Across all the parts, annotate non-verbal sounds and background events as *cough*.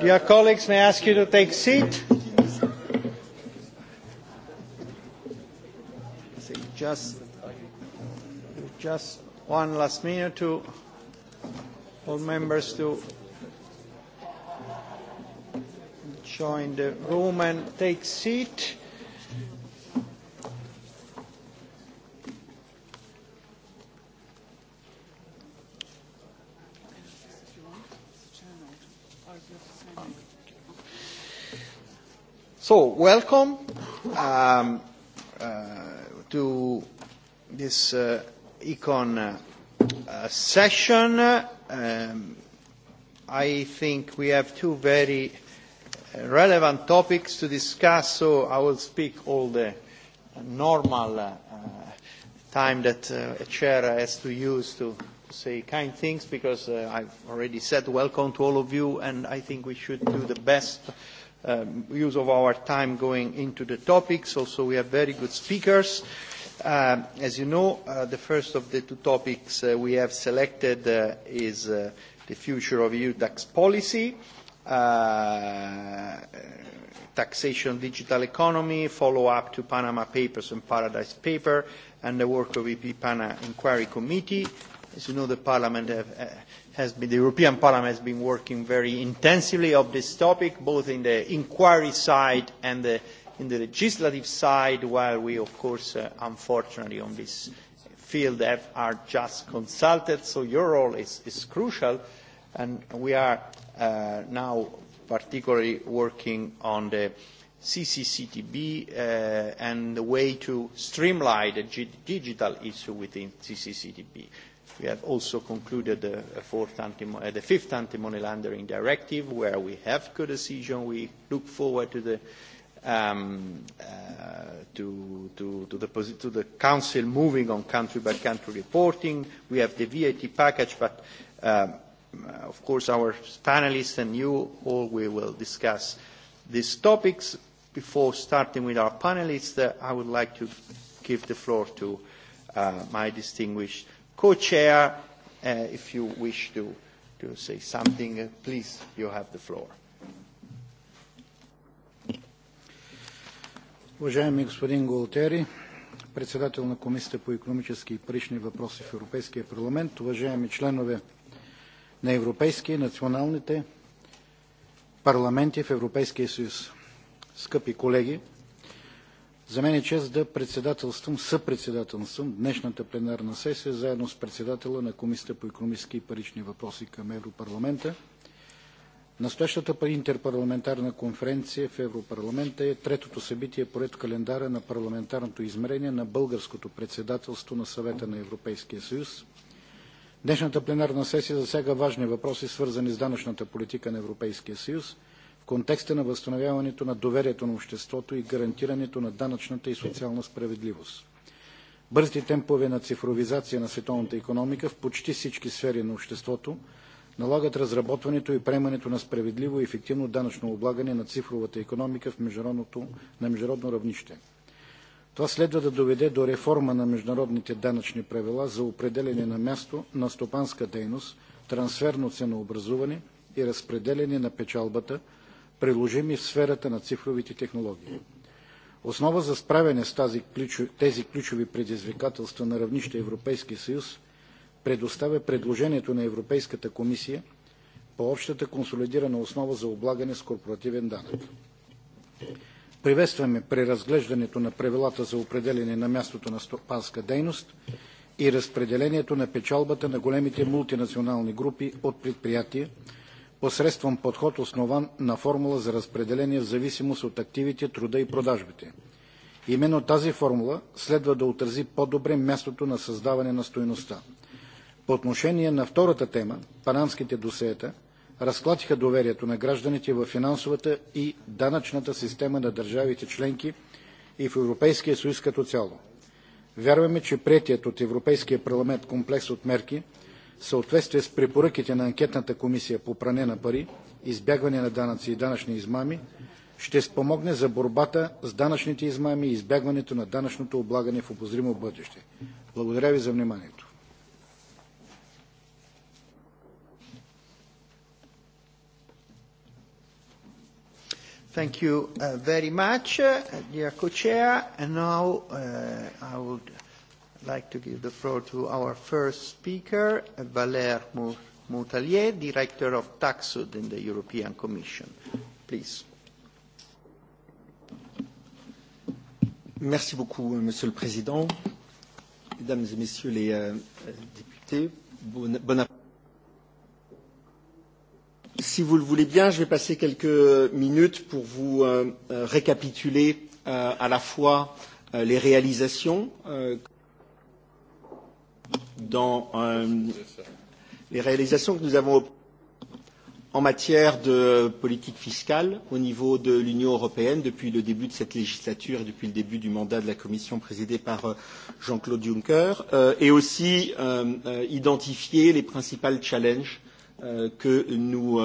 Dear colleagues, may I ask you to take seat? Just, just one last minute to all members to join the room and take seat. welcome um, uh, to this uh, econ uh, session. Um, I think we have two very uh, relevant topics to discuss, so I will speak all the normal uh, time that uh, a chair has to use to say kind things, because uh, I've already said welcome to all of you, and I think we should do the best uh, um, use of our time going into the topics. Also, we have very good speakers. Um, as you know, uh, the first of the two topics uh, we have selected uh, is uh, the future of EU tax policy, uh, taxation digital economy, follow-up to Panama Papers and Paradise Paper, and the work of EP PANA Inquiry Committee. As you know, the Parliament have, uh, has been, the European Parliament has been working very intensively on this topic, both in the inquiry side and the, in the legislative side, while we, of course, uh, unfortunately, on this field have, are just consulted. So your role is, is crucial, and we are uh, now particularly working on the CCCTB uh, and the way to streamline the digital issue within CCCTB. We have also concluded the, fourth anti uh, the fifth anti-money laundering directive where we have good decision. We look forward to the, um, uh, to, to, to, the, to the Council moving on country by country reporting. We have the VAT package, but um, of course our panelists and you all we will discuss these topics. Before starting with our panelists, uh, I would like to give the floor to uh, my distinguished co-chair, uh, if you wish to, to say something, uh, please, you have the floor. Уважаемый господин Голтери, председател на Комисията по економически и парични въпроси в Европейския парламент, уважаеми членове на европейския и националните парламенти в Европейския съюз, скъпи колеги, За мен е чест да председателствам, съпредседателствам днешната пленарна сесия заедно с председателя на Комисията по економически и парични въпроси към Европарламента. Настоящата интерпарламентарна конференция в Европарламента е третото събитие поред календара на парламентарното измерение на българското председателство на Съвета на Европейския съюз. Днешната пленарна сесия засяга важни въпроси, свързани с данъчната политика на Европейския съюз – контекста на възстановяването на доверието на обществото и гарантирането на данъчната и социална справедливост. Бързите темпове на цифровизация на световната економика в почти всички сфери на обществото налагат разработването и приемането на справедливо и ефективно данъчно облагане на цифровата економика в международното, на международно равнище. Това следва да доведе до реформа на международните данъчни правила за определене на място на стопанска дейност, трансферно ценообразуване и разпределение на печалбата приложими в сферата на цифровите технологии. Основа за справяне с тази, тези ключови предизвикателства на равнище Европейски съюз предоставя предложението на Европейската комисия по общата консолидирана основа за облагане с корпоративен данък. Приветстваме при разглеждането на правилата за определение на мястото на стопанска дейност и разпределението на печалбата на големите мултинационални групи от предприятия, посредством подход основан на формула за разпределение в зависимост от активите, труда и продажбите. Именно тази формула следва да отрази по-добре мястото на създаване на стоеността. По отношение на втората тема, панамските досиета, разклатиха доверието на гражданите в финансовата и данъчната система на държавите членки и в Европейския съюз като цяло. Вярваме, че приетият от Европейския парламент комплекс от мерки в съответствие с препоръките на анкетната комисия по пране на пари, избягване на данъци и данъчни измами, ще спомогне за борбата с данъчните измами и избягването на данъчното облагане в обозримо бъдеще. Благодаря ви за вниманието. Thank you uh, very much, uh, dear co-chair. And now uh, I would like to give the floor to our first speaker, Valère Moutalier, Director of Taxud in the European Commission. Please. Merci beaucoup, euh, Monsieur le Président. Mesdames et Messieurs les euh, députés, bon, bon Si vous le voulez bien, je vais passer quelques minutes pour vous euh, euh récapituler euh, à la fois euh, les réalisations euh, dans euh, les réalisations que nous avons en matière de politique fiscale au niveau de l'Union européenne depuis le début de cette législature et depuis le début du mandat de la Commission présidée par euh, Jean-Claude Juncker, euh, et aussi euh, euh identifier les principales challenges euh, que nous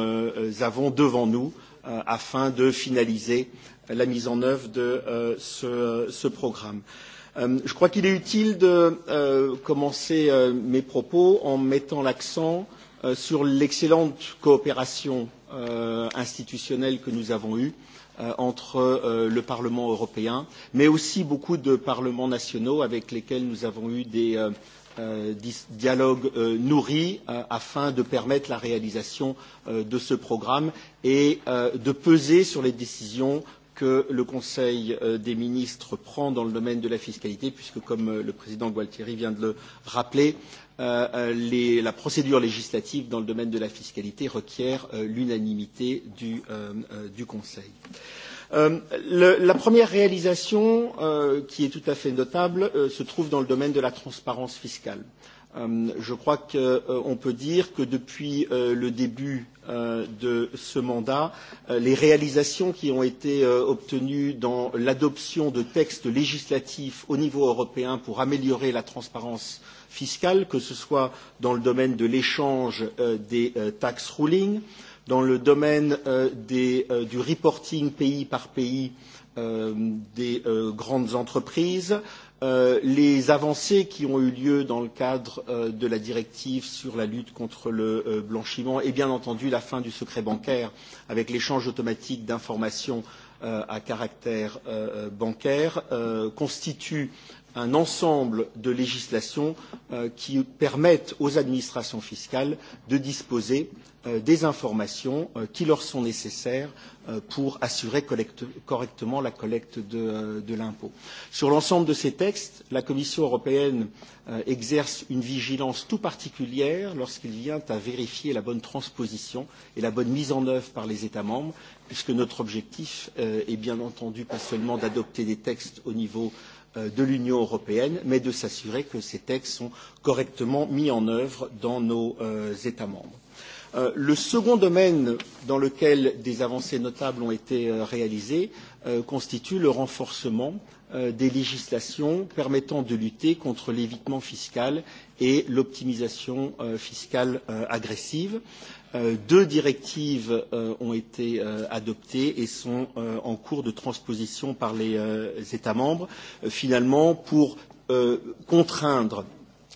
avons devant nous afin de finaliser la mise en œuvre de ce, programme. Euh, je crois qu'il est utile de euh, commencer euh, mes propos en mettant l'accent euh, sur l'excellente coopération euh, institutionnelle que nous avons eue euh, entre euh, le Parlement européen, mais aussi beaucoup de parlements nationaux avec lesquels nous avons eu des euh, dialogue euh, euh nourri euh, afin de permettre la réalisation euh, de ce programme et euh, de peser sur les décisions que le Conseil euh, des ministres prend dans le domaine de la fiscalité, puisque, comme euh, le président Gualtieri vient de le rappeler, euh, euh, les, la procédure législative dans le domaine de la fiscalité requiert euh, l'unanimité du, euh, du Conseil. Euh, le, la première réalisation, euh, qui est tout à fait notable, euh, se trouve dans le domaine de la transparence fiscale. Euh, Euh, je crois qu'on euh, peut dire que depuis euh, le début de ce mandat, les réalisations qui ont été obtenues dans l'adoption de textes législatifs au niveau européen pour améliorer la transparence fiscale, que ce soit dans le domaine de l'échange des tax rulings, dans le domaine des, du reporting pays par pays des grandes entreprises, Euh, les avancées qui ont eu lieu dans le cadre euh, de la directive sur la lutte contre le euh, blanchiment et bien entendu la fin du secret bancaire avec l'échange automatique d'informations à caractère bancaire constituent un ensemble de législations euh, qui permettent aux administrations fiscales de disposer euh, des informations euh, qui leur sont nécessaires pour assurer collecte, correctement la collecte de, de l'impôt. Sur l'ensemble de ces textes, la Commission européenne exerce une vigilance tout particulière lorsqu'il vient à vérifier la bonne transposition et la bonne mise en œuvre par les États membres, puisque notre objectif est bien entendu pas seulement d'adopter des textes au niveau Euh, de l'Union européenne, mais de s'assurer que ces textes sont correctement mis en œuvre dans nos euh, États membres. Euh, le second domaine dans lequel des avancées notables ont été euh, réalisées euh, constitue le renforcement euh, des législations permettant de lutter contre l'évitement fiscal et l'optimisation euh, fiscale euh, agressive. Euh, deux directives euh, ont été euh, adoptées et sont euh, en cours de transposition par les euh, États membres, euh, finalement pour euh, contraindre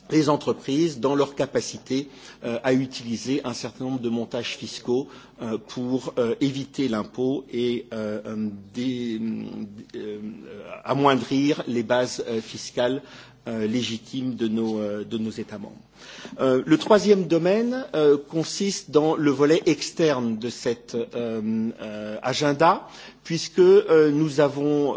les entreprises dans leur capacité euh, à utiliser un certain nombre de montages fiscaux euh, pour euh, éviter l'impôt et euh, des, euh, euh amoindrir les bases euh, fiscales Euh, légitime de nos, euh, de nos États membres. Euh, le troisième domaine consiste dans le volet externe de cet agenda, puisque nous avons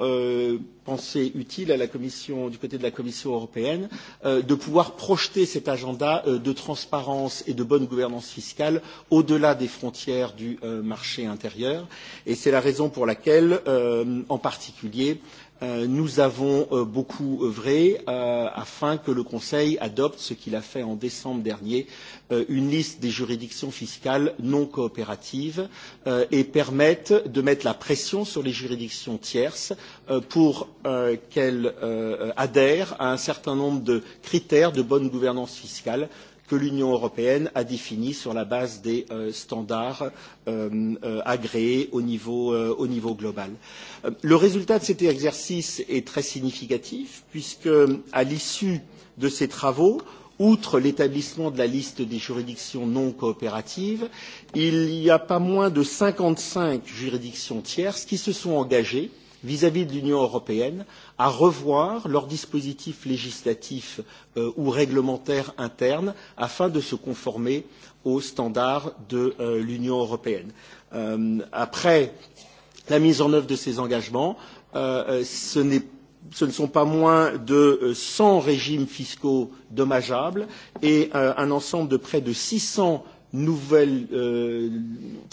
pensé utile à la commission, du côté de la Commission européenne de pouvoir projeter cet agenda de transparence et de bonne gouvernance fiscale au-delà des frontières du marché intérieur. Et c'est la raison pour laquelle, en particulier, Euh, nous avons euh, beaucoup œuvré euh, afin que le Conseil adopte ce qu'il a fait en décembre dernier une liste des juridictions fiscales non coopératives et permette de mettre la pression sur les juridictions tierces pour qu'elles adhèrent à un certain nombre de critères de bonne gouvernance fiscale que l'Union européenne a définies sur la base des euh, standards euh, euh, agréés au niveau, euh, au niveau global. Euh, le résultat de cet exercice est très significatif puisque, à l'issue de ces travaux, outre l'établissement de la liste des juridictions non coopératives, il n'y a pas moins de cinquante cinq juridictions tierces qui se sont engagées vis à -vis de l'Union européenne à revoir leur dispositif législatif euh, ou réglementaire interne afin de se conformer aux standards de euh, l'Union européenne. Euh, après la mise en œuvre de ces engagements, euh, euh ce ce ne sont pas moins de 100 euh, régimes fiscaux dommageables et euh, un ensemble de près de 600 nouvelles, euh,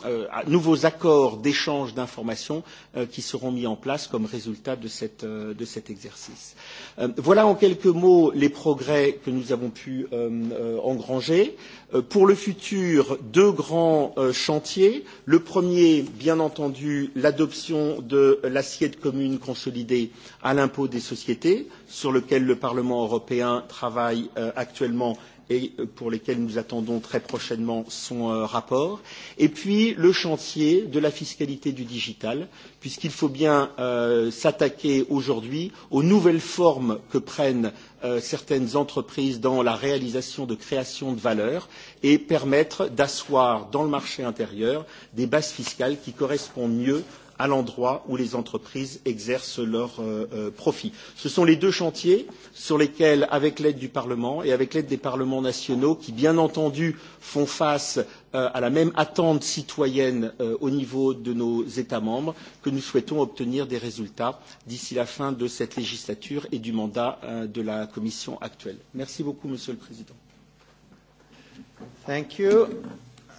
euh, nouveaux accords d'échange d'informations euh, qui seront mis en place comme résultat de, cette, euh, de cet exercice. Euh, voilà en quelques mots les progrès que nous avons pu euh, euh, engranger. Euh, pour le futur, deux grands euh, chantiers. Le premier, bien entendu, l'adoption de l'assiette commune consolidée à l'impôt des sociétés, sur lequel le Parlement européen travaille euh, actuellement et euh, pour lesquels nous attendons très prochainement son euh, rapport, et puis le chantier de la fiscalité du digital, puisqu'il faut bien euh, s'attaquer aujourd'hui aux nouvelles formes que prennent euh, certaines entreprises dans la réalisation de création de valeur et permettre d'asseoir dans le marché intérieur des bases fiscales qui correspondent mieux à l'endroit où les entreprises exercent leurs euh, euh profits. Ce sont les deux chantiers sur lesquels, avec l'aide du Parlement et avec l'aide des parlements nationaux, qui bien entendu font face euh, à la même attente citoyenne euh, au niveau de nos États membres, que nous souhaitons obtenir des résultats d'ici la fin de cette législature et du mandat euh, de la Commission actuelle. Merci beaucoup, Monsieur le Président. Thank you.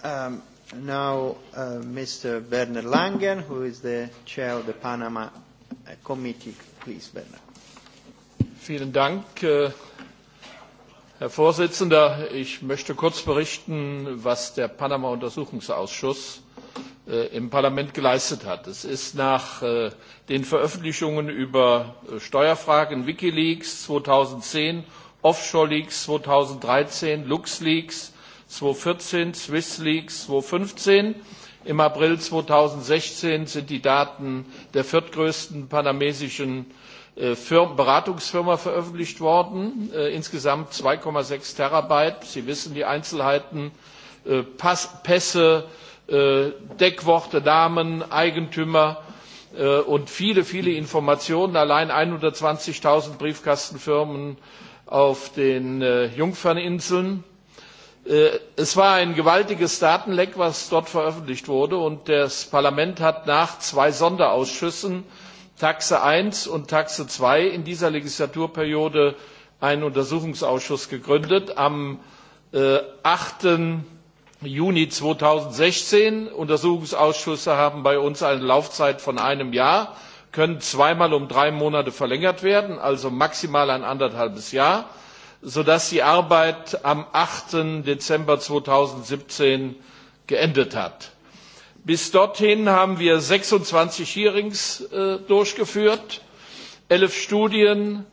Um, now uh, Mr. Werner Langen, who is the chair of the Panama Committee. Please, Werner. Vielen Dank, äh, Herr Vorsitzender. Ich möchte kurz berichten, was der Panama-Untersuchungsausschuss äh, im Parlament geleistet hat. Es ist nach äh, den Veröffentlichungen über Steuerfragen Wikileaks 2010, Offshore Leaks 2013, LuxLeaks 2014, Swiss Leaks 2015. Im April 2016 sind die Daten der viertgrößten panamesischen äh, Beratungsfirma veröffentlicht worden, äh, insgesamt 2,6 Terabyte. Sie wissen die Einzelheiten, äh, Pass, Pässe, Deckworte, Namen, Eigentümer und viele, viele Informationen. Allein 120.000 Briefkastenfirmen auf den Jungferninseln Äh, es war ein gewaltiges datenleck das dort veröffentlicht wurde und das parlament hat nach zwei sonderausschüssen taxe eins und taxe zwei in dieser legislaturperiode einen untersuchungsausschuss gegründet am. Äh, acht juni zweitausendsechzehn untersuchungsausschüsse haben bei uns eine laufzeit von einem jahr können zweimal um drei monate verlängert werden also maximal ein anderthalbes jahr so dass die Arbeit am acht Dezember zweitausendsiebzehn geendet hat. Bis dorthin haben wir sechsundzwanzig Hearings äh, durchgeführt, elf Studien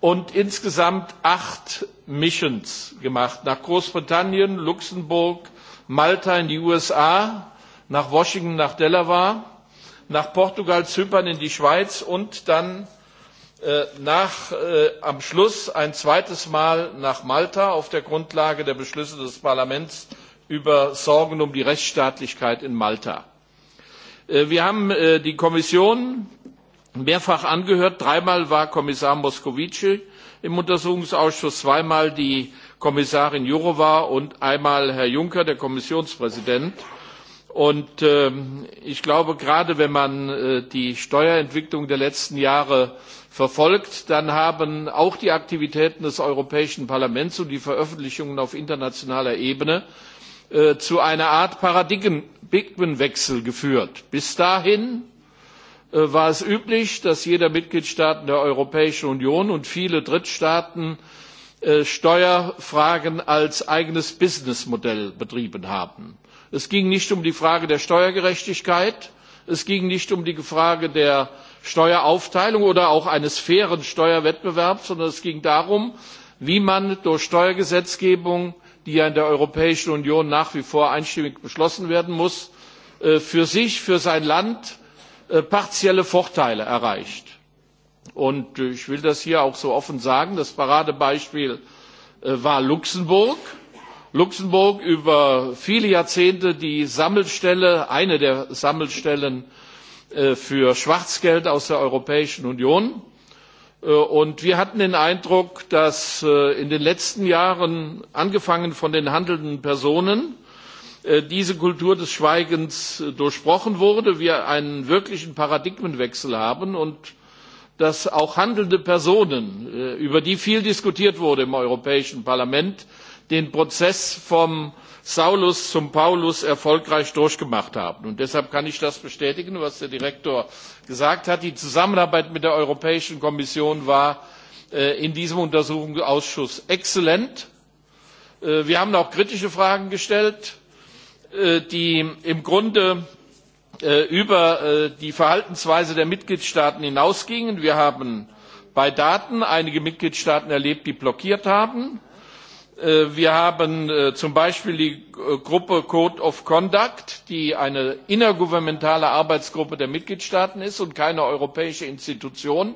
und insgesamt acht Missions gemacht. Nach Großbritannien, Luxemburg, Malta in die USA, nach Washington, nach Delaware, nach Portugal, Zypern in die Schweiz und dann Äh, nach, äh, am schluss ein zweites mal nach malta auf der grundlage der beschlüsse des parlaments über sorgen um die rechtsstaatlichkeit in malta. Äh, wir haben die kommission mehrfach angehört dreimal war kommissar moscovici im untersuchungsausschuss zweimal die kommissarin jourov und einmal herr juncker der kommissionspräsident. Und, ähm, ich glaube gerade wenn man die steuerentwicklung der letzten jahre verfolgt dann haben auch die aktivitäten des europäischen parlaments und die veröffentlichungen auf internationaler ebene äh, zu einer art paradigmenwechsel geführt. bis dahin äh, war es üblich dass jeder mitgliedstaat der europäischen union und viele drittstaaten äh, steuerfragen als eigenes businessmodell betrieben haben. es ging nicht um die frage der steuergerechtigkeit es ging nicht um die frage der steueraufteilung oder auch eines fairen steuerwettbewerbs sondern es ging darum wie man durch steuergesetzgebung die ja in der europäischen union nach wie vor einstimmig beschlossen werden muss äh, für sich für sein land äh, partielle vorteile erreicht. Und äh, ich will das hier auch so offen sagen das paradebeispiel war luxemburg luxemburg über viele jahrzehnte die sammelstelle eine der sammelstellen Äh, für Schwarzgeld aus der Europäischen Union. Äh, und wir hatten den Eindruck, dass äh, in den letzten Jahren, angefangen von den handelnden Personen, diese Kultur des Schweigens durchbrochen wurde, wir einen wirklichen Paradigmenwechsel haben und dass auch handelnde Personen, über die viel diskutiert wurde im Europäischen Parlament, den prozess vom saulus zum paulus erfolgreich durchgemacht haben. Und deshalb kann ich das bestätigen was der direktor gesagt hat die zusammenarbeit mit der europäischen kommission war äh, in diesem untersuchungsausschuss exzellent. Äh, wir haben auch kritische fragen gestellt äh, die im grunde über die verhaltensweise der mitgliedstaaten hinausgingen. wir haben bei daten einige mitgliedstaaten erlebt die blockiert haben. Äh, wir haben äh, zum beispiel die äh, gruppe code of conduct die eine intergouvernementale arbeitsgruppe der mitgliedstaaten ist und keine europäische institution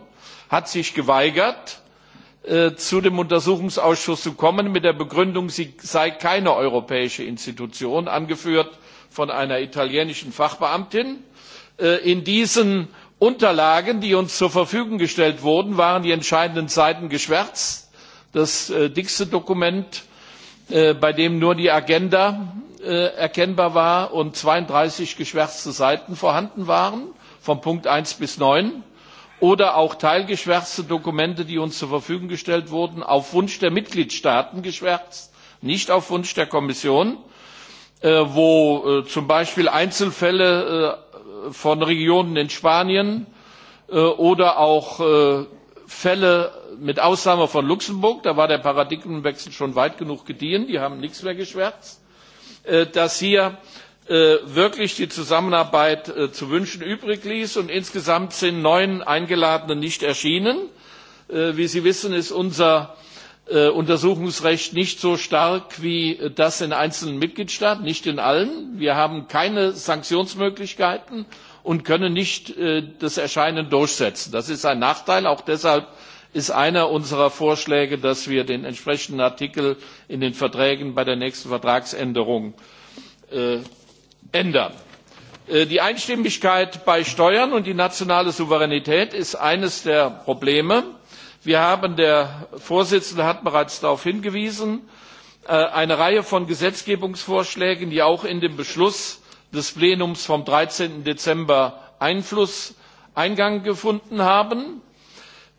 hat sich geweigert zu dem untersuchungsausschuss zu kommen mit der begründung sie sei keine europäische institution angeführt von einer italienischen fachbeamtin. in diesen unterlagen die uns zur verfügung gestellt wurden waren die entscheidenden seiten geschwärzt das äh, dickste Dokument, äh, bei dem nur die Agenda äh, erkennbar war und 32 geschwärzte Seiten vorhanden waren, von Punkt 1 bis 9, oder auch teilgeschwärzte Dokumente, die uns zur Verfügung gestellt wurden, auf Wunsch der Mitgliedstaaten geschwärzt, nicht auf Wunsch der Kommission, wo zum Beispiel Einzelfälle von Regionen in Spanien oder auch Fälle mit Ausnahme von Luxemburg, da war der Paradigmenwechsel schon weit genug gediehen, die haben nichts mehr geschwärzt, äh, dass hier äh, wirklich die Zusammenarbeit äh, zu wünschen übrig ließ und insgesamt sind neun Eingeladene nicht erschienen. Wie Sie wissen, ist unser Untersuchungsrecht nicht so stark wie das in einzelnen Mitgliedstaaten, nicht in allen. Wir haben keine Sanktionsmöglichkeiten und können nicht äh, das Erscheinen durchsetzen. Das ist ein Nachteil. Auch deshalb ist einer unserer Vorschläge, dass wir den entsprechenden Artikel in den Verträgen bei der nächsten Vertragsänderung äh, ändern. Äh, die Einstimmigkeit bei Steuern und die nationale Souveränität ist eines der Probleme. Wir haben, der Vorsitzende hat bereits darauf hingewiesen, eine Reihe von Gesetzgebungsvorschlägen, die auch in dem Beschluss des plenums vom. dreizehn dezember eingang gefunden haben.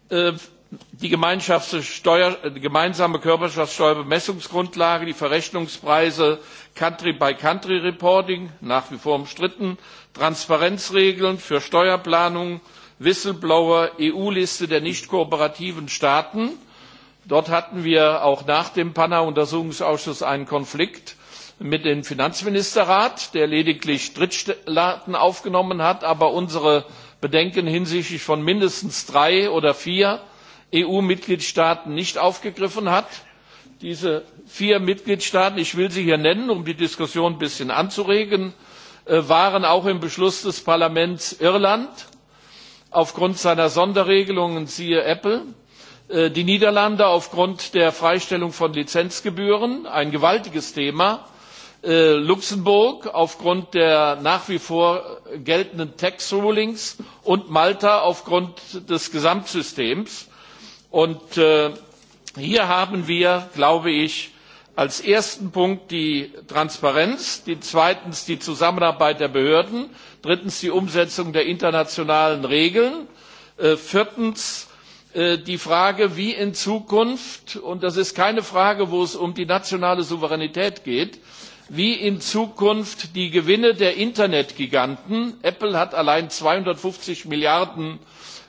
Äh, äh, die gemeinsame körperschaftsteuerbemessungsgrundlage die verrechnungspreise country by country reporting nach wie vor umstritten transparenzregeln für steuerplanung whistleblower eu liste der nicht kooperativen staaten dort hatten wir auch nach dem pana untersuchungsausschuss einen konflikt mit dem Finanzministerrat, der lediglich Drittstaaten aufgenommen hat, aber unsere Bedenken hinsichtlich von mindestens drei oder vier EU-Mitgliedstaaten nicht aufgegriffen hat. Diese vier Mitgliedstaaten, ich will sie hier nennen, um die Diskussion ein bisschen anzuregen, äh, waren auch im Beschluss des Parlaments Irland aufgrund seiner Sonderregelungen, siehe Apple, äh, die Niederlande aufgrund der Freistellung von Lizenzgebühren, ein gewaltiges Thema, Äh, Luxemburg aufgrund der nach wie vor geltenden Tax Rulings und Malta aufgrund des Gesamtsystems. Äh, hier haben wir, glaube ich, als ersten Punkt die Transparenz, zweitens die Zusammenarbeit der Behörden, drittens die Umsetzung der internationalen Regeln, äh, viertens die Frage, wie in Zukunft, und das ist keine Frage, wo es um die nationale Souveränität geht, wie in zukunft die gewinne der internetgiganten apple hat allein zweihundertfünfzig milliarden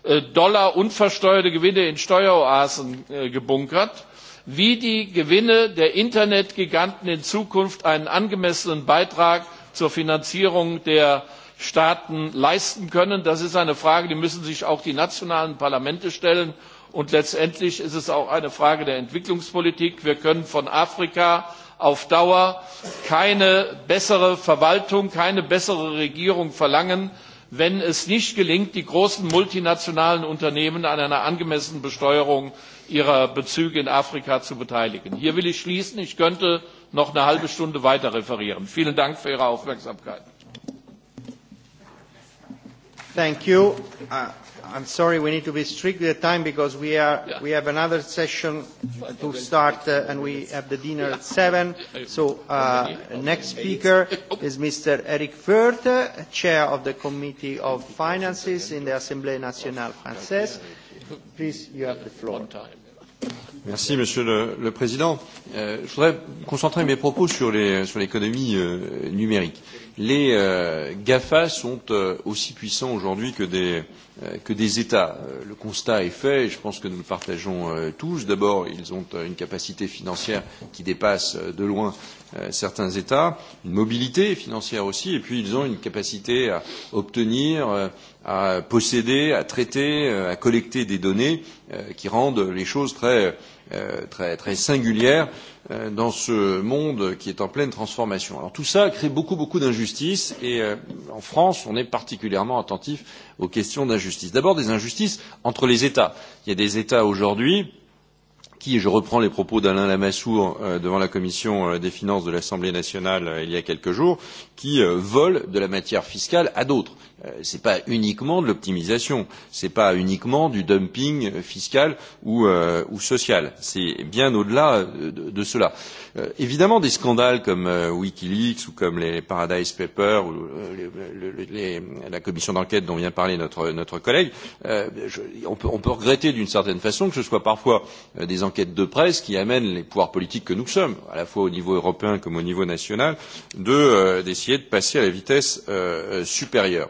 äh, dollar unversteuerte gewinne in steueroasen äh, gebunkert wie die gewinne der internetgiganten in zukunft einen angemessenen beitrag zur finanzierung der staaten leisten können das ist eine frage die müssen sich auch die nationalen parlamente stellen und letztendlich ist es auch eine frage der entwicklungspolitik. wir können von afrika auf Dauer keine bessere Verwaltung, keine bessere Regierung verlangen, wenn es nicht gelingt, die großen multinationalen Unternehmen an einer angemessenen Besteuerung ihrer Bezüge in Afrika zu beteiligen. Hier will ich schließen. Ich könnte noch eine halbe Stunde weiter referieren. Vielen Dank für Ihre Aufmerksamkeit. Thank you. Uh, I'm sorry, we need to be strict with the time because we, are, yeah. we have another session to start uh, and we have the dinner at 7. So uh, next speaker is Mr. Eric Wirth, Chair of the Committee of Finances in the Assemblée Nationale Française. Please, you have the floor. Merci, Monsieur le, le Président. Euh, je voudrais concentrer mes propos sur l'économie sur euh, numérique. Les euh, GAFA sont euh, aussi puissants aujourd'hui que, des, euh, que des États. Euh, le constat est fait, et je pense que nous le partageons euh, tous. D'abord, ils ont euh, une capacité financière qui dépasse euh, de loin euh, certains États, une mobilité financière aussi, et puis ils ont une capacité à obtenir euh, à posséder, à traiter, euh, à collecter des données euh, qui rendent les choses très, euh, très, très singulières dans ce monde qui est en pleine transformation. Alors tout ça crée beaucoup, beaucoup d'injustices et en France, on est particulièrement attentif aux questions d'injustice. D'abord des injustices entre les États. Il y a des États aujourd'hui qui, je reprends les propos d'Alain Lamassoure euh, devant la commission euh, des finances de l'Assemblée nationale euh, il y a quelques jours, qui euh, vole de la matière fiscale à d'autres. Euh, ce n'est pas uniquement de l'optimisation, ce n'est pas uniquement du dumping fiscal ou, euh, ou social, c'est bien au-delà euh, de, de cela. Euh, évidemment, des scandales comme euh, Wikileaks ou comme les Paradise Papers ou euh, les, les, les, la commission d'enquête dont vient parler notre, notre collègue, euh, je, on, peut, on peut regretter d'une certaine façon que ce soit parfois euh, des enquêtes de presse qui amènent les pouvoirs politiques que nous sommes, à la fois au niveau européen comme au niveau national, d'essayer de, euh, de passer à la vitesse euh, euh, supérieure.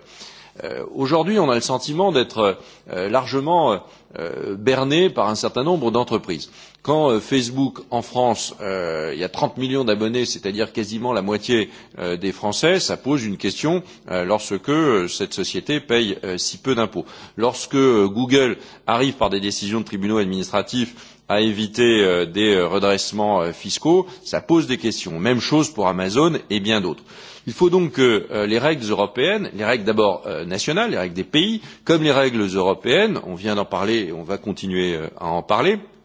Euh, Aujourd'hui, on a le sentiment d'être euh, largement euh, euh, berné par un certain nombre d'entreprises. Quand euh, Facebook, en France, euh, il y a 30 millions d'abonnés, c'est-à-dire quasiment la moitié euh, des Français, ça pose une question euh, lorsque euh, cette société paye euh, si peu d'impôts. Lorsque euh, Google arrive par des décisions de tribunaux administratifs à éviter euh, des euh, redressements euh, fiscaux, ça pose des questions. Même chose pour Amazon et bien d'autres. Il faut donc que les règles européennes, les règles d'abord nationales, les règles des pays, comme les règles européennes, on vient d'en parler et on va continuer à en parler, euh,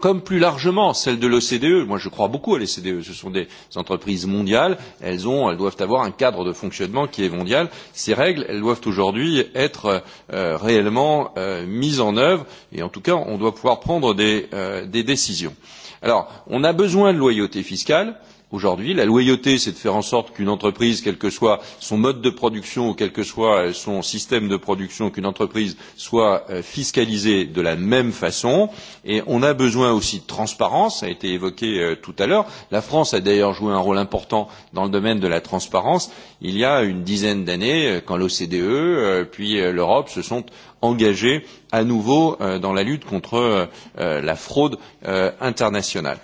comme plus largement celle de l'OCDE. Moi, je crois beaucoup à l'OCDE. Ce sont des entreprises mondiales. Elles, ont, elles doivent avoir un cadre de fonctionnement qui est mondial. Ces règles, elles doivent aujourd'hui être euh, réellement euh, mises en œuvre. Et en tout cas, on doit pouvoir prendre des, euh, des décisions. Alors, on a besoin de loyauté fiscale. Euh, aujourd'hui. La loyauté, c'est de faire en sorte qu'une entreprise, quel que soit son mode de production ou quel que soit euh, son système de production, qu'une entreprise soit euh, fiscalisée de la même façon. Et on a besoin aussi de transparence, ça a été évoqué euh, tout à l'heure. La France a d'ailleurs joué un rôle important dans le domaine de la transparence. Il y a une dizaine d'années, quand l'OCDE puis l'Europe se sont engagés à nouveau dans la lutte contre la fraude internationale.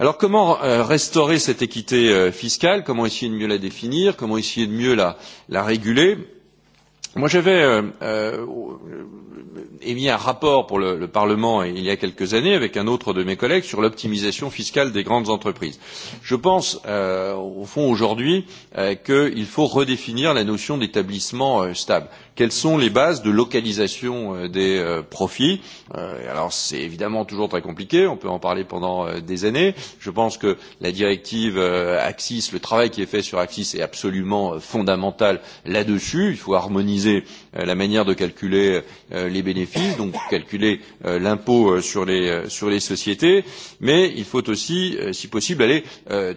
Alors comment euh, restaurer cette équité euh, fiscale Comment essayer de mieux la définir Comment essayer de mieux la, la réguler moi, j'avais euh, euh, émis un rapport pour le, le Parlement il y a quelques années avec un autre de mes collègues sur l'optimisation fiscale des grandes entreprises. Je pense, euh, au fond, aujourd'hui, euh, qu'il faut redéfinir la notion d'établissement euh, stable quelles sont les bases de localisation euh, des euh, profits. Euh, alors c'est évidemment toujours très compliqué, on peut en parler pendant des années. Je pense que la directive Axis, le travail qui est fait sur Axis est absolument fondamental là-dessus. Il faut harmoniser la manière de calculer les bénéfices, donc calculer l'impôt sur les, sur les sociétés, mais il faut aussi, si possible, aller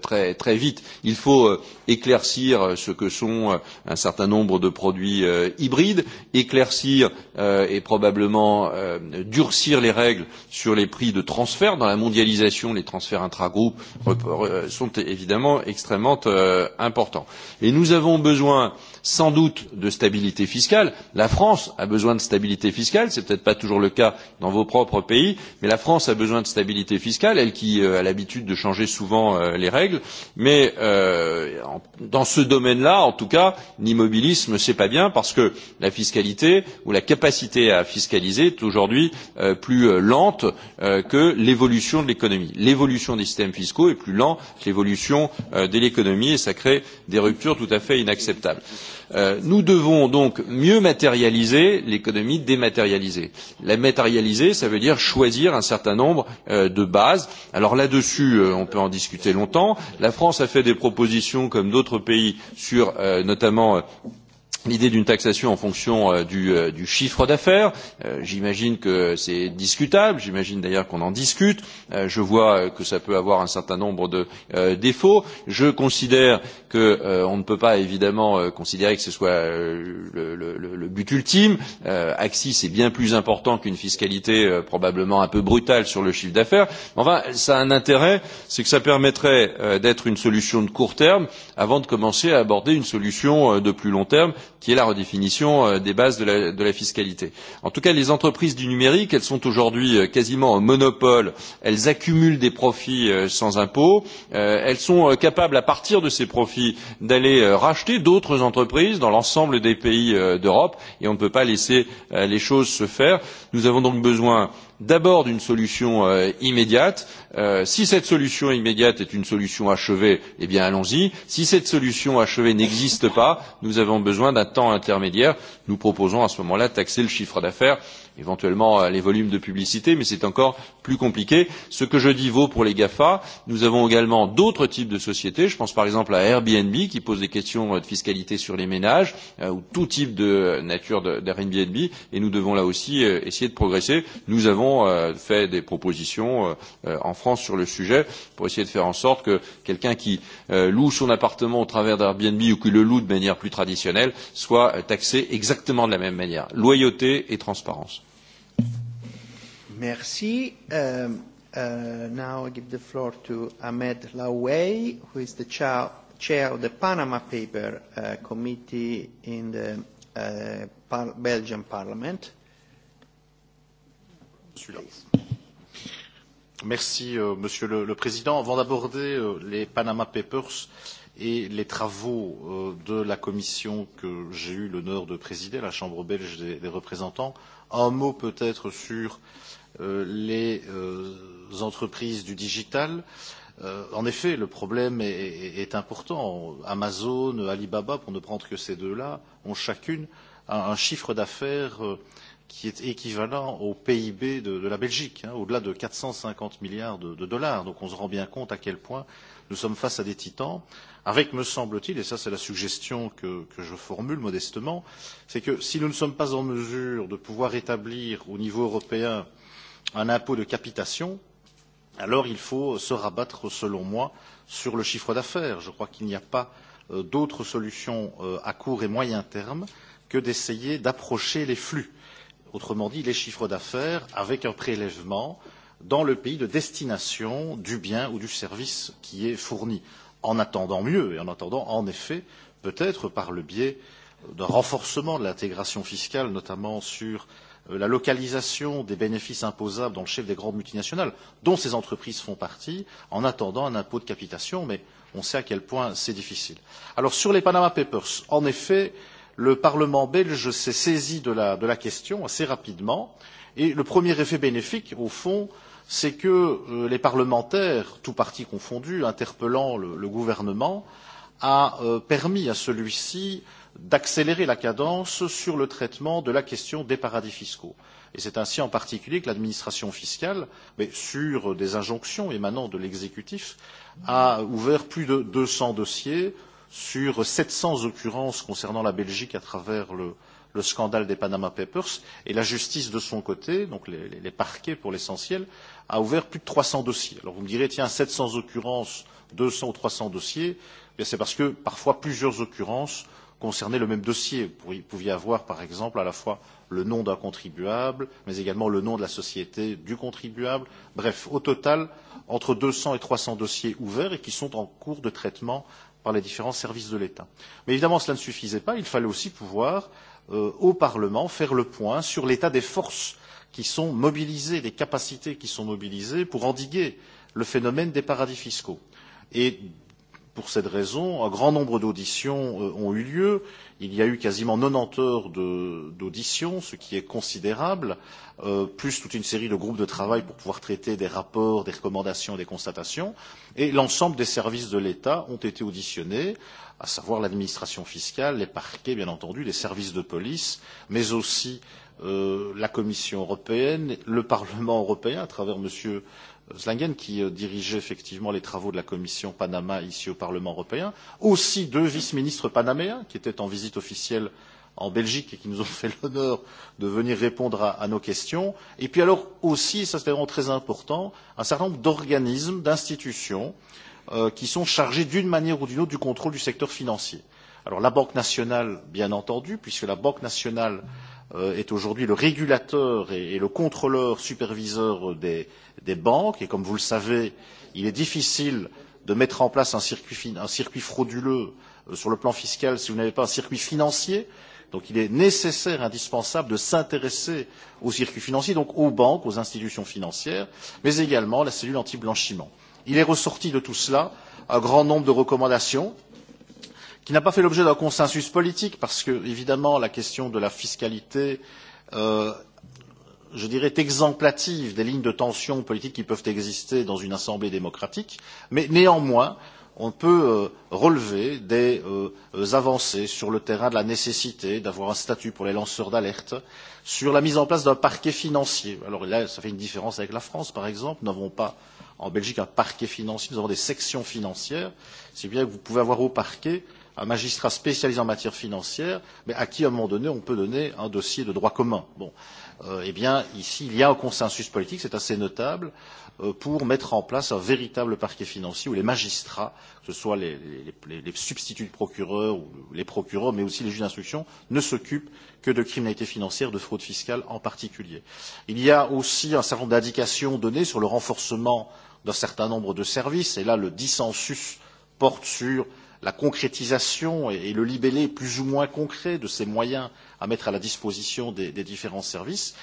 très, très vite. Il faut éclaircir ce que sont un certain nombre de produits hybrides hybride éclaircir euh, et probablement euh, durcir les règles sur les prix de transfert dans la mondialisation les transferts intragroupes sont évidemment extrêmement euh, importants et nous avons besoin euh, sans doute de stabilité fiscale. La France a besoin de stabilité fiscale, ce n'est peut-être pas toujours le cas dans vos propres pays, mais la France a besoin de stabilité fiscale, elle qui euh, a l'habitude de changer souvent euh, les règles. Mais euh, en, dans ce domaine-là, en tout cas, l'immobilisme, c'est pas bien parce que la fiscalité ou la capacité à fiscaliser est aujourd'hui euh, plus euh, lente euh, que l'évolution de l'économie. L'évolution des systèmes fiscaux est plus lente que l'évolution euh, de l'économie et ça crée des ruptures tout à fait inacceptables. Euh, nous devons donc mieux matérialiser l'économie dématérialisée. la matérialiser cela veut dire choisir un certain nombre euh, de bases. alors là dessus euh, on peut en discuter longtemps. la france a fait des propositions comme d'autres pays sur notamment l'idée d'une taxation en fonction euh, du, euh, du chiffre d'affaires. Euh, j'imagine que c'est discutable, j'imagine d'ailleurs qu'on en discute. Euh, je vois euh, que ça peut avoir un certain nombre de euh, défauts. Je considère qu'on euh, ne peut pas évidemment euh, considérer que ce soit euh, le, le, le but ultime. Euh, Axis est bien plus important qu'une fiscalité euh, probablement un peu brutale sur le chiffre d'affaires. Enfin, ça a un intérêt, c'est que ça permettrait euh, d'être une solution de court terme avant de commencer à aborder une solution euh, de plus long terme qui est la redéfinition euh, des bases de la, de la fiscalité. En tout cas, les entreprises du numérique, elles sont aujourd'hui euh, quasiment en monopole, elles accumulent des profits euh, sans impôts, elles sont capables, à partir de ces profits, d'aller racheter d'autres entreprises dans l'ensemble des pays d'Europe et on ne peut pas laisser les choses se faire. Nous avons donc besoin d'abord d'une solution euh, immédiate. Euh, si cette solution immédiate est une solution achevée, eh bien allons-y. Si cette solution achevée n'existe pas, nous avons besoin d'un temps intermédiaire. Nous proposons à ce moment-là de taxer le chiffre d'affaires, éventuellement euh, les volumes de publicité, mais c'est encore plus compliqué. Ce que je dis vaut pour les GAFA. Nous avons également d'autres types de sociétés. Je pense par exemple à Airbnb qui pose des questions de fiscalité sur les ménages ou tout type de nature d'Airbnb et nous devons là aussi essayer de progresser. Nous avons avons euh, fait des propositions euh, euh, en France sur le sujet pour essayer de faire en sorte que quelqu'un qui euh, loue son appartement au travers d'Airbnb ou qui le loue de manière plus traditionnelle soit euh, taxé exactement de la même manière. Loyauté et transparence. Merci. Uh, Uh, now I give the floor to Ahmed Lawey, who is the cha chair of the Panama Paper uh, Committee in the uh, par Belgian Parliament. Euh, Monsieur le, Président. Avant d'aborder euh, les Panama Papers et les travaux euh, de la commission que j'ai eu l'honneur de présider, la Chambre belge des, représentants, un mot peut-être sur les entreprises du digital. en effet, le problème est, important. Amazon, Alibaba, pour ne prendre que ces deux-là, ont chacune un, chiffre d'affaires euh, qui est équivalent au PIB de, de la Belgique, hein, au-delà de 450 milliards de, de dollars. Donc on se rend bien compte à quel point nous sommes face à des titans, avec, me semble-t-il, et ça c'est la suggestion que, que je formule modestement, c'est que si nous ne sommes pas en mesure de pouvoir établir au niveau européen un impôt de capitation, alors il faut se rabattre, selon moi, sur le chiffre d'affaires. Je crois qu'il n'y a pas euh, d'autre solution euh, à court et moyen terme que d'essayer d'approcher les flux autrement dit les chiffres d'affaires, avec un prélèvement dans le pays de destination du bien ou du service qui est fourni, en attendant mieux et en attendant, en effet, peut-être par le biais d'un renforcement de l'intégration fiscale, notamment sur euh, la localisation des bénéfices imposables dans le chef des grandes multinationales, dont ces entreprises font partie, en attendant un impôt de capitation, mais on sait à quel point c'est difficile. Alors sur les Panama Papers, en effet, euh, le parlement belge s'est saisi de la, de la question assez rapidement et le premier effet bénéfique au fond c'est que euh, les parlementaires tous partis confondus interpellant le, le gouvernement a euh, permis à celui ci d'accélérer la cadence sur le traitement de la question des paradis fiscaux. Et c'est ainsi en particulier que l'administration fiscale, mais sur des injonctions émanant de l'exécutif, a ouvert plus de 200 dossiers sur 700 occurrences concernant la Belgique à travers le, le scandale des Panama Papers et la justice de son côté, donc les, les, les parquets pour l'essentiel, a ouvert plus de 300 dossiers. Alors vous me direz, tiens, 700 occurrences, 200 ou 300 dossiers, eh c'est parce que parfois plusieurs occurrences concernaient le même dossier. Vous pouviez avoir par exemple à la fois le nom d'un contribuable, mais également le nom de la société du contribuable. Bref, au total, entre 200 et 300 dossiers ouverts et qui sont en cours de traitement par les différents services de l'État. Mais évidemment, cela ne suffisait pas. Il fallait aussi pouvoir, euh, au Parlement, faire le point sur l'état des forces qui sont mobilisées, des capacités qui sont mobilisées pour endiguer le phénomène des paradis fiscaux. Et pour cette raison, un grand nombre d'auditions euh, ont eu lieu. Il y a eu quasiment 90 heures d'auditions, ce qui est considérable, euh, plus toute une série de groupes de travail pour pouvoir traiter des rapports, des recommandations, des constatations. Et l'ensemble des services de l'État ont été auditionnés, à savoir l'administration fiscale, les parquets, bien entendu, les services de police, mais aussi euh, la Commission européenne, le Parlement européen, à travers Monsieur Zlangen, qui euh, dirigeait effectivement les travaux de la commission Panama ici au Parlement européen, aussi deux vice-ministres panaméens qui étaient en visite officielle en Belgique et qui nous ont *laughs* fait l'honneur de venir répondre à, à nos questions. Et puis alors aussi, et ça c'est vraiment très important, un certain nombre d'organismes, d'institutions euh, qui sont chargés d'une manière ou d'une autre du contrôle du secteur financier. Alors la Banque nationale, bien entendu, puisque la Banque nationale euh, est aujourd'hui le régulateur et, et le contrôleur superviseur des, des banques et comme vous le savez il est difficile de mettre en place un circuit, un circuit frauduleux euh, sur le plan fiscal si vous n'avez pas un circuit financier donc il est nécessaire indispensable de s'intéresser au circuit financier donc aux banques aux institutions financières mais également à la cellule anti blanchiment. il est ressorti de tout cela un grand nombre de recommandations qui n'a pas fait l'objet d'un consensus politique parce que évidemment la question de la fiscalité euh, je dirais, exemplative des lignes de tension politique qui peuvent exister dans une assemblée démocratique, mais néanmoins, on peut euh, relever des euh, avancées sur le terrain de la nécessité d'avoir un statut pour les lanceurs d'alerte, sur la mise en place d'un parquet financier. Alors là, ça fait une différence avec la France, par exemple. Nous n'avons pas en Belgique un parquet financier, nous avons des sections financières, si bien que vous pouvez avoir au parquet un magistrat spécialisé en matière financière, mais à qui, à un moment donné, on peut donner un dossier de droit commun. Bon. Euh, Euh, eh bien, ici, il y a un consensus politique, c'est assez notable, euh, pour mettre en place un véritable parquet financier où les magistrats, que ce soit les, les, les substituts de procureurs ou les procureurs, mais aussi les juges d'instruction, ne s'occupent que de criminalité financière, de fraude fiscale en particulier. Il y a aussi un certain nombre d'indications données sur le renforcement d'un certain nombre de services, et là, le dissensus porte sur la concrétisation et, et le libellé plus ou moins concret de ces moyens à mettre à la disposition des, des différents services.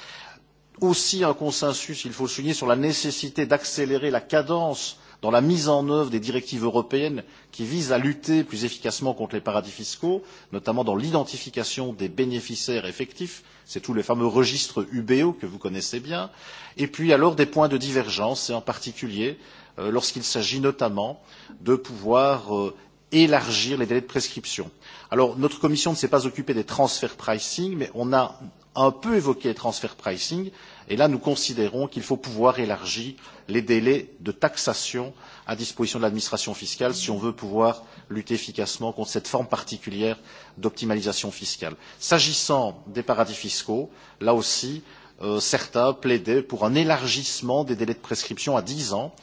Aussi un consensus, il faut le souligner, sur la nécessité d'accélérer la cadence dans la mise en œuvre des directives européennes qui visent à lutter plus efficacement contre les paradis fiscaux, notamment dans l'identification des bénéficiaires effectifs, c'est tous les fameux registres UBO que vous connaissez bien, et puis alors des points de divergence, et en particulier euh, lorsqu'il s'agit notamment de pouvoir euh, élargir les délais de prescription. Alors, notre commission ne s'est pas occupée des transferts pricing, mais on a un peu évoqué les transferts pricing, et là, nous considérons qu'il faut pouvoir élargir les délais de taxation à disposition de l'administration fiscale si on veut pouvoir lutter efficacement contre cette forme particulière d'optimalisation fiscale. S'agissant des paradis fiscaux, là aussi, euh, certains plaidaient pour un élargissement des délais de prescription à 10 ans,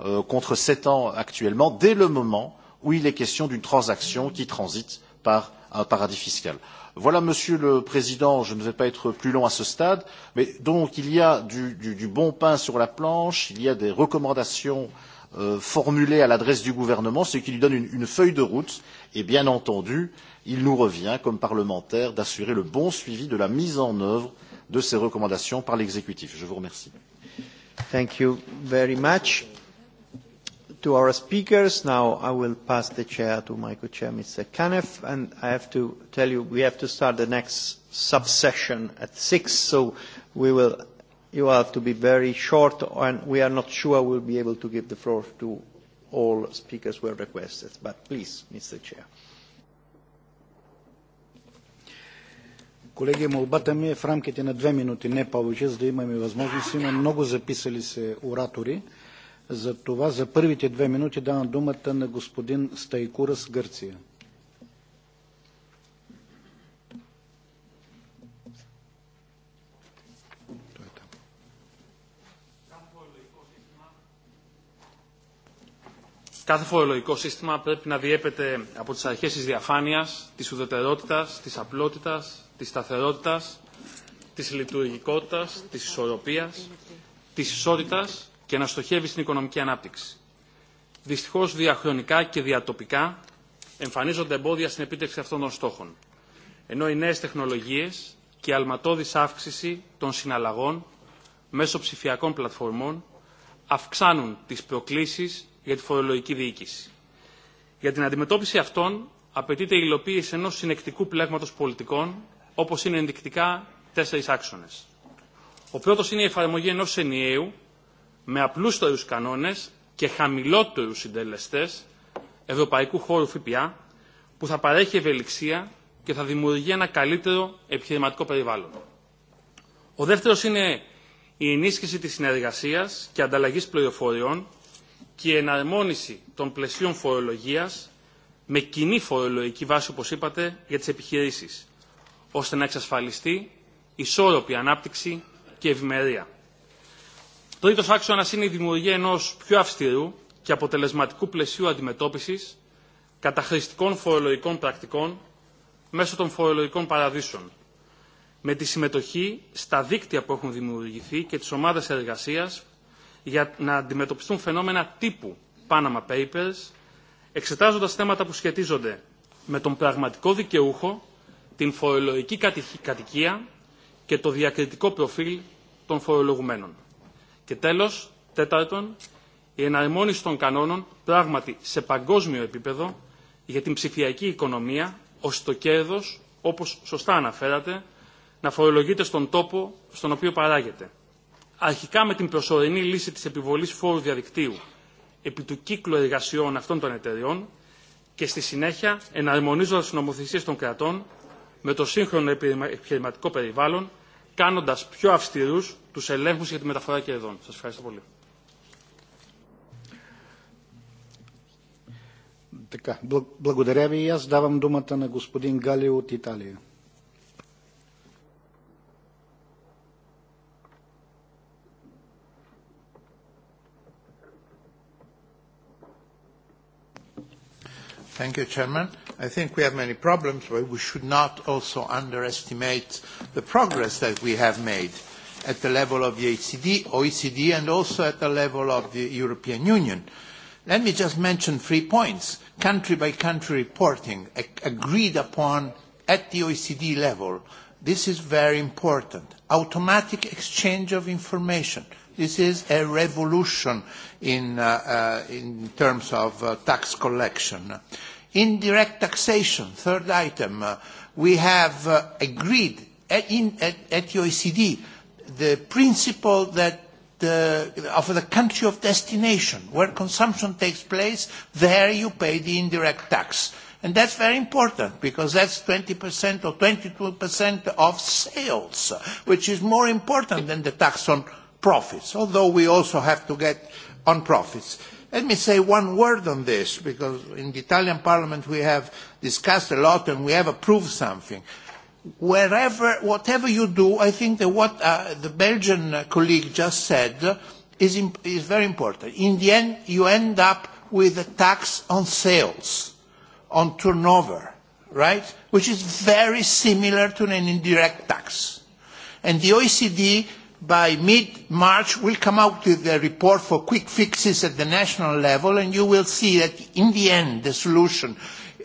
euh, contre 7 ans actuellement, dès le moment où il est question d'une transaction qui transite par un paradis fiscal. Voilà, Monsieur le Président, je ne vais pas être plus long à ce stade, mais donc il y a du, du, du bon pain sur la planche, il y a des recommandations euh, formulées à l'adresse du gouvernement, ce qui lui donne une, une feuille de route, et bien entendu, il nous revient, comme parlementaires, d'assurer le bon suivi de la mise en œuvre de ces recommandations par l'exécutif. Je vous remercie. Thank you very much to our speakers. Now I will pass the chair to my co-chair, Mr. Kanef, and I have to tell you we have to start the next sub-session at six, so we will. You have to be very short, and we are not sure we'll be able to give the floor to all speakers were requested. But please, Mr. Chair. Колеги, молбата ми е в рамките на две минути, не повече, за да имаме възможност. Има много записали се оратори. За това за първите две минути давам думата на господин Стайкурас, Гърция. Κάθε φορολογικό σύστημα πρέπει να διέπεται από τις αρχές της διαφάνειας, της ουδετερότητας, της απλότητας, της σταθερότητας, της λειτουργικότητας, της ισορροπίας, της ισότητας και να στοχεύει στην οικονομική ανάπτυξη. Δυστυχώ, διαχρονικά και διατοπικά εμφανίζονται εμπόδια στην επίτευξη αυτών των στόχων, ενώ οι νέε τεχνολογίε και η αλματώδη αύξηση των συναλλαγών μέσω ψηφιακών πλατφορμών αυξάνουν τι προκλήσει για τη φορολογική διοίκηση. Για την αντιμετώπιση αυτών απαιτείται η υλοποίηση ενό συνεκτικού πλέγματο πολιτικών, όπω είναι ενδεικτικά τέσσερι άξονε. Ο πρώτο είναι η εφαρμογή ενό ενιαίου με απλούστερους κανόνες και χαμηλότερους συντελεστές ευρωπαϊκού χώρου ΦΠΑ που θα παρέχει ευελιξία και θα δημιουργεί ένα καλύτερο επιχειρηματικό περιβάλλον. Ο δεύτερος είναι η ενίσχυση της συνεργασίας και ανταλλαγής πληροφοριών και η εναρμόνιση των πλαισίων φορολογίας με κοινή φορολογική βάση, όπως είπατε, για τις επιχειρήσεις, ώστε να εξασφαλιστεί ισόρροπη ανάπτυξη και ευημερία. Το τρίτο άξονα είναι η δημιουργία ενό πιο αυστηρού και αποτελεσματικού πλαισίου αντιμετώπιση καταχρηστικών φορολογικών πρακτικών μέσω των φορολογικών παραδείσων, με τη συμμετοχή στα δίκτυα που έχουν δημιουργηθεί και τις ομάδες εργασίας για να αντιμετωπιστούν φαινόμενα τύπου Panama Papers, εξετάζοντας θέματα που σχετίζονται με τον πραγματικό δικαιούχο, την φορολογική κατοικία και το διακριτικό προφίλ των φορολογουμένων. Και τέλος, τέταρτον, η εναρμόνιση των κανόνων πράγματι σε παγκόσμιο επίπεδο για την ψηφιακή οικονομία, ώστε το κέρδος, όπως σωστά αναφέρατε, να φορολογείται στον τόπο στον οποίο παράγεται. Αρχικά με την προσωρινή λύση της επιβολής φόρου διαδικτύου επί του κύκλου εργασιών αυτών των εταιριών και στη συνέχεια εναρμονίζοντας τις νομοθεσίες των κρατών με το σύγχρονο επιχειρηματικό περιβάλλον κάνοντας πιο αυστηρούς τους ελέγχους για τη μεταφορά κερδών. Σας ευχαριστώ πολύ. Така, благодаря ви и аз давам думата на господин Гали от Италия. Thank you, Chairman. I think we have many problems, but we should not also underestimate the progress that we have made at the level of the OECD, OECD and also at the level of the European Union. Let me just mention three points. Country by country reporting agreed upon at the OECD level. This is very important. Automatic exchange of information. This is a revolution in, uh, uh, in terms of uh, tax collection. Indirect taxation, third item. Uh, we have uh, agreed at, uh, in, at, at OECD the principle that the, of the country of destination, where consumption takes place, there you pay the indirect tax. And that's very important because that's 20% or 22% of sales, which is more important than the tax on profits, although we also have to get on profits. Let me say one word on this, because in the Italian Parliament we have discussed a lot and we have approved something. Wherever, whatever you do, I think that what uh, the Belgian colleague just said is, imp- is very important. In the end, you end up with a tax on sales, on turnover, right? Which is very similar to an indirect tax. And the OECD by mid-March, we'll come out with a report for quick fixes at the national level, and you will see that in the end, the solution,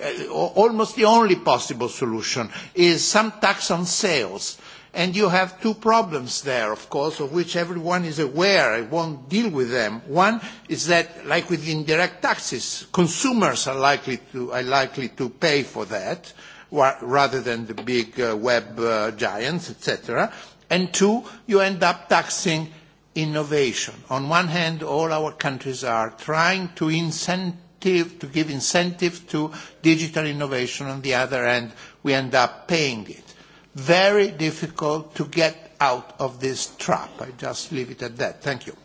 uh, almost the only possible solution, is some tax on sales. And you have two problems there, of course, of which everyone is aware. I won't deal with them. One is that, like with indirect taxes, consumers are likely to, are likely to pay for that rather than the big uh, web uh, giants, etc. And two, you end up taxing innovation. On one hand, all our countries are trying to incentive, to give incentive to digital innovation. On the other hand, we end up paying it. Very difficult to get out of this trap. I just leave it at that. Thank you.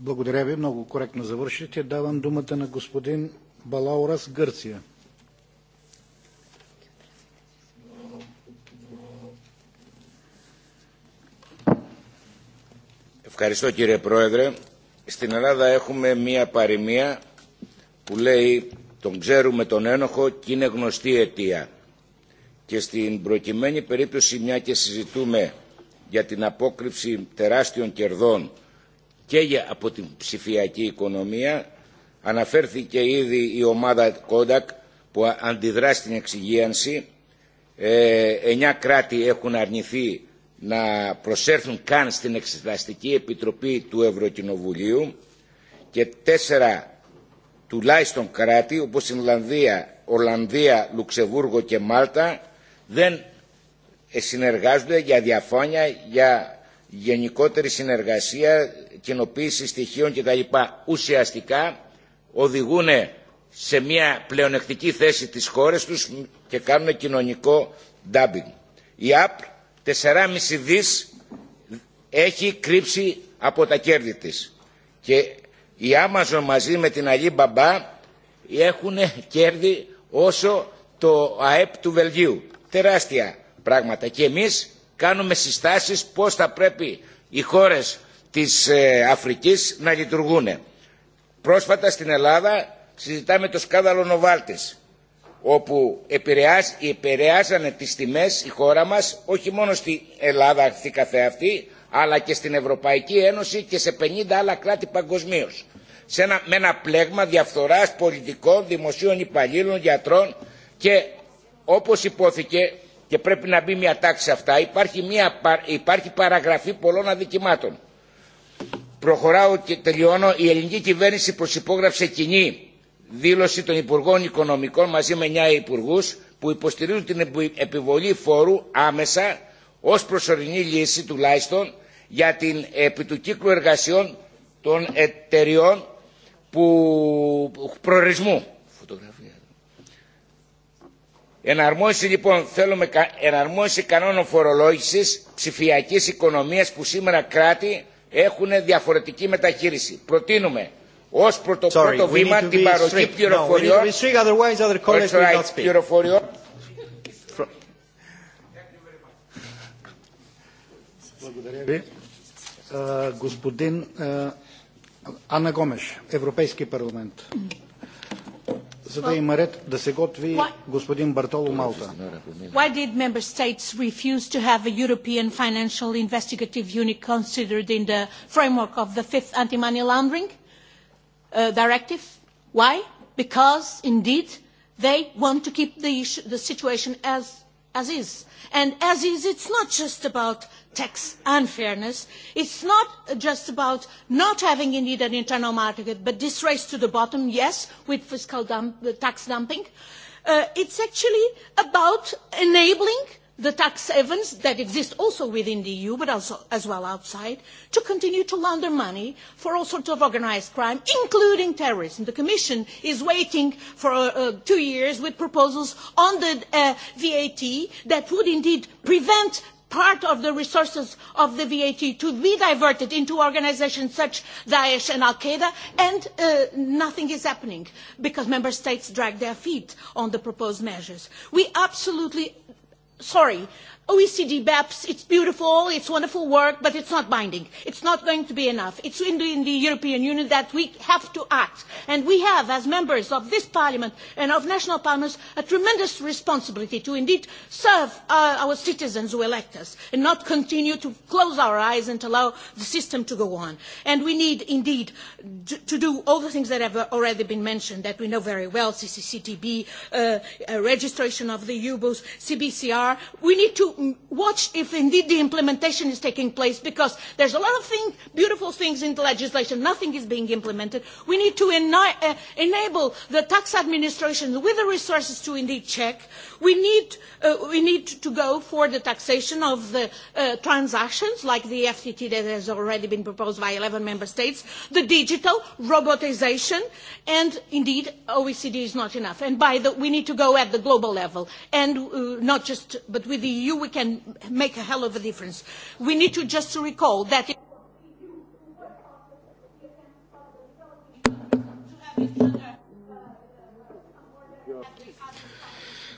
Благодаря ви. Много коректно завършите. Давам думата на господин Балаурас, Гърция. Ευχαριστώ κύριε Πρόεδρε. Στην Ελλάδα έχουμε μία παροιμία που λέει τον ξέρουμε τον ένοχο και είναι γνωστή η αιτία. Και στην προκειμένη περίπτωση μια και συζητούμε για την απόκρυψη τεράστιων κερδών και για, από την ψηφιακή οικονομία αναφέρθηκε ήδη η ομάδα Κόντακ που αντιδρά στην εξυγίανση. Ε, εννιά κράτη έχουν αρνηθεί να προσέρθουν καν στην Εξεταστική Επιτροπή του Ευρωκοινοβουλίου και τέσσερα τουλάχιστον κράτη όπως Ινλανδία, Ολλανδία, Λουξεμβούργο και Μάλτα δεν συνεργάζονται για διαφάνεια, για γενικότερη συνεργασία, κοινοποίηση στοιχείων κτλ. Ουσιαστικά οδηγούν σε μια πλεονεκτική θέση τις χώρες τους και κάνουν κοινωνικό ντάμπινγκ. Η ΑΠΡ 4,5 δις έχει κρύψει από τα κέρδη της. Και η Amazon μαζί με την Alibaba έχουν κέρδη όσο το ΑΕΠ του Βελγίου. Τεράστια πράγματα. Και εμείς κάνουμε συστάσεις πώς θα πρέπει οι χώρες της Αφρικής να λειτουργούν. Πρόσφατα στην Ελλάδα συζητάμε το σκάνδαλο Νοβάλτης όπου επηρεάσανε τις τιμές η χώρα μας, όχι μόνο στην Ελλάδα αυτή καθεαυτή, αλλά και στην Ευρωπαϊκή Ένωση και σε 50 άλλα κράτη παγκοσμίω. Ένα, με ένα πλέγμα διαφθοράς πολιτικών, δημοσίων υπαλλήλων, γιατρών και όπως υπόθηκε και πρέπει να μπει μια τάξη αυτά, υπάρχει, μια, υπάρχει παραγραφή πολλών αδικημάτων. Προχωράω και τελειώνω. Η ελληνική κυβέρνηση προσυπόγραψε κοινή δήλωση των Υπουργών Οικονομικών μαζί με 9 υπουργού που υποστηρίζουν την επιβολή φόρου άμεσα ως προσωρινή λύση τουλάχιστον για την επί του κύκλου εργασιών των εταιριών που προορισμού. Φωτογραφία. Εναρμόνιση λοιπόν θέλουμε εναρμόνιση κανόνων φορολόγησης ψηφιακής οικονομίας που σήμερα κράτη έχουν διαφορετική μεταχείριση. Προτείνουμε ως πρωτοππρώτο βήμα την παροχή πληροφοριών. Благодаря Господин Анна Гомеш, Европейски парламент. За да има ред да се готви господин Бартоло Малта. Why did member states refuse to have a European financial investigative unit considered in the framework of the fifth anti-money laundering? uh, directive. Why? Because, indeed, they want to keep the, the situation as, as is. And as is, it's not just about tax unfairness. It's not just about not having indeed an internal market, but this race to the bottom, yes, with fiscal dump, tax dumping. Uh, it's actually about enabling uh, the tax havens that exist also within the EU, but also, as well outside, to continue to launder money for all sorts of organised crime, including terrorism. The Commission is waiting for uh, uh two years with proposals on the uh, VAT that would indeed prevent part of the resources of the VAT to be diverted into organisations such Daesh and Al-Qaeda, and uh, nothing is happening because member states drag their feet on the proposed measures. We absolutely sorry OECD BEPS, it's beautiful, it's wonderful work, but it's not binding. It's not going to be enough. It's in the, in the European Union that we have to act. And we have, as members of this Parliament and of national parliaments, a tremendous responsibility to indeed serve uh, our citizens who elect us and not continue to close our eyes and allow the system to go on. And we need, indeed, to do all the things that have already been mentioned that we know very well, CCCTB, uh, uh, registration of the U-Boats, CBCR. We need to watch if indeed the implementation is taking place because there's a lot of thing, beautiful things in the legislation. Nothing is being implemented. We need to uh, enable the tax administration with the resources to indeed check. We need, uh, we need to go for the taxation of the uh, transactions, like the FTT that has already been proposed by 11 member states, the digital, robotization, and indeed, OECD is not enough. And by the, we need to go at the global level, and uh, not just, but with the EU we can make a hell of a difference. We need to just recall that. It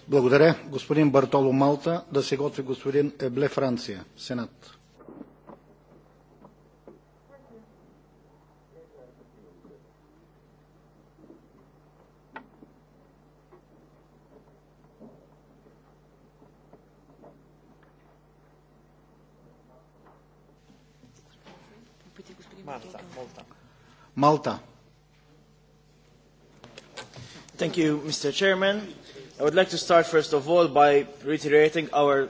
Благодаря. Господин Бартоло Малта, да се готви господин Ебле Франция, Сенат. Malta. Malta. Malta. Thank you, Mr. Chairman. I would like to start first of all by reiterating our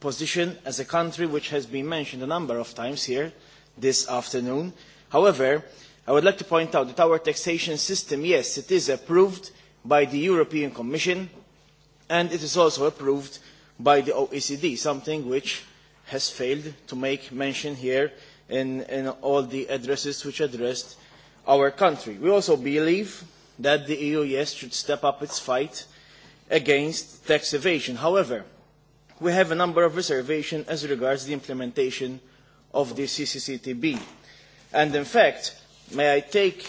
position as a country which has been mentioned a number of times here this afternoon. However, I would like to point out that our taxation system, yes, it is approved by the European Commission and it is also approved by the OECD, something which has failed to make mention here in, in all the addresses which addressed our country. We also believe that the EU, yes, should step up its fight against tax evasion. However, we have a number of reservations as regards the implementation of the CCCTB. And in fact, may I take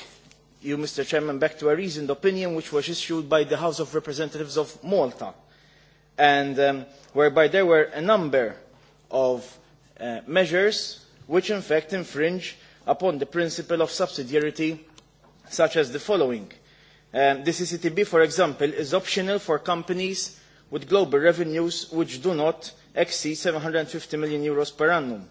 you, Mr. Chairman, back to a reasoned opinion which was issued by the House of Representatives of Malta, and um, whereby there were a number of uh, measures which in fact infringe upon the principle of subsidiarity, such as the following. Um, the CCTB, for example, is optional for companies with global revenues which do not exceed 750 million euros per annum.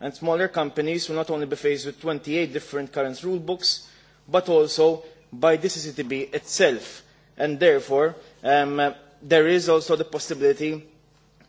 And smaller companies will not only be faced with 28 different current rule books, but also by the CCTB itself. And therefore, um, there is also the possibility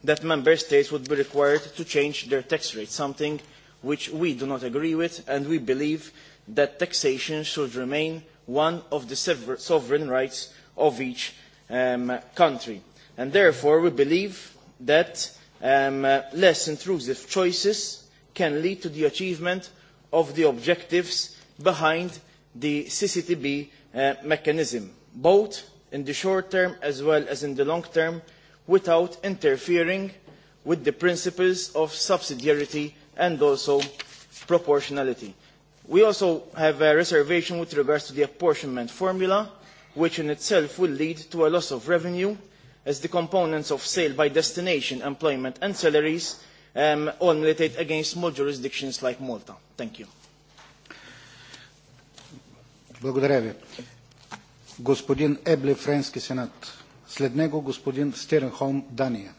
that member states would be required to change their tax rate, something which we do not agree with, and we believe that taxation should remain one of the sovereign rights of each um, country. And therefore, we believe that um, less intrusive choices can lead to the achievement of the objectives behind the CCTB uh, mechanism, both in the short term as well as in the long term, without interfering with the principles of subsidiarity and also proportionality. We also have a reservation with regards to the apportionment formula, which in itself will lead to a loss of revenue, as the components of sale by destination, employment and salaries um, all militate against small jurisdictions like Malta. Thank you. Благодаря ви. Господин Ебле, Френски сенат. След него господин Стеренхолм, Дания.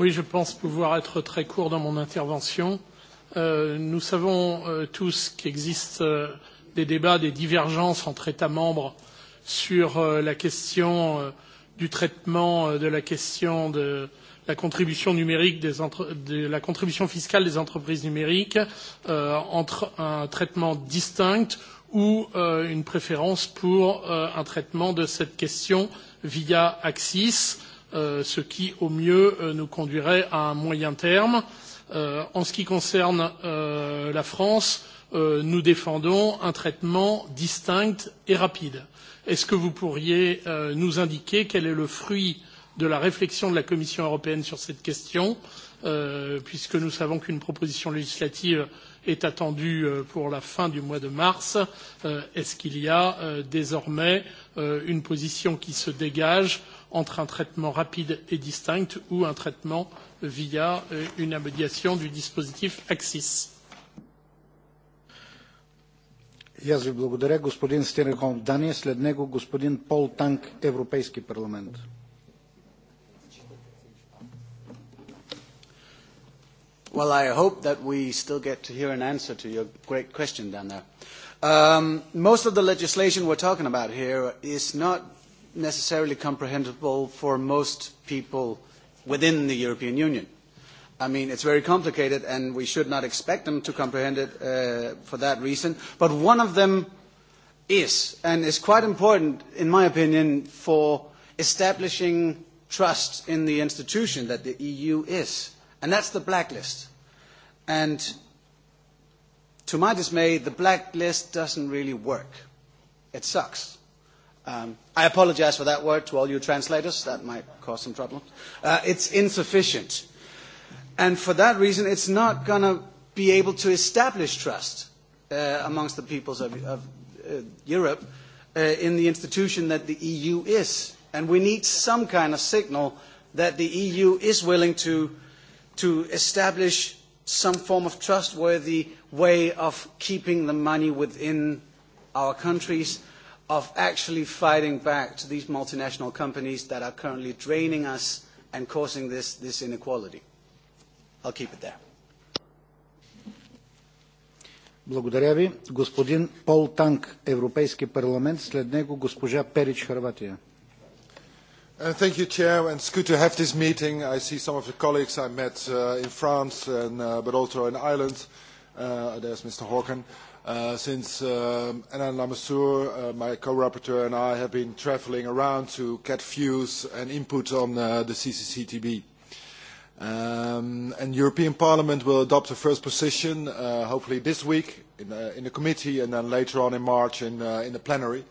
Oui, je pense pouvoir être très court dans mon intervention. Euh, nous savons euh, tous qu'il existe euh, des débats, des divergences entre États membres sur euh, la question euh, du traitement euh, de la question de la contribution numérique des entre, de la contribution fiscale des entreprises numériques euh, entre un traitement distinct ou euh, une préférence pour euh, un traitement de cette question via Axis. Euh, Euh, ce qui, au mieux, euh, nous conduirait à un moyen terme. Euh, en ce qui concerne la France, nous défendons un traitement distinct et rapide. Est ce que vous pourriez nous indiquer quel est le fruit de la réflexion de la Commission européenne sur cette question, puisque nous savons qu'une proposition législative est attendue pour la fin du mois de mars. Est-ce qu'il y a désormais une position qui se dégage entre un traitement rapide et distinct ou un traitement via euh, une médiation du dispositif AXIS. благодаря господин след него господин Пол Танк, Европейски парламент. Well, I hope that we still get to hear an answer to your great question down there. Um, most of the legislation we're talking about here is not necessarily comprehensible for most people within the European Union. I mean, it's very complicated, and we should not expect them to comprehend it uh, for that reason. But one of them is, and is quite important, in my opinion, for establishing trust in the institution that the EU is, and that's the blacklist. And to my dismay, the blacklist doesn't really work. It sucks. Um, I apologize for that word to all you translators. That might cause some trouble. Uh, it's insufficient. And for that reason, it's not going to be able to establish trust uh, amongst the peoples of, of uh, Europe uh, in the institution that the EU is. And we need some kind of signal that the EU is willing to, to establish some form of trustworthy way of keeping the money within our countries – of actually fighting back to these multinational companies that are currently draining us and causing this, this inequality. I'll keep it there. Благодаря ви. Господин Пол Танк, Европейски парламент. След него госпожа Перич, Харватия. Uh, thank you, Chair, and it's good to have this meeting. I see some of the colleagues I met uh, in France, and, uh, but also in Ireland. Uh, there's Mr. Hawken. Uh, Uh, since um, uh, Alain Lamassoure, uh, my co-rapporteur, and I have been travelling around to get views and input on uh, the CCCTB. Um, and European Parliament will adopt a first position, uh, hopefully this week, in, uh, in the committee, and then later on in March in, uh, in the plenary.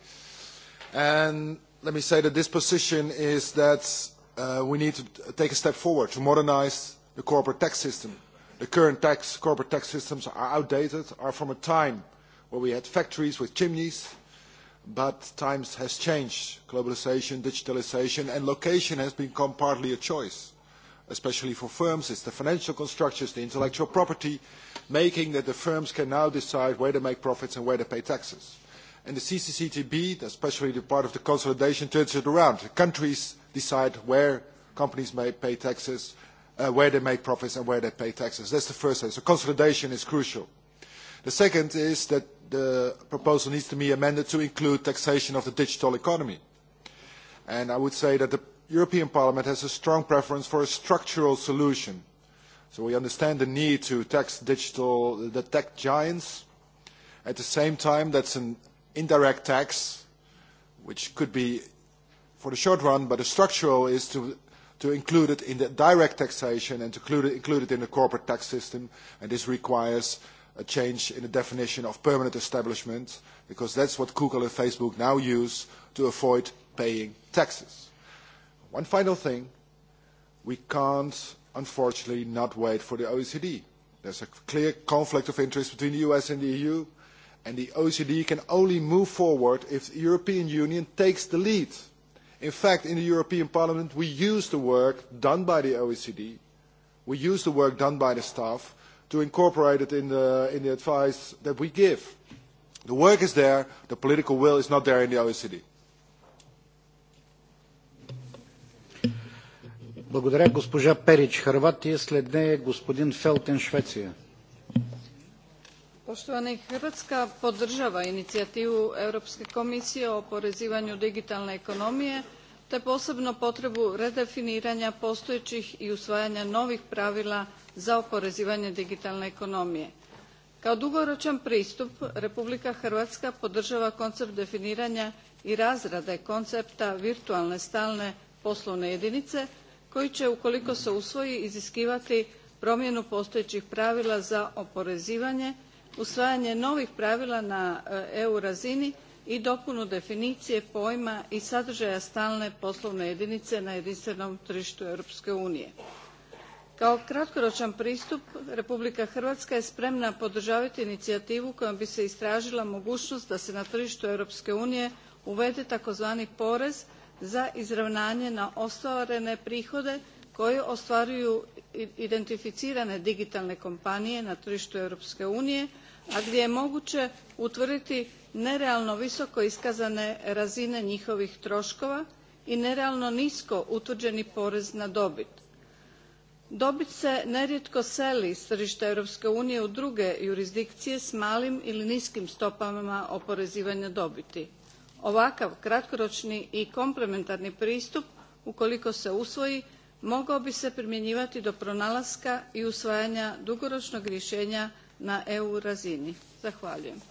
And let me say that this position is that uh, we need to take a step forward to modernise the corporate tax system The current tax, corporate tax systems are outdated, are from a time where we had factories with chimneys, but times has changed. Globalization, digitalization, and location has become partly a choice, especially for firms. It's the financial constructions, the intellectual property, making that the firms can now decide where to make profits and where to pay taxes. And the CCCTB, especially the part of the consolidation, turns it around. The countries decide where companies may pay taxes Uh, where they make profits and where they pay taxes. That's the first thing. So consolidation is crucial. The second is that the proposal needs to be amended to include taxation of the digital economy. And I would say that the European Parliament has a strong preference for a structural solution. So we understand the need to tax digital, the tech giants. At the same time, that's an indirect tax, which could be for the short run, but the structural is to to include it in the direct taxation and to include it, include it in the corporate tax system. And this requires a change in the definition of permanent establishment, because that's what Google and Facebook now use to avoid paying taxes. One final thing, we can't, unfortunately, not wait for the OECD. There's a clear conflict of interest between the US and the EU, and the OECD can only move forward if the European Union takes the lead in fact in the european parliament we use the work done by the oecd we use the work done by the staff to incorporate it in the, in the advice that we give. The work is there, the political will is not there in the OECD. Благодаря госпожа Перич, Хрватия, след нея господин Фелтен, Швеция. Poštovani, Hrvatska podržava inicijativu Europske komisije o oporezivanju digitalne ekonomije te posebno potrebu redefiniranja postojećih i usvajanja novih pravila za oporezivanje digitalne ekonomije. Kao dugoročan pristup Republika Hrvatska podržava koncept definiranja i razrade koncepta virtualne stalne poslovne jedinice koji će ukoliko se usvoji iziskivati promjenu postojećih pravila za oporezivanje usvajanje novih pravila na e, EU razini i dopunu definicije pojma i sadržaja stalne poslovne jedinice na jedinstvenom tržištu Europske unije. Kao kratkoročan pristup Republika Hrvatska je spremna podržavati inicijativu kojom bi se istražila mogućnost da se na tržištu Europske unije uvede takozvani porez za izravnanje na ostvarene prihode koje ostvaruju identificirane digitalne kompanije na tržištu Europske unije a gdje je moguće utvrditi nerealno visoko iskazane razine njihovih troškova i nerealno nisko utvrđeni porez na dobit. Dobit se nerijetko seli iz tržišta Europske unije u druge jurisdikcije s malim ili niskim stopama oporezivanja dobiti. Ovakav kratkoročni i komplementarni pristup, ukoliko se usvoji, mogao bi se primjenjivati do pronalaska i usvajanja dugoročnog rješenja na EU razini. Zahvaljujem.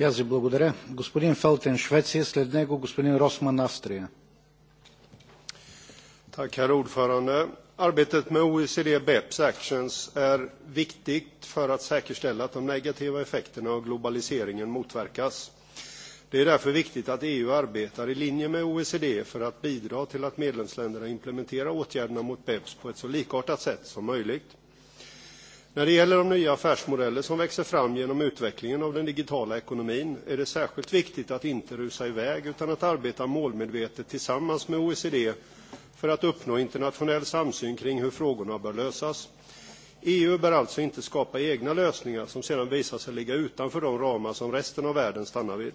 И аз ви благодаря. Господин Фелтен, Швеция, след Tack, herr ordförande. Arbetet med OECD BEPS Actions är viktigt för att säkerställa att de negativa effekterna av globaliseringen motverkas. Det är därför viktigt att EU arbetar i linje med OECD för att bidra till att medlemsländerna implementerar åtgärderna mot BEPS på ett så likartat sätt som möjligt. När det gäller de nya affärsmodeller som växer fram genom utvecklingen av den digitala ekonomin är det särskilt viktigt att inte rusa iväg utan att arbeta målmedvetet tillsammans med OECD för att uppnå internationell samsyn kring hur frågorna bör lösas. EU bör alltså inte skapa egna lösningar som sedan visar sig ligga utanför de ramar som resten av världen stannar vid.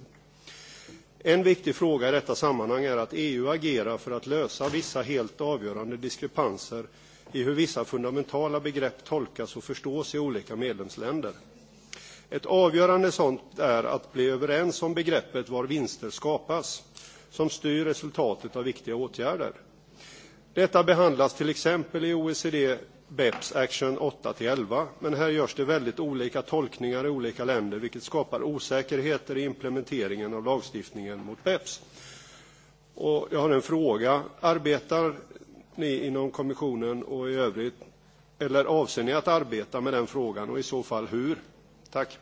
En viktig fråga i detta sammanhang är att EU agerar för att lösa vissa helt avgörande diskrepanser i hur vissa fundamentala begrepp tolkas och förstås i olika medlemsländer. Ett avgörande sådant är att bli överens om begreppet var vinster skapas, som styr resultatet av viktiga åtgärder. Detta behandlas till exempel i OECD. BEPS Action 8 11, men här görs det väldigt olika tolkningar i olika länder, vilket skapar osäkerheter i implementeringen av lagstiftningen mot BEPS. Och jag har en fråga. Arbetar ni inom kommissionen och i övrigt, eller avser ni att arbeta med den frågan och i så fall hur? Tack.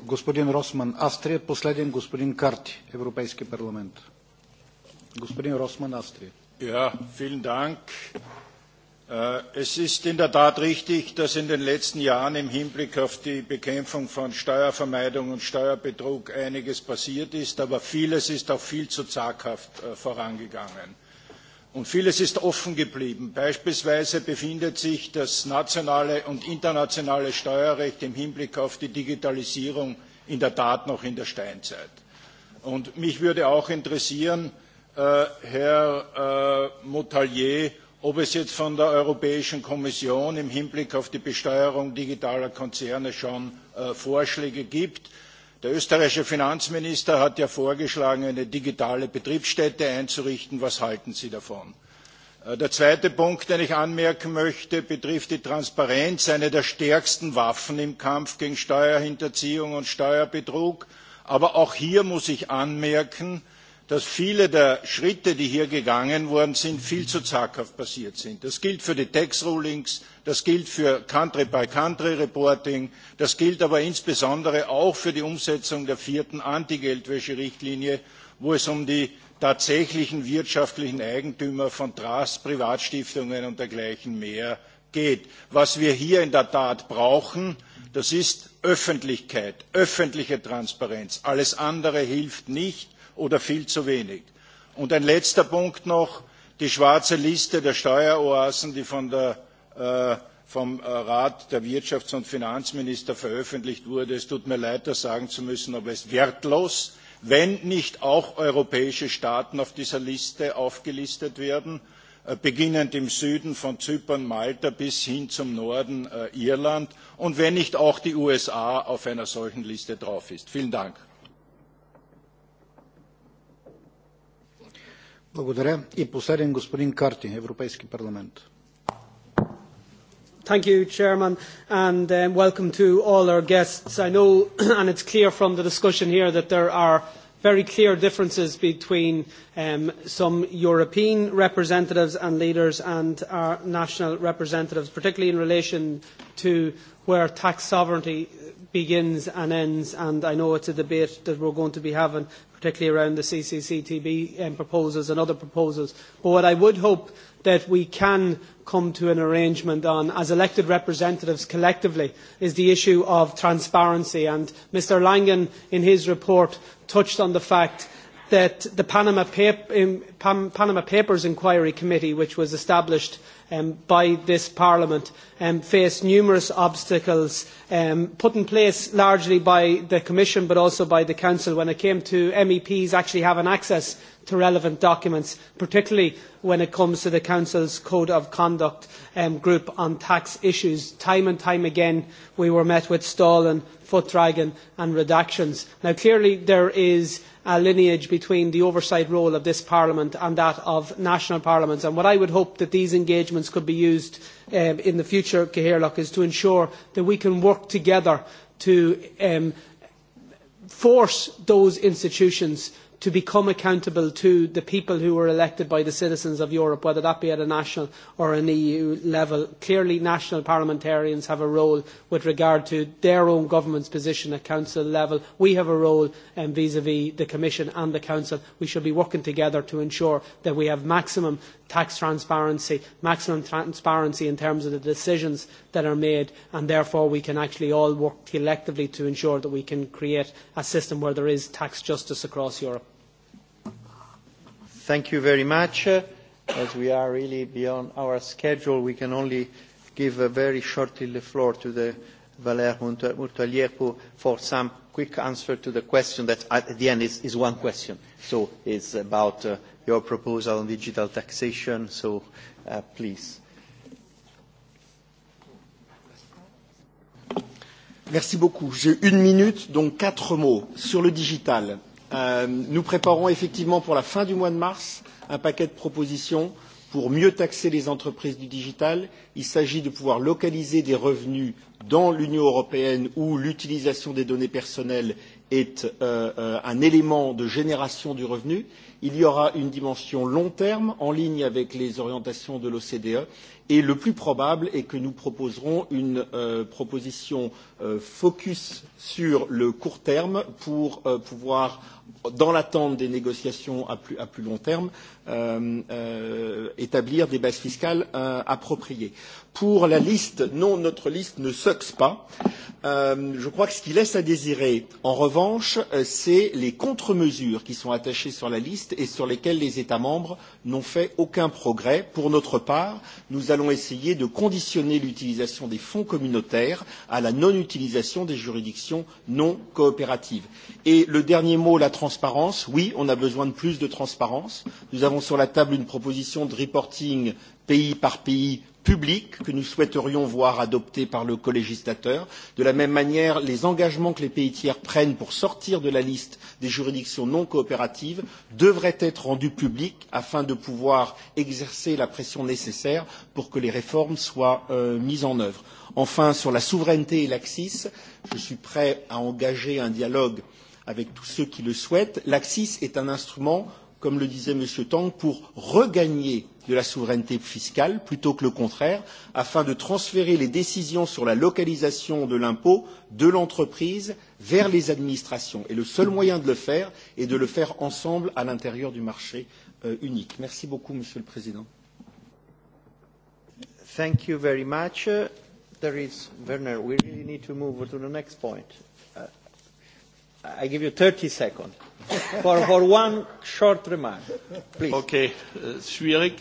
Господин Росман Австрия, последен господин Карти, Европейски парламент. Господин Росман Астри. Ja, vielen Dank. Äh, es ist in der Tat richtig, dass in den letzten Jahren im Hinblick auf die Bekämpfung von Steuervermeidung und Steuerbetrug einiges passiert ist, aber vieles ist auch viel zu zaghaft äh, vorangegangen. Und vieles ist offen geblieben. Beispielsweise befindet sich das nationale und internationale Steuerrecht im Hinblick auf die Digitalisierung in der Tat noch in der Steinzeit. Und mich würde auch interessieren, Äh, Herr äh, Motalier, ob es jetzt von der Europäischen Kommission im Hinblick auf die Besteuerung digitaler Konzerne schon äh, Vorschläge gibt. Der österreichische Finanzminister hat ja vorgeschlagen, eine digitale Betriebsstätte einzurichten. Was halten Sie davon? Der zweite Punkt, den ich anmerken möchte, betrifft die Transparenz, eine der stärksten Waffen im Kampf gegen Steuerhinterziehung und Steuerbetrug. Aber auch hier muss ich anmerken, dass viele der Schritte, die hier gegangen worden sind, viel zu zaghaft passiert sind. Das gilt für die Tax Rulings, das gilt für Country-by-Country-Reporting, das gilt aber insbesondere auch für die Umsetzung der vierten Anti-Geldwäsche-Richtlinie, wo es um die tatsächlichen wirtschaftlichen Eigentümer von Trusts, Privatstiftungen und dergleichen mehr geht. Was wir hier in der Tat brauchen, das ist Öffentlichkeit, öffentliche Transparenz. Alles andere hilft nicht oder viel zu wenig. Und ein letzter Punkt noch die schwarze Liste der Steueroasen, die äh, vom äh, Rat der Wirtschafts- und Finanzminister veröffentlicht wurde. Es tut mir leid, das sagen zu müssen, aber ist wertlos, wenn nicht auch europäische Staaten auf dieser Liste aufgelistet werden äh, beginnend im Süden von Zypern, Malta bis hin zum Norden äh, Irland und wenn nicht auch die USA auf einer solchen Liste drauf ist. Благодаря. И последен господин Карти, Европейски парламент. Thank you, Chairman, and um, welcome to all our guests. I know, *clears throat* and it's clear from the discussion here, that there are very clear differences between um, some European representatives and leaders and our national representatives, particularly in relation to where tax sovereignty begins and ends. And I know it's a debate that we're going to be having, particularly around the CCCTB um, proposals and other proposals. But what I would hope that we can come to an arrangement on as elected representatives collectively is the issue of transparency. And Mr Langen, in his report, touched on the fact that the um, Panama, Papers Inquiry Committee, which was established um, by this Parliament, um, faced numerous obstacles um, put in place largely by the Commission but also by the Council when it came to MEPs actually having access to relevant documents, particularly when it comes to the Council's Code of Conduct um, group on tax issues. Time and time again, we were met with stalling, foot dragging, and redactions. Now, clearly, there is uh, lineage between the oversight role of this Parliament and that of national parliaments. And what I would hope that these engagements could be used um, in the future, Cahirlock, is to ensure that we can work together to um, force those institutions to become accountable to the people who were elected by the citizens of Europe, whether that be at a national or an EU level. Clearly, national parliamentarians have a role with regard to their own government's position at council level. We have a role vis-à-vis um, -vis the Commission and the Council. We should be working together to ensure that we have maximum tax transparency, maximum transparency in terms of the decisions that are made, and therefore we can actually all work collectively to ensure that we can create a system where there is tax justice across Europe. Thank you very much. Uh, as we are really beyond our schedule, we can only give a very short the floor to the Valère Montalier for, for some quick answer to the question that at the end is, is one question. So it's about uh, your proposal on digital taxation. So uh, please. Merci beaucoup. J'ai une minute, donc quatre mots sur le digital. Euh, nous préparons effectivement pour la fin du mois de mars un paquet de propositions euh, pour mieux taxer les entreprises du digital il s'agit de pouvoir localiser des revenus dans l'union européenne où l'utilisation des données personnelles est euh, euh un élément de génération du revenu il y aura une dimension long terme en ligne avec les orientations de l'ocde et le plus probable est que nous proposerons une euh, proposition euh, focus sur le court terme pour euh, pouvoir dans l'attente des négociations à plus, à plus long terme euh, euh, établir des bases fiscales euh, appropriées. Pour la liste, non, notre liste ne sucks pas. Euh, je crois que ce qui laisse à désirer, en revanche, euh, c'est les contre-mesures qui sont attachées sur la liste existent et sur lesquels les États membres n'ont fait aucun progrès. Pour notre part, nous allons essayer de conditionner l'utilisation des fonds communautaires à la non-utilisation des juridictions non coopératives. Et le dernier mot, la transparence. Oui, on a besoin de plus de transparence. Nous avons sur la table une proposition de reporting pays par pays public que nous souhaiterions voir adopté par le colégislateur. De la même manière, les engagements que les pays tiers prennent pour sortir de la liste des juridictions non coopératives devraient être rendus publics afin de pouvoir exercer la pression nécessaire pour que les réformes soient euh, mises en œuvre. Enfin, sur la souveraineté et l'Axis, je suis prêt à engager un dialogue avec tous ceux qui le souhaitent. L'Axis est un instrument comme le disait M. Tang, pour regagner de la souveraineté fiscale plutôt que le contraire, afin de transférer les décisions sur la localisation de l'impôt de l'entreprise vers les administrations. Et le seul moyen de le faire est de le faire ensemble à l'intérieur du marché euh, unique. Merci beaucoup, Monsieur le Président. Thank you very much. There is Werner. We really need to move to the next point. I give you 30 seconds for, for one short remark, please. Okay, äh, schwierig.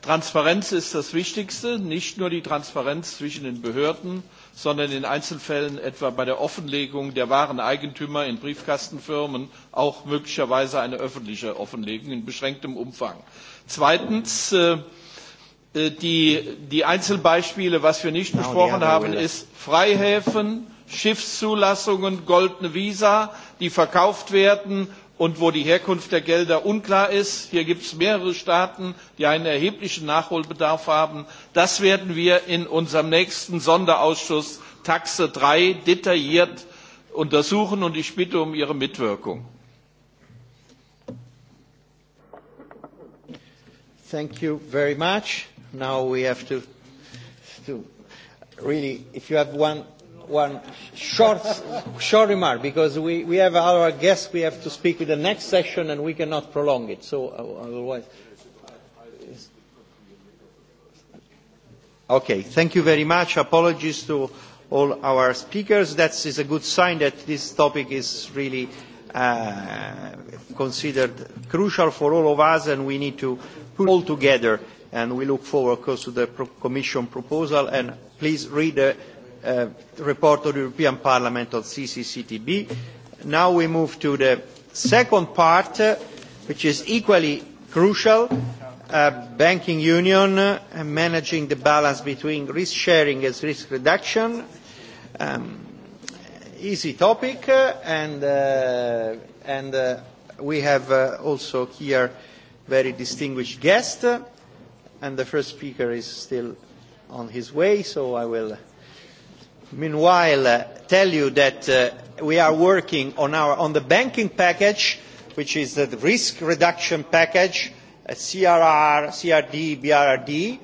Transparenz ist das Wichtigste, nicht nur die Transparenz zwischen den Behörden, sondern in Einzelfällen etwa bei der Offenlegung der wahren Eigentümer in Briefkastenfirmen auch möglicherweise eine öffentliche Offenlegung in beschränktem Umfang. Zweitens, äh, äh, die, die Einzelbeispiele, was wir nicht besprochen haben, ist Freihäfen, Schiffszulassungen, goldene Visa, die verkauft werden und wo die Herkunft der Gelder unklar ist. Hier gibt es mehrere Staaten, die einen erheblichen Nachholbedarf haben. Das werden wir in unserem nächsten Sonderausschuss Taxe 3 detailliert untersuchen und ich bitte um Ihre Mitwirkung. Thank you very much. Now we have to, to really, if you have one one short, short remark because we, we have our guest, we have to speak with the next session and we cannot prolong it. So uh, otherwise. Okay, thank you very much. Apologies to all our speakers. That is a good sign that this topic is really uh, considered crucial for all of us and we need to put all together and we look forward, of course, to the Commission proposal and please read the uh, report of the European Parliament on CCCTB. Now we move to the second part, uh, which is equally crucial, uh, banking union uh, and managing the balance between risk sharing and risk reduction. Um, easy topic, uh, and, uh, and uh, we have uh, also here very distinguished guest, uh, and the first speaker is still on his way, so I will meanwhile uh, tell you that uh, we are working on, our, on the banking package which is the risk reduction package uh, crr crd brrd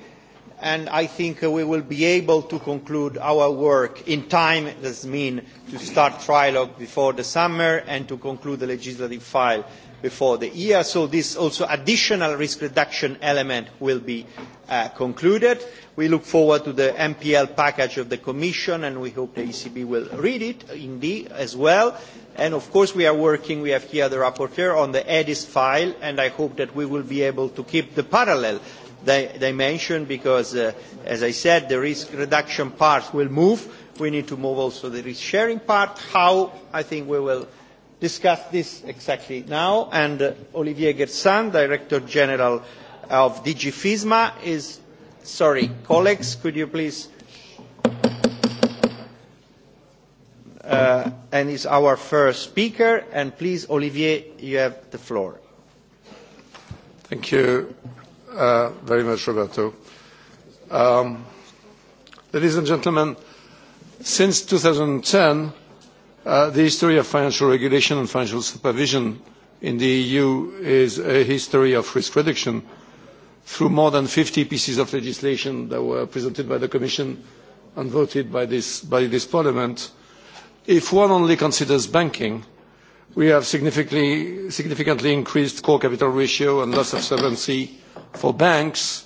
and i think we will be able to conclude our work in time that means to start trialogue before the summer and to conclude the legislative file before the year. So this also additional risk reduction element will be uh, concluded. We look forward to the MPL package of the Commission and we hope the ECB will read it indeed as well. And of course we are working, we have here the rapporteur on the EDIS file and I hope that we will be able to keep the parallel dimension because uh, as I said the risk reduction part will move. We need to move also the risk sharing part. How? I think we will discuss this exactly now, and uh, Olivier Gersan, Director General of DG FISMA, is... Sorry, colleagues, could you please... Uh, and is our first speaker, and please, Olivier, you have the floor. Thank you uh, very much, Roberto. Um, ladies and gentlemen, since 2010, Uh, the history of financial regulation and financial supervision in the EU is a history of risk reduction through more than fifty pieces of legislation that were presented by the Commission and voted by this, by this Parliament. If one only considers banking, we have significantly, significantly increased core capital ratio and loss of solvency for banks.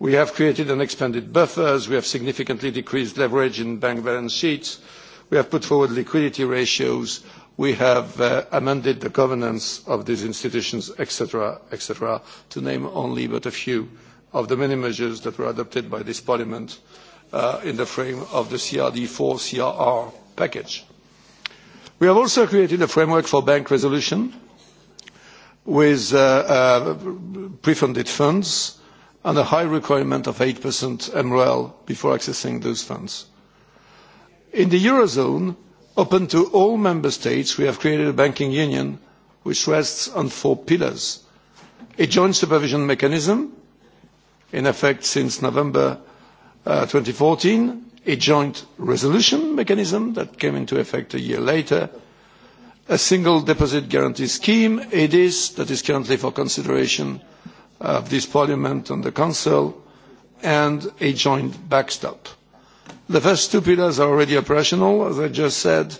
We have created and expanded buffers. We have significantly decreased leverage in bank balance sheets We have put forward liquidity ratios. We have uh, amended the governance of these institutions, etc., etc., to name only but a few of the many measures that were adopted by this Parliament uh, in the frame of the crd IV CRR package. We have also created a framework for bank resolution with uh, pre-funded funds and a high requirement of 8% MREL before accessing those funds in the eurozone open to all member states we have created a banking union which rests on four pillars a joint supervision mechanism in effect since november uh, 2014 a joint resolution mechanism that came into effect a year later a single deposit guarantee scheme it is that is currently for consideration of this parliament and the council and a joint backstop The first two pillars are already operational, as I just said.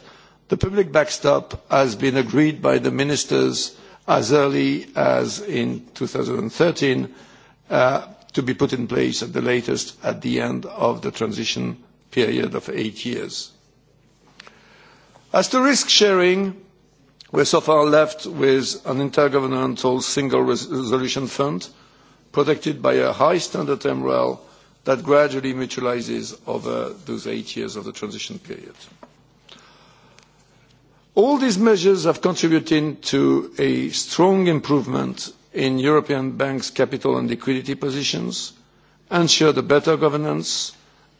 The public backstop has been agreed by the ministers as early as in 2013 uh, to be put in place at the latest at the end of the transition period of eight years. As to risk sharing, we're so far left with an intergovernmental single resolution fund protected by a high standard MREL that gradually materializes over those eight years of the transition period. All these measures have contributed to a strong improvement in European banks' capital and liquidity positions, ensured a better governance,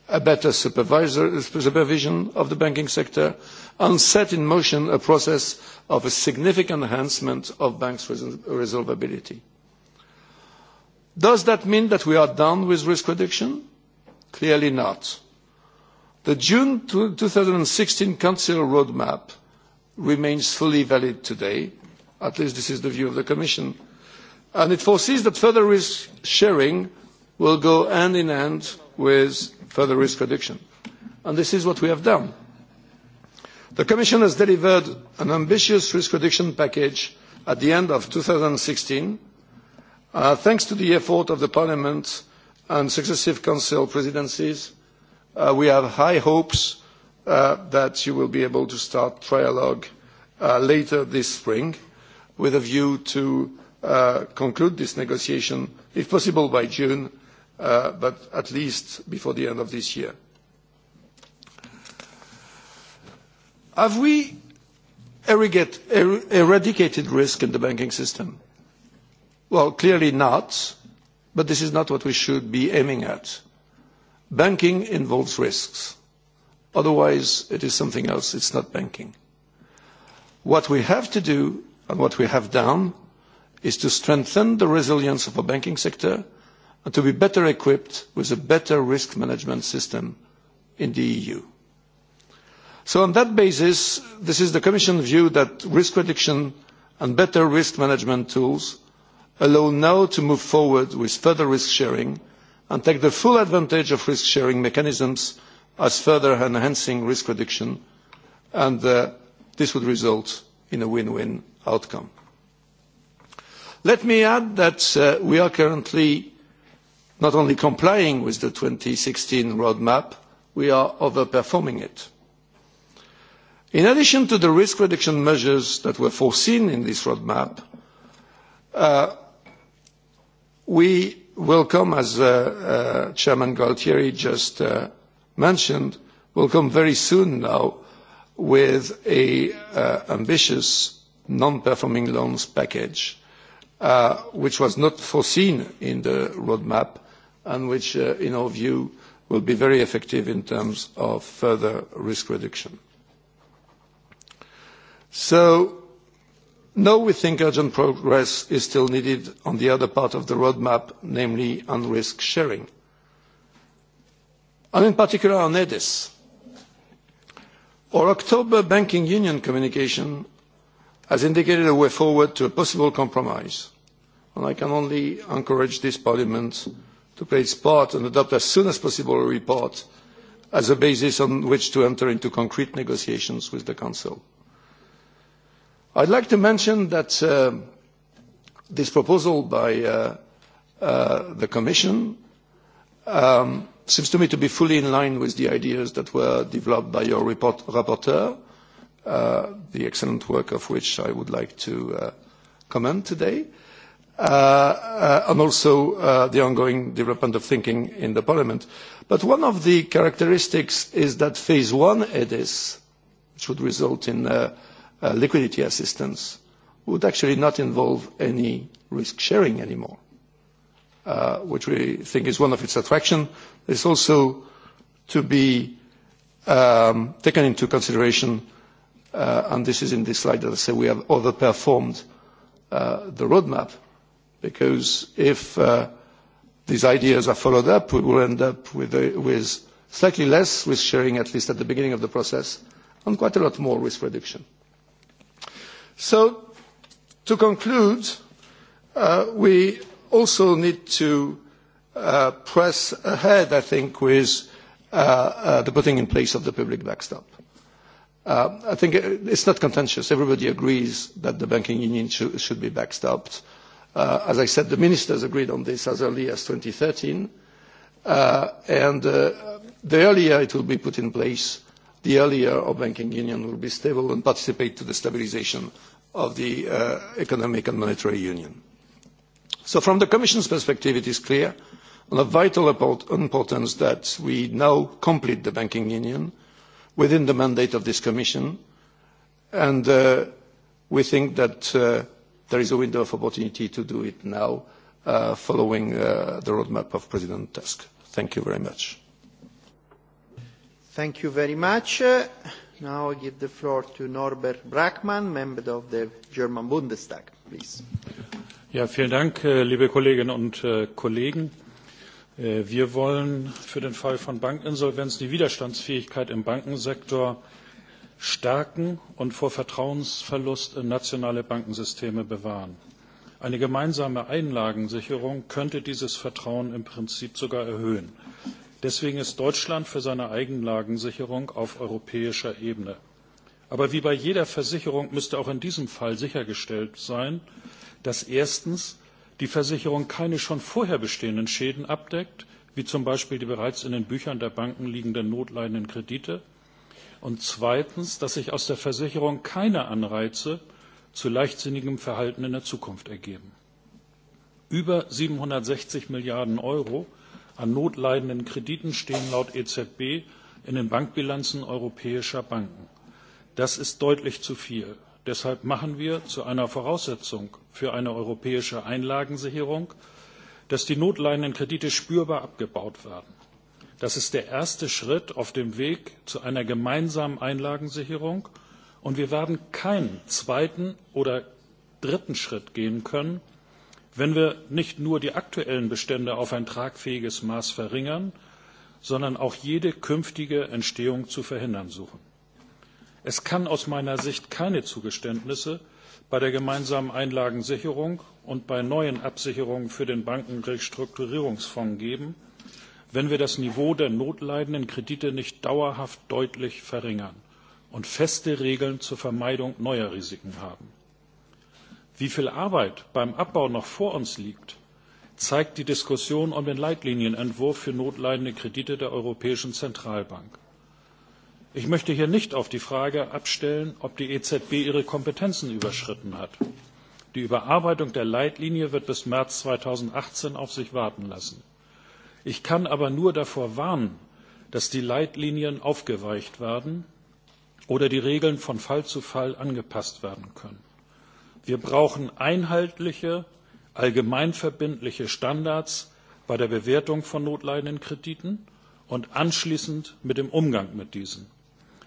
a better supervision of the banking sector, and set in motion a process of a significant enhancement of banks' resolvability. Does that mean that we are done with risk reduction? Clearly not. The June 2016 Council roadmap remains fully valid today. At least this is the view of the Commission. And it foresees that further risk sharing will go hand in hand with further risk reduction. And this is what we have done. The Commission has delivered an ambitious risk reduction package at the end of 2016 Uh, thanks to the effort of the Parliament and successive Council presidencies, uh, we have high hopes uh, that you will be able to start trialogue later this spring with a view to conclude this negotiation, if possible by June, but at least before the end of this year. Have we er, eradicated risk in the banking system? Well, clearly not, but this is not what we should be aiming at. Banking involves risks. Otherwise, it is something else. It's not banking. What we have to do and what we have done is to strengthen the resilience of our banking sector and to be better equipped with a better risk management system in the EU. So on that basis, this is the Commission view that risk reduction and better risk management tools allow now to move forward with further risk sharing and take the full advantage of risk sharing mechanisms as further enhancing risk reduction and uh, this would result in a win-win outcome. Let me add that uh, we are currently not only complying with the 2016 roadmap, we are overperforming it. In addition to the risk reduction measures that were foreseen in this roadmap, uh, We welcome, as uh, uh, Chairman Gualtieri just uh, mentioned, will come very soon now with an ambitious non-performing loans package, which was not foreseen in the roadmap and which, in our view, will be very effective in terms of further risk reduction. So No, we think urgent progress is still needed on the other part of the roadmap, namely on risk sharing, and in particular on EDIS. Our October Banking Union communication has indicated a way forward to a possible compromise, and I can only encourage this Parliament to play its part and adopt as soon as possible a report as a basis on which to enter into concrete negotiations with the Council. I'd like to mention that uh, this proposal by uh, uh, the Commission um, seems to me to be fully in line with the ideas that were developed by your report, rapporteur, uh, the excellent work of which I would like to uh, commend today, uh, and also the ongoing development of thinking in the Parliament. But one of the characteristics is that phase one EDIS should result in uh, Uh, liquidity assistance would actually not involve any risk sharing anymore, uh, which we think is one of its attraction. It's also to be um, taken into consideration, uh, and this is in this slide that I say we have overperformed uh, the roadmap, because if uh, these ideas are followed up, we will end up with, a, with slightly less risk sharing, at least at the beginning of the process, and quite a lot more risk reduction. So, to conclude, uh, we also need to uh, press ahead, I think, with uh, uh the putting in place of the public backstop. Uh, I think uh, it's not contentious. Everybody agrees that the banking union sh should be backstopped. as I said, the ministers agreed on this as early as 2013. and the earlier it will be put in place, the earlier our banking union will be stable and participate to the stabilization of the uh, economic and monetary union. So from the Commission's perspective, it is clear on the vital importance that we now complete the banking union within the mandate of this Commission, and uh, we think that uh, there is a window of opportunity to do it now, uh, following uh, the roadmap of President Tusk. Thank you very much. Thank you very much. Now I give the floor to Norbert Brackmann, member of the German Bundestag, please. Ja, vielen Dank, äh, liebe Kolleginnen und äh, Kollegen. Äh, wir wollen für den Fall von Bankinsolvenz die Widerstandsfähigkeit im Bankensektor stärken und vor Vertrauensverlust in nationale Bankensysteme bewahren. Eine gemeinsame Einlagensicherung könnte dieses Vertrauen im Prinzip sogar erhöhen. Deswegen ist Deutschland für seine Eigenlagensicherung auf europäischer Ebene. Aber wie bei jeder Versicherung müsste auch in diesem Fall sichergestellt sein, dass erstens die Versicherung keine schon vorher bestehenden Schäden abdeckt, wie zum Beispiel die bereits in den Büchern der Banken liegenden notleidenden Kredite, und zweitens, dass sich aus der Versicherung keine Anreize zu leichtsinnigem Verhalten in der Zukunft ergeben. Über 760 Milliarden Euro an notleidenden Krediten stehen laut EZB in den Bankbilanzen europäischer Banken. Das ist deutlich zu viel. Deshalb machen wir zu einer Voraussetzung für eine europäische Einlagensicherung, dass die notleidenden Kredite spürbar abgebaut werden. Das ist der erste Schritt auf dem Weg zu einer gemeinsamen Einlagensicherung. Und wir werden keinen zweiten oder dritten Schritt gehen können, wenn wir nicht nur die aktuellen Bestände auf ein tragfähiges Maß verringern, sondern auch jede künftige Entstehung zu verhindern suchen. Es kann aus meiner Sicht keine Zugeständnisse bei der gemeinsamen Einlagensicherung und bei neuen Absicherungen für den Bankenrestrukturierungsfonds geben, wenn wir das Niveau der notleidenden Kredite nicht dauerhaft deutlich verringern und feste Regeln zur Vermeidung neuer Risiken haben wie viel Arbeit beim Abbau noch vor uns liegt, zeigt die Diskussion um den Leitlinienentwurf für notleidende Kredite der Europäischen Zentralbank. Ich möchte hier nicht auf die Frage abstellen, ob die EZB ihre Kompetenzen überschritten hat. Die Überarbeitung der Leitlinie wird bis März 2018 auf sich warten lassen. Ich kann aber nur davor warnen, dass die Leitlinien aufgeweicht werden oder die Regeln von Fall zu Fall angepasst werden können wir brauchen einheitliche allgemeinverbindliche standards bei der bewertung von notleidenden krediten und anschließend mit dem umgang mit diesen.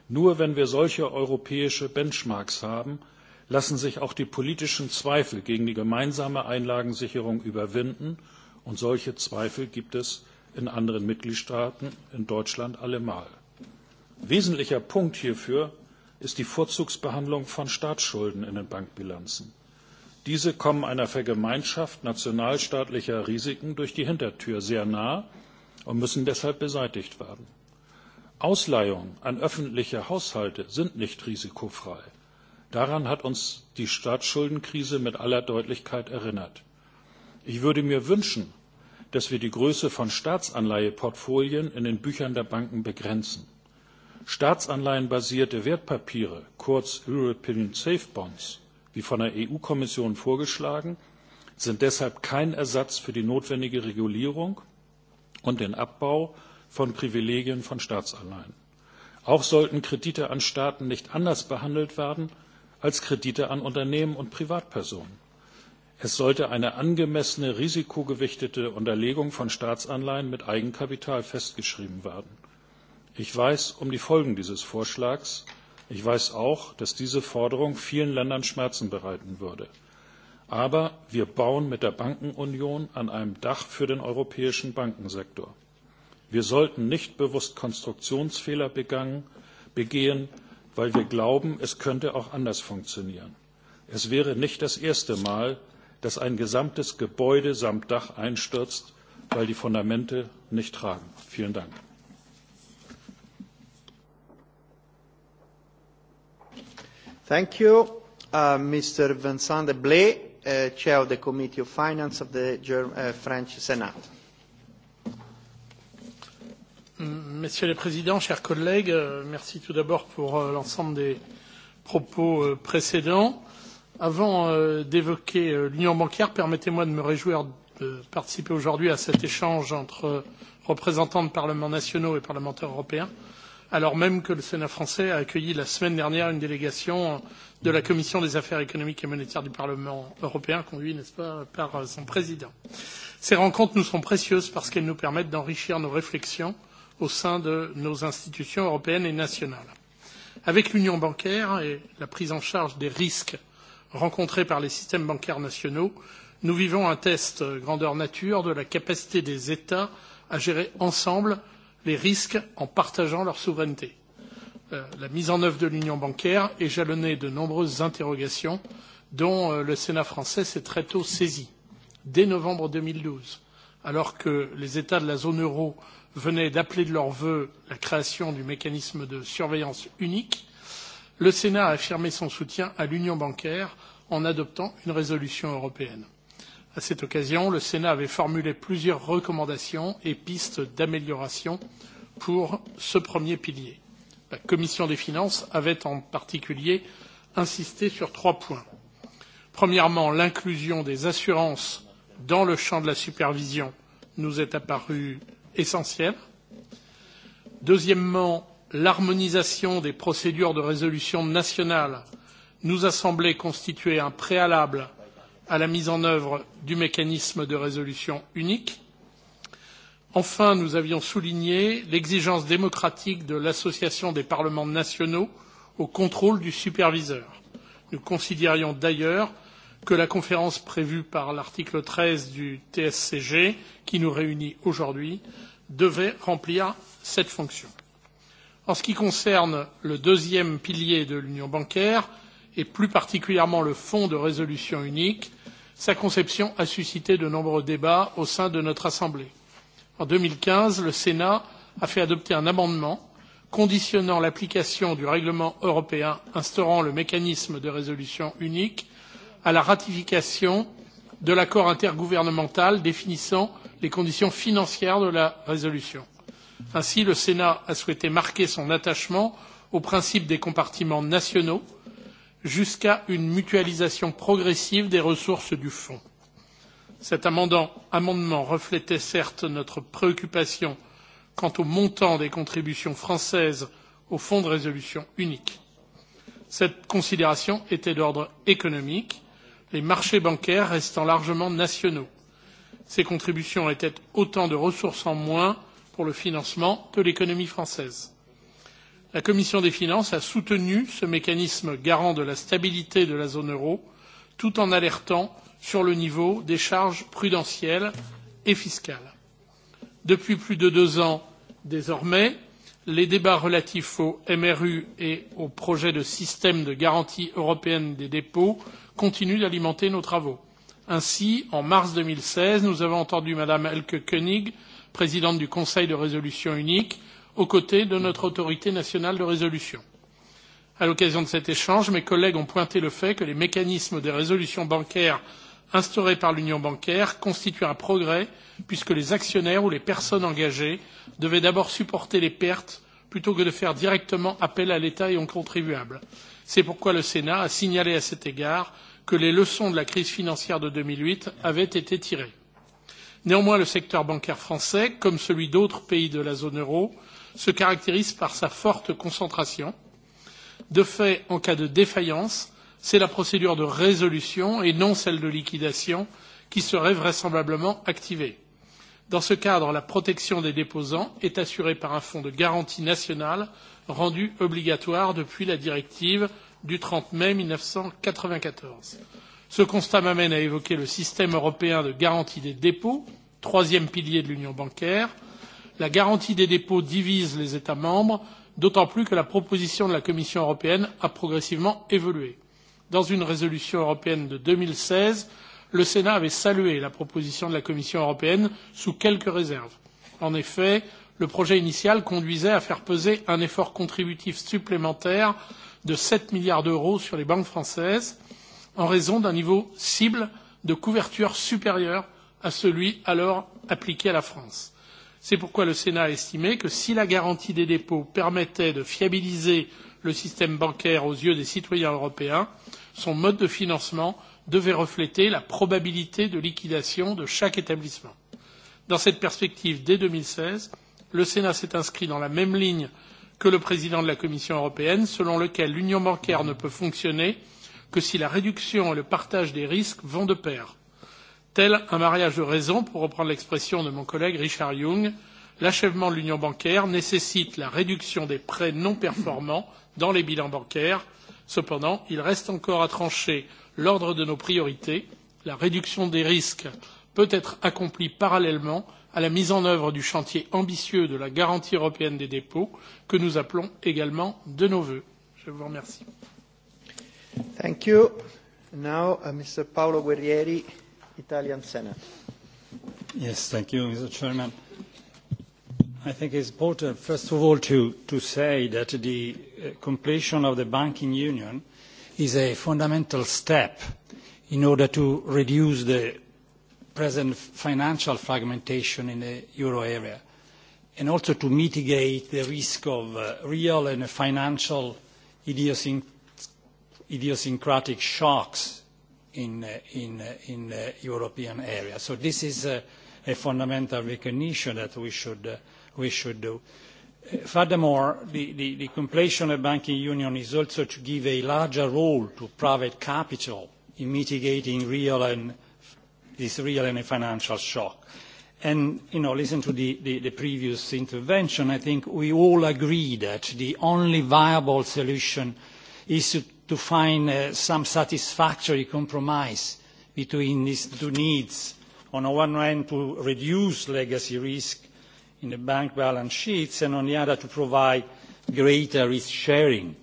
nur wenn wir solche europäische benchmarks haben lassen sich auch die politischen zweifel gegen die gemeinsame einlagensicherung überwinden und solche zweifel gibt es in anderen mitgliedstaaten in deutschland allemal. wesentlicher punkt hierfür ist die Vorzugsbehandlung von Staatsschulden in den Bankbilanzen. Diese kommen einer Vergemeinschaft nationalstaatlicher Risiken durch die Hintertür sehr nah und müssen deshalb beseitigt werden. Ausleihungen an öffentliche Haushalte sind nicht risikofrei. Daran hat uns die Staatsschuldenkrise mit aller Deutlichkeit erinnert. Ich würde mir wünschen, dass wir die Größe von Staatsanleiheportfolien in den Büchern der Banken begrenzen staatsanleihenbasierte wertpapiere kurz european safe bonds wie von der eu kommission vorgeschlagen sind deshalb kein ersatz für die notwendige regulierung und den abbau von privilegien von staatsanleihen. auch sollten kredite an staaten nicht anders behandelt werden als kredite an unternehmen und privatpersonen. es sollte eine angemessene risikogewichtete unterlegung von staatsanleihen mit eigenkapital festgeschrieben werden. Ich weiß um die Folgen dieses Vorschlags. Ich weiß auch, dass diese Forderung vielen Ländern Schmerzen bereiten würde. Aber wir bauen mit der Bankenunion an einem Dach für den europäischen Bankensektor. Wir sollten nicht bewusst Konstruktionsfehler begangen, begehen, weil wir glauben, es könnte auch anders funktionieren. Es wäre nicht das erste Mal, dass ein gesamtes Gebäude samt Dach einstürzt, weil die Fundamente nicht tragen. Vielen Dank. Thank you. Uh, Mr. Vincent Deblay, uh, Chair of the Committee of Finance of the German, uh, French Senate. Messieurs les Présidents, chers collègues, euh, merci tout d'abord pour euh, l'ensemble des propos euh, précédents. Avant d'évoquer l'union bancaire, permettez-moi de me réjouir de participer aujourd'hui à cet échange entre représentants de parlements nationaux et parlementaires européens alors même que le Sénat français a accueilli la semaine dernière une délégation de la Commission des affaires économiques et monétaires du Parlement européen, conduite, n'est-ce pas, par euh, son président. Ces rencontres nous sont précieuses parce qu'elles nous permettent d'enrichir nos réflexions au sein de nos institutions européennes et nationales. Avec l'union bancaire et la prise en charge des risques rencontrés par les systèmes bancaires nationaux, nous vivons un test grandeur nature de la capacité des États à gérer ensemble les risques en partageant leur souveraineté. Euh, la mise en œuvre de l'union bancaire est jalonnée de nombreuses interrogations dont euh, le Sénat français s'est très tôt saisi, dès novembre 2012, alors que les États de la zone euro venaient d'appeler de leur vœu la création du mécanisme de surveillance unique, le Sénat a affirmé son soutien à l'union bancaire en adoptant une résolution européenne. À cette occasion, le Sénat avait formulé plusieurs recommandations et pistes d'amélioration pour ce premier pilier. La Commission des finances avait en particulier insisté sur trois points. Premièrement, l'inclusion des assurances dans le champ de la supervision nous est apparue essentielle. Deuxièmement, l'harmonisation des procédures de résolution nationale nous a semblé constituer un préalable à la mise en œuvre du mécanisme de résolution unique. Enfin, nous avions souligné l'exigence démocratique de l'association des parlements nationaux au contrôle du superviseur. Nous considérions d'ailleurs que la conférence prévue par l'article 13 du TSCG, qui nous réunit aujourd'hui, devait remplir cette fonction. En ce qui concerne le deuxième pilier de l'union bancaire, et plus particulièrement le fonds de résolution unique, Sa conception a suscité de nombreux débats au sein de notre Assemblée. En 2015, le Sénat a fait adopter un amendement conditionnant l'application du règlement européen instaurant le mécanisme de résolution unique à la ratification de l'accord intergouvernemental définissant les conditions financières de la résolution. Ainsi, le Sénat a souhaité marquer son attachement au principe des compartiments nationaux jusqu'à une mutualisation progressive des ressources du fonds. Cet amendement reflétait certes notre préoccupation quant au montant des contributions françaises au Fonds de résolution unique. Cette considération était d'ordre économique, les marchés bancaires restant largement nationaux. Ces contributions étaient autant de ressources en moins pour le financement de l'économie française la commission des finances a soutenu ce mécanisme garant de la stabilité de la zone euro tout en alertant sur le niveau des charges prudentielles et fiscales. depuis plus de deux ans désormais les débats relatifs au mru et au projet de système de garantie européenne des dépôts continuent d'alimenter nos travaux. ainsi en mars deux mille seize nous avons entendu mme elke knig présidente du conseil de résolution unique aux côtés de notre autorité nationale de résolution. À l'occasion de cet échange, mes collègues ont pointé le fait que les mécanismes de résolution bancaire instaurés par l'union bancaire constituent un progrès puisque les actionnaires ou les personnes engagées devaient d'abord supporter les pertes plutôt que de faire directement appel à l'État et aux contribuables. C'est pourquoi le Sénat a signalé à cet égard que les leçons de la crise financière de 2008 avaient été tirées. Néanmoins, le secteur bancaire français, comme celui d'autres pays de la zone euro, se caractérise par sa forte concentration. De fait, en cas de défaillance, c'est la procédure de résolution et non celle de liquidation qui serait vraisemblablement activée. Dans ce cadre, la protection des déposants est assurée par un fonds de garantie nationale rendu obligatoire depuis la directive du 30 mai 1994. Ce constat m'amène à évoquer le système européen de garantie des dépôts, troisième pilier de l'union bancaire, la garantie des dépôts divise les États membres, d'autant plus que la proposition de la Commission européenne a progressivement évolué. Dans une résolution européenne de deux mille seize le Sénat avait salué la proposition de la Commission européenne sous quelques réserves. En effet, le projet initial conduisait à faire peser un effort contributif supplémentaire de sept milliards d'euros sur les banques françaises en raison d'un niveau cible de couverture supérieur à celui alors appliqué à la France. C'est pourquoi le Sénat a estimé que si la garantie des dépôts permettait de fiabiliser le système bancaire aux yeux des citoyens européens, son mode de financement devait refléter la probabilité de liquidation de chaque établissement. Dans cette perspective, dès 2016, le Sénat s'est inscrit dans la même ligne que le président de la Commission européenne, selon lequel l'union bancaire ne peut fonctionner que si la réduction et le partage des risques vont de pair tel un mariage de raison, pour reprendre l'expression de mon collègue Richard Young, l'achèvement de l'union bancaire nécessite la réduction des prêts non performants dans les bilans bancaires. Cependant, il reste encore à trancher l'ordre de nos priorités. La réduction des risques peut être accomplie parallèlement à la mise en œuvre du chantier ambitieux de la garantie européenne des dépôts que nous appelons également de nos vœux. Je vous remercie. Thank you. Now, uh, Mr. Paolo Guerrieri Italian Senate. Yes, thank you, Mr. Chairman. I think it's important, first of all, to, to say that the uh, completion of the banking union is a fundamental step in order to reduce the present financial fragmentation in the euro area and also to mitigate the risk of uh, real and financial idiosyncratic shocks in, the European area. So this is a, a fundamental recognition that we should, uh, we should do. Uh, furthermore, the, the, the completion of banking union is also to give a larger role to private capital in mitigating real and, this real and financial shock. And, you know, listen to the, the, the previous intervention, I think we all agree that the only viable solution is to to find uh, some satisfactory compromise between these two needs. On the one hand, to reduce legacy risk in the bank balance sheets, and on the other, to provide greater risk sharing.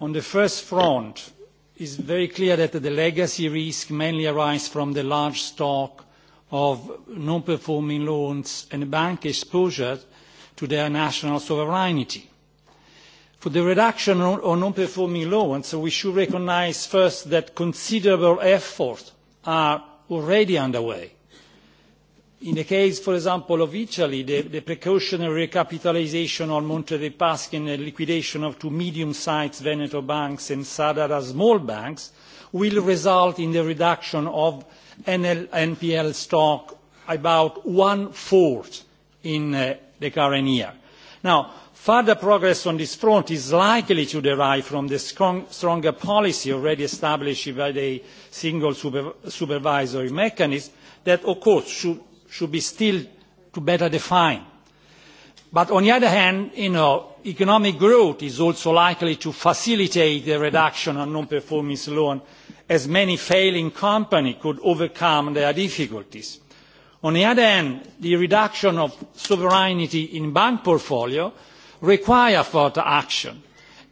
On the first front, it is very clear that the legacy risk mainly arises from the large stock of non-performing loans and bank exposure to their national sovereignty for the reduction of non-performing loans, we should recognise first that considerable efforts are already underway. In the case, for example, of Italy, the, the precautionary recapitalisation on Monte dei Paschi and the liquidation of two medium-sized Veneto banks and Sadara small banks will result in the reduction of NL, NPL stock about one-fourth in uh, the current year. Now, further progress on this front is likely to derive from the strong, stronger policy already established by the single super, supervisory mechanism that of course should, should be still to better defined. But on the other hand, you know, economic growth is also likely to facilitate the reduction of non-performing loans as many failing companies could overcome their difficulties. On the other hand, the reduction of sovereignty in bank portfolio require further action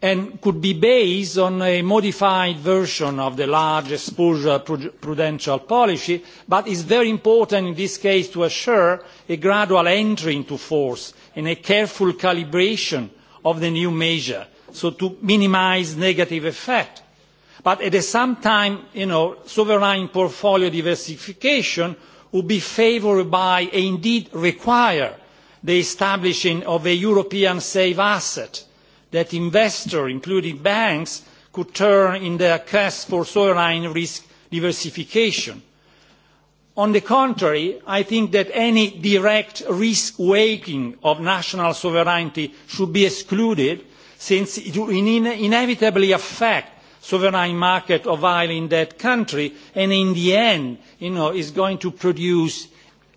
and could be based on a modified version of the large exposure prudential policy, but is very important in this case to assure a gradual entry into force and a careful calibration of the new measure, so to minimise negative effect. But at the same time, you know, sovereign portfolio diversification would be favoured by, and indeed require, the establishing of a European safe asset that investors, including banks, could turn in their quest for sovereign risk diversification. On the contrary, I think that any direct risk weighting of national sovereignty should be excluded since it will inevitably affect sovereign market of oil in that country and in the end you know, is going to produce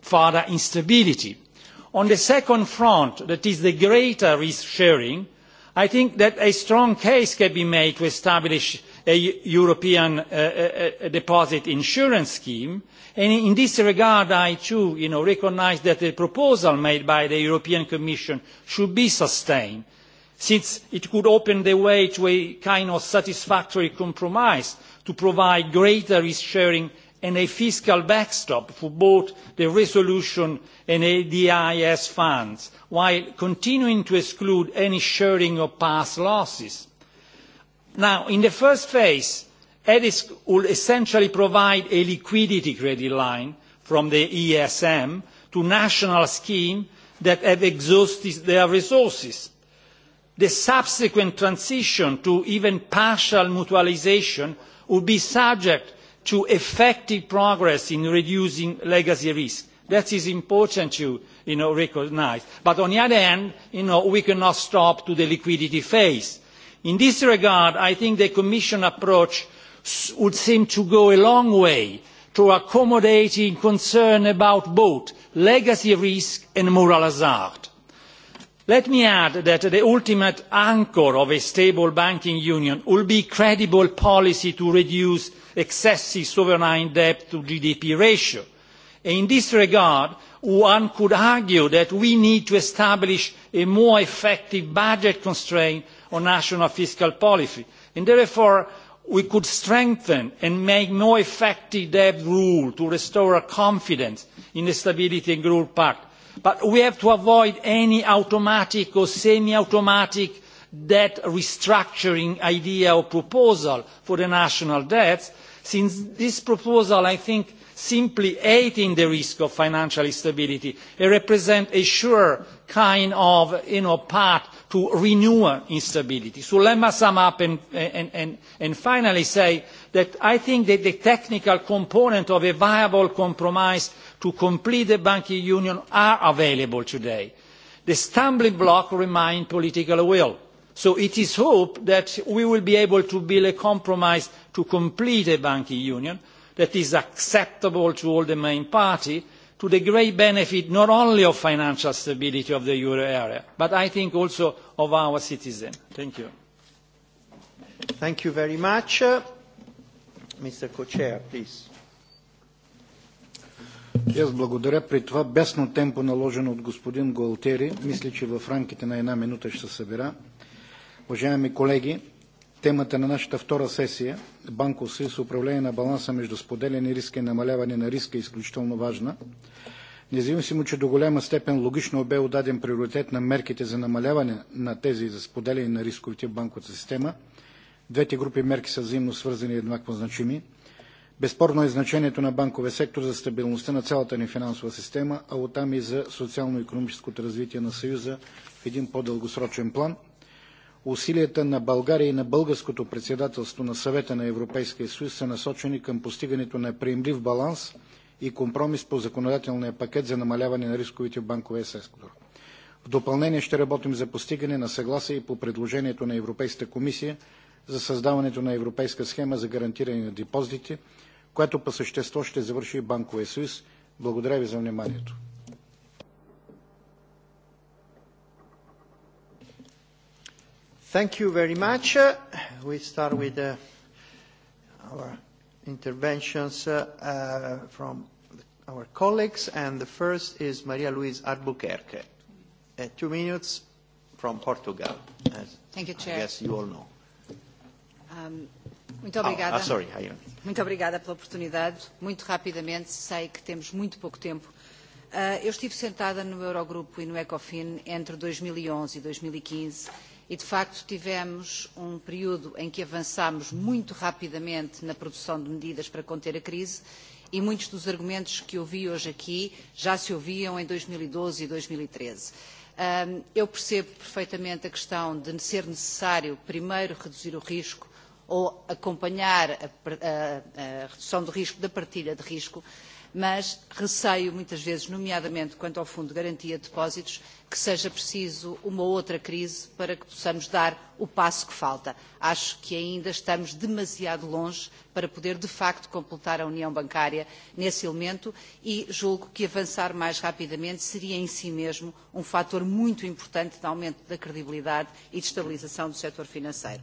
further instability on the second front that is the greater risk sharing i think that a strong case can be made to establish a european uh, uh, uh deposit insurance scheme and in this regard i too you know, recognise that the proposal made by the european commission should be sustained since it could open the way to a kind of satisfactory compromise to provide greater risk sharing and a fiscal backstop for both the resolution and ADIS funds, while continuing to exclude any sharing of past losses. Now, in the first phase, EDIS will essentially provide a liquidity credit line from the ESM to national schemes that have exhausted their resources. The subsequent transition to even partial mutualisation will be subject to effective progress in reducing legacy risk. That is important to you know, recognise. But on the other hand, you know, we cannot stop to the liquidity phase. In this regard, I think the Commission approach would seem to go a long way to accommodating concern about both legacy risk and moral hazard. Let me add that the ultimate anchor of a stable banking union will be credible policy to reduce excessive sovereign debt to GDP ratio. In this regard, one could argue that we need to establish a more effective budget constraint on national fiscal policy, and therefore we could strengthen and make more effective debt rule to restore confidence in the Stability and Growth Pact. But we have to avoid any automatic or semi-automatic debt restructuring idea or proposal for the national debts, since this proposal i think simply in the risk of financial instability it represents a sure kind of you know, path to renew instability. so let me sum up and, and, and, and finally say that i think that the technical component of a viable compromise to complete the banking union are available today. the stumbling block remains political will so it is hoped that we will be able to build a compromise to complete a banking union that is acceptable to all the main parties to the great benefit not only of financial stability of the euro area, but I think also of our citizens. Thank you. Thank you very much. Uh, Mr. Co-Chair, please. Yes, благодаря. При това бясно темпо, наложено от господин Голтери, мисля, че в рамките на една минута ще се събира. Уважаеми колеги, темата на нашата втора сесия Банков съюз управление на баланса между споделяне риска и намаляване на риска е изключително важна. Независимо, че до голяма степен логично бе отдаден приоритет на мерките за намаляване на тези за споделяне на рисковите в банковата система, двете групи мерки са взаимно свързани и еднакво значими. Безспорно е значението на банковия сектор за стабилността на цялата ни финансова система, а оттам и за социално-економическото развитие на Съюза в един по-дългосрочен план – усилията на България и на българското председателство на Съвета на Европейския съюз са насочени към постигането на приемлив баланс и компромис по законодателния пакет за намаляване на рисковите в банковия сектор. В допълнение ще работим за постигане на съгласие и по предложението на Европейската комисия за създаването на европейска схема за гарантиране на депозитите, която по същество ще завърши банковия съюз. Благодаря ви за вниманието. Thank you very much. Uh, We start with uh, our interventions uh, uh, from our colleagues, and the first is Maria Luiz Albuquerque. Uh, two minutes from Portugal, as Thank you, Chair. Yes, you all know. Um, muito ah, ah, obrigada. Oh, sorry, I... Muito obrigada pela oportunidade. Muito rapidamente, sei que temos muito pouco tempo. Uh, eu estive sentada no Eurogrupo e no Ecofin entre 2011 e 2015 e, de facto, tivemos um período em que avançámos muito rapidamente na produção de medidas para conter a crise e muitos dos argumentos que ouvi hoje aqui já se ouviam em 2012 e 2013. Um, e e eu percebo perfeitamente a questão de ser necessário primeiro reduzir o risco ou acompanhar a, a, a redução do risco da partilha de risco, mas receio muitas vezes, nomeadamente quanto ao Fundo de Garantia de Depósitos, que seja preciso uma outra crise para que possamos dar o passo que falta. Acho que ainda estamos demasiado longe para poder, de facto, completar a União Bancária nesse elemento e julgo que avançar mais rapidamente seria em si mesmo um fator muito importante de aumento da credibilidade e de estabilização do setor financeiro.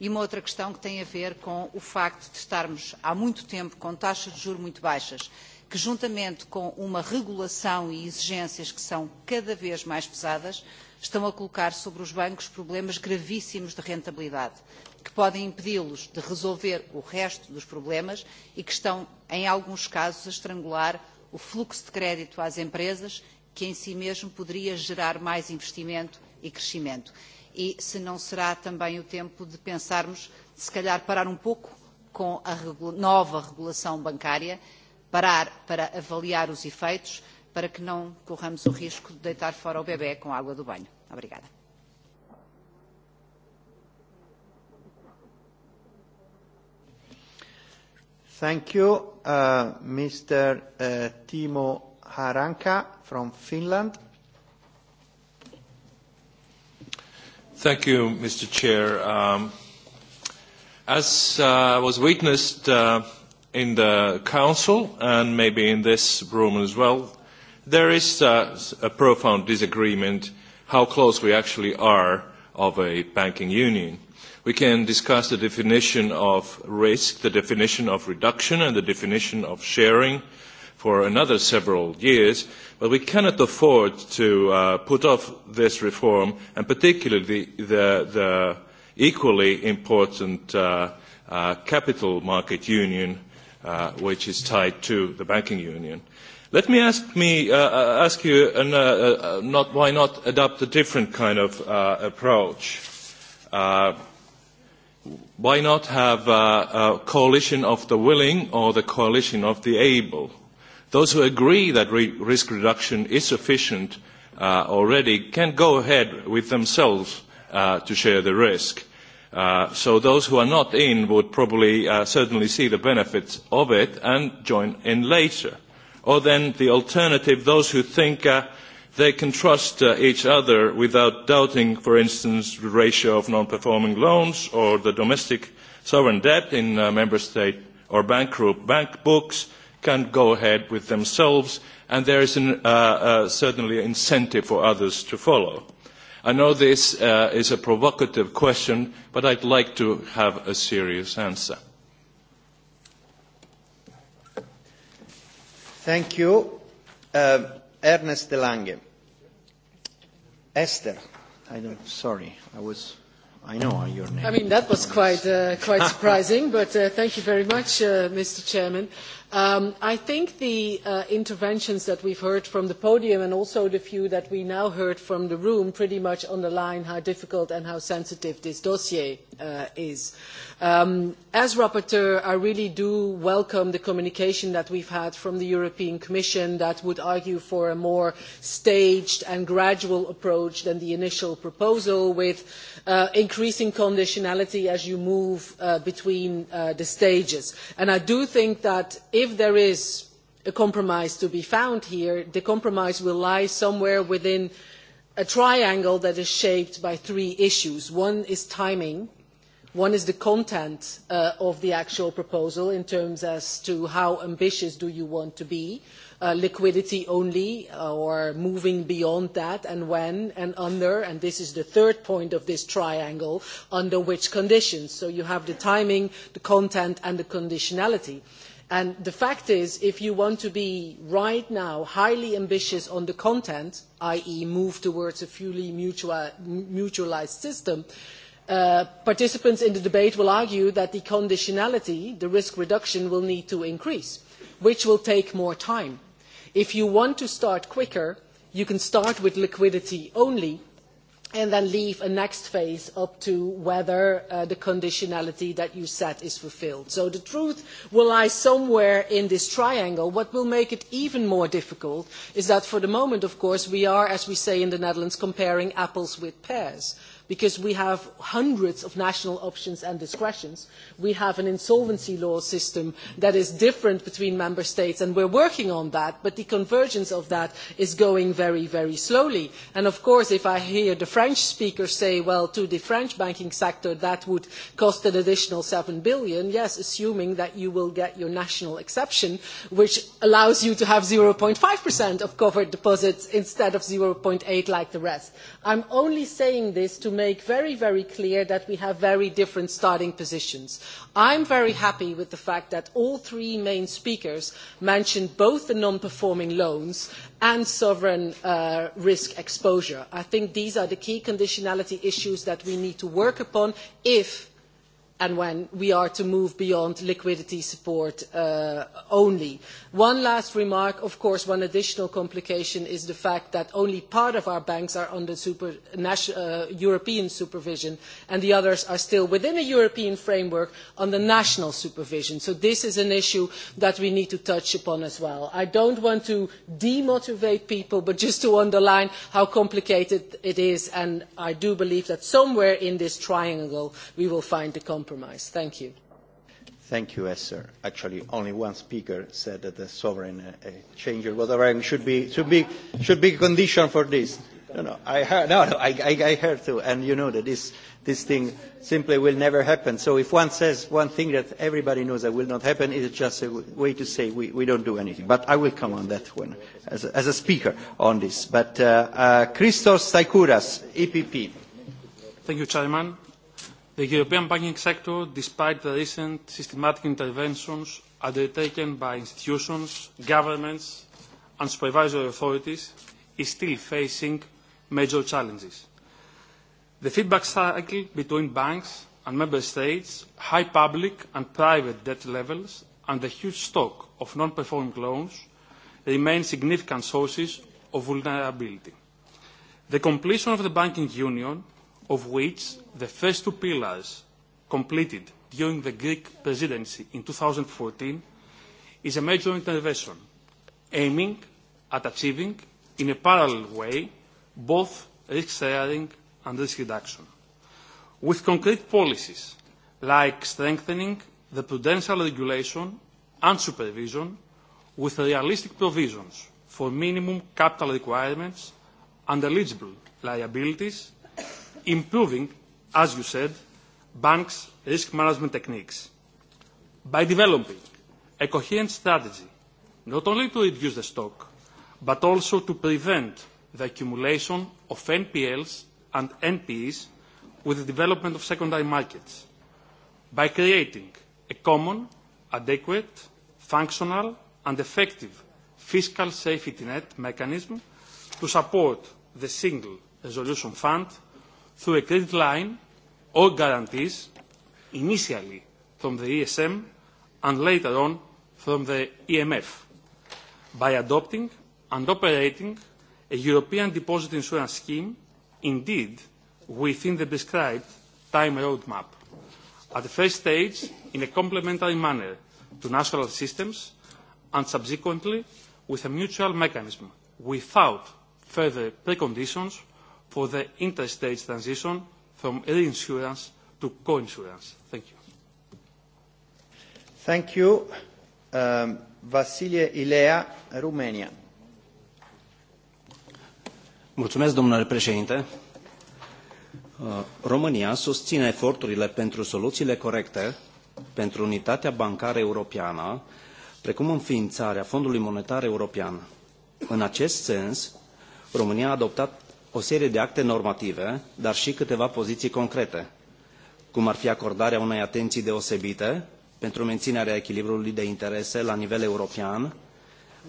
E uma outra questão que tem a ver com o facto de estarmos há muito tempo com taxas de juros muito baixas que, juntamente com uma regulação e exigências que são cada vez mais pesadas estão a colocar sobre os bancos problemas gravíssimos de rentabilidade, que podem impedi-los de resolver o resto dos problemas e que estão, em alguns casos, a estrangular o fluxo de crédito às empresas, que em si mesmo poderia gerar mais investimento e crescimento. E se não será também o tempo de pensarmos, se calhar parar um pouco com a regula nova regulação bancária, parar para avaliar os efeitos, para que não corramos o risco de deitar fora o bebê com a água do banho. Obrigada. Thank you, uh, Mr. Uh, Timo Haranka from Finland. Thank you, Mr. Chair. Um, as uh, was witnessed uh, in the Council and maybe in this room as well, there is a, a profound disagreement how close we actually are of a banking union. We can discuss the definition of risk, the definition of reduction, and the definition of sharing for another several years, but we cannot afford to uh, put off this reform, and particularly the, the, the equally important uh, uh, capital market union, uh, which is tied to the banking union. Let me ask, me, uh, uh ask you an, uh, uh, not, why not adopt a different kind of uh, approach? Uh, why not have a, uh, a coalition of the willing or the coalition of the able? Those who agree that re- risk reduction is sufficient uh, already can go ahead with themselves uh, to share the risk. Uh, so those who are not in would probably uh, certainly see the benefits of it and join in later or then the alternative, those who think uh, they can trust uh, each other without doubting, for instance, the ratio of non-performing loans or the domestic sovereign debt in uh, member state or bank group bank books, can go ahead with themselves, and there is an, uh, uh, certainly an incentive for others to follow. I know this uh, is a provocative question, but I'd like to have a serious answer. Thank you. Uh, Ernest de Lange. Esther. I don't, sorry, I was, I know your name. I mean, that was quite, uh, quite *laughs* surprising, but uh, thank you very much, uh, Mr. Chairman. Uh, Um, I think the uh, interventions that we've heard from the podium and also the few that we now heard from the room pretty much underline how difficult and how sensitive this dossier uh, is. Um, as rapporteur, I really do welcome the communication that we've had from the European Commission that would argue for a more staged and gradual approach than the initial proposal with uh, increasing conditionality as you move between the stages. And I do think that if there is a compromise to be found here, the compromise will lie somewhere within a triangle that is shaped by three issues. One is timing. One is the content uh, of the actual proposal in terms as to how ambitious do you want to be, uh, liquidity only uh, or moving beyond that and when and under, and this is the third point of this triangle, under which conditions. So you have the timing, the content and the conditionality. Uh, And the fact is, if you want to be right now highly ambitious on the content, i.e. move towards a fully mutual, mutualized system, uh, participants in the debate will argue that the conditionality, the risk reduction, will need to increase, which will take more time. If you want to start quicker, you can start with liquidity only and then leave a next phase up to whether uh, the conditionality that you set is fulfilled. So the truth will lie somewhere in this triangle. What will make it even more difficult is that for the moment, of course, we are, as we say in the Netherlands, comparing apples with pears because we have hundreds of national options and discretions. We have an insolvency law system that is different between member states, and we're working on that, but the convergence of that is going very, very slowly. And of course, if I hear the French speaker say, well, to the French banking sector, that would cost an additional 7 billion, yes, assuming that you will get your national exception, which allows you to have 0.5% of covered deposits instead of 0.8 like the rest. I'm only saying this to make very, very clear that we have very different starting positions. I'm very happy with the fact that all three main speakers mentioned both the non-performing loans and sovereign uh, risk exposure. I think these are the key conditionality issues that we need to work upon if and when we are to move beyond liquidity support uh, only. One last remark, of course, one additional complication is the fact that only part of our banks are under super, uh, European supervision and the others are still within a European framework under national supervision. So this is an issue that we need to touch upon as well. I don't want to demotivate people, but just to underline how complicated it is, and I do believe that somewhere in this triangle we will find the compromise compromise. Thank you. Thank you, Esther. Actually, only one speaker said that the sovereign exchange uh, uh, or whatever should be should be should be condition for this. No, no, I heard, no, no I, I, I heard too, and you know that this this thing simply will never happen. So if one says one thing that everybody knows that will not happen, it's just a way to say we, we don't do anything. But I will come on that one as a, as a speaker on this. But uh, uh, Christos Saikouras, EPP. Thank you, Chairman The European banking sector, despite the recent systematic interventions undertaken by institutions, governments and supervisory authorities, is still facing major challenges. The feedback cycle between banks and member states, high public and private debt levels and the huge stock of non-performing loans remain significant sources of vulnerability. The completion of the banking union of which the first two pillars completed during the Greek presidency in 2014 is a major intervention aiming at achieving in a parallel way both risk sharing and risk reduction. With concrete policies like strengthening the prudential regulation and supervision with realistic provisions for minimum capital requirements and eligible liabilities improving, as you said, banks' risk management techniques by developing a coherent strategy, not only to reduce the stock, but also to prevent the accumulation of NPLs and NPEs with the development of secondary markets by creating a common, adequate, functional and effective fiscal safety net mechanism to support the single resolution fund through a credit line or guarantees, initially from the ESM and later on from the EMF, by adopting and operating a European deposit insurance scheme, indeed within the prescribed time roadmap, at the first stage in a complementary manner to national systems and subsequently with a mutual mechanism without further preconditions for the interstate transition from reinsurance to coinsurance. Thank you. Thank you. Um, Vasilie Ilea, Romania. Mulțumesc, domnule președinte. Uh, România susține eforturile pentru soluțiile corecte pentru unitatea bancară europeană, precum înființarea Fondului Monetar European. În acest sens, România a adoptat o serie de acte normative, dar și câteva poziții concrete, cum ar fi acordarea unei atenții deosebite pentru menținerea echilibrului de interese la nivel european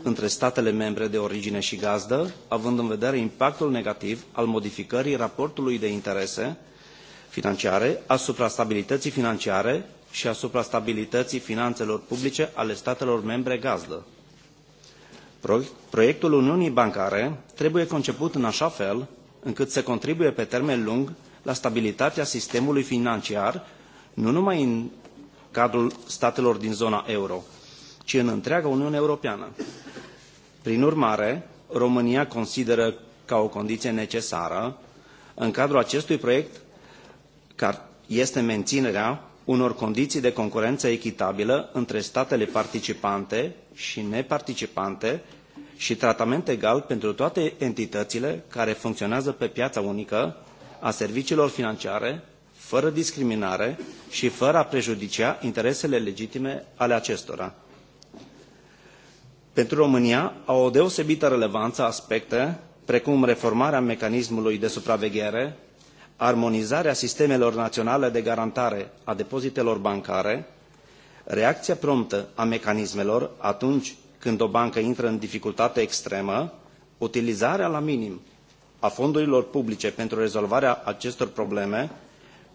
între statele membre de origine și gazdă, având în vedere impactul negativ al modificării raportului de interese financiare asupra stabilității financiare și asupra stabilității finanțelor publice ale statelor membre gazdă. Proiectul Uniunii Bancare trebuie conceput în așa fel încât să contribuie pe termen lung la stabilitatea sistemului financiar, nu numai în cadrul statelor din zona euro, ci în întreaga Uniune Europeană. Prin urmare, România consideră ca o condiție necesară în cadrul acestui proiect care este menținerea unor condiții de concurență echitabilă între statele participante și neparticipante și tratament egal pentru toate entitățile care funcționează pe piața unică a serviciilor financiare, fără discriminare și fără a prejudicia interesele legitime ale acestora. Pentru România au o deosebită relevanță aspecte precum reformarea mecanismului de supraveghere armonizarea sistemelor naționale de garantare a depozitelor bancare, reacția promptă a mecanismelor atunci când o bancă intră în dificultate extremă, utilizarea la minim a fondurilor publice pentru rezolvarea acestor probleme,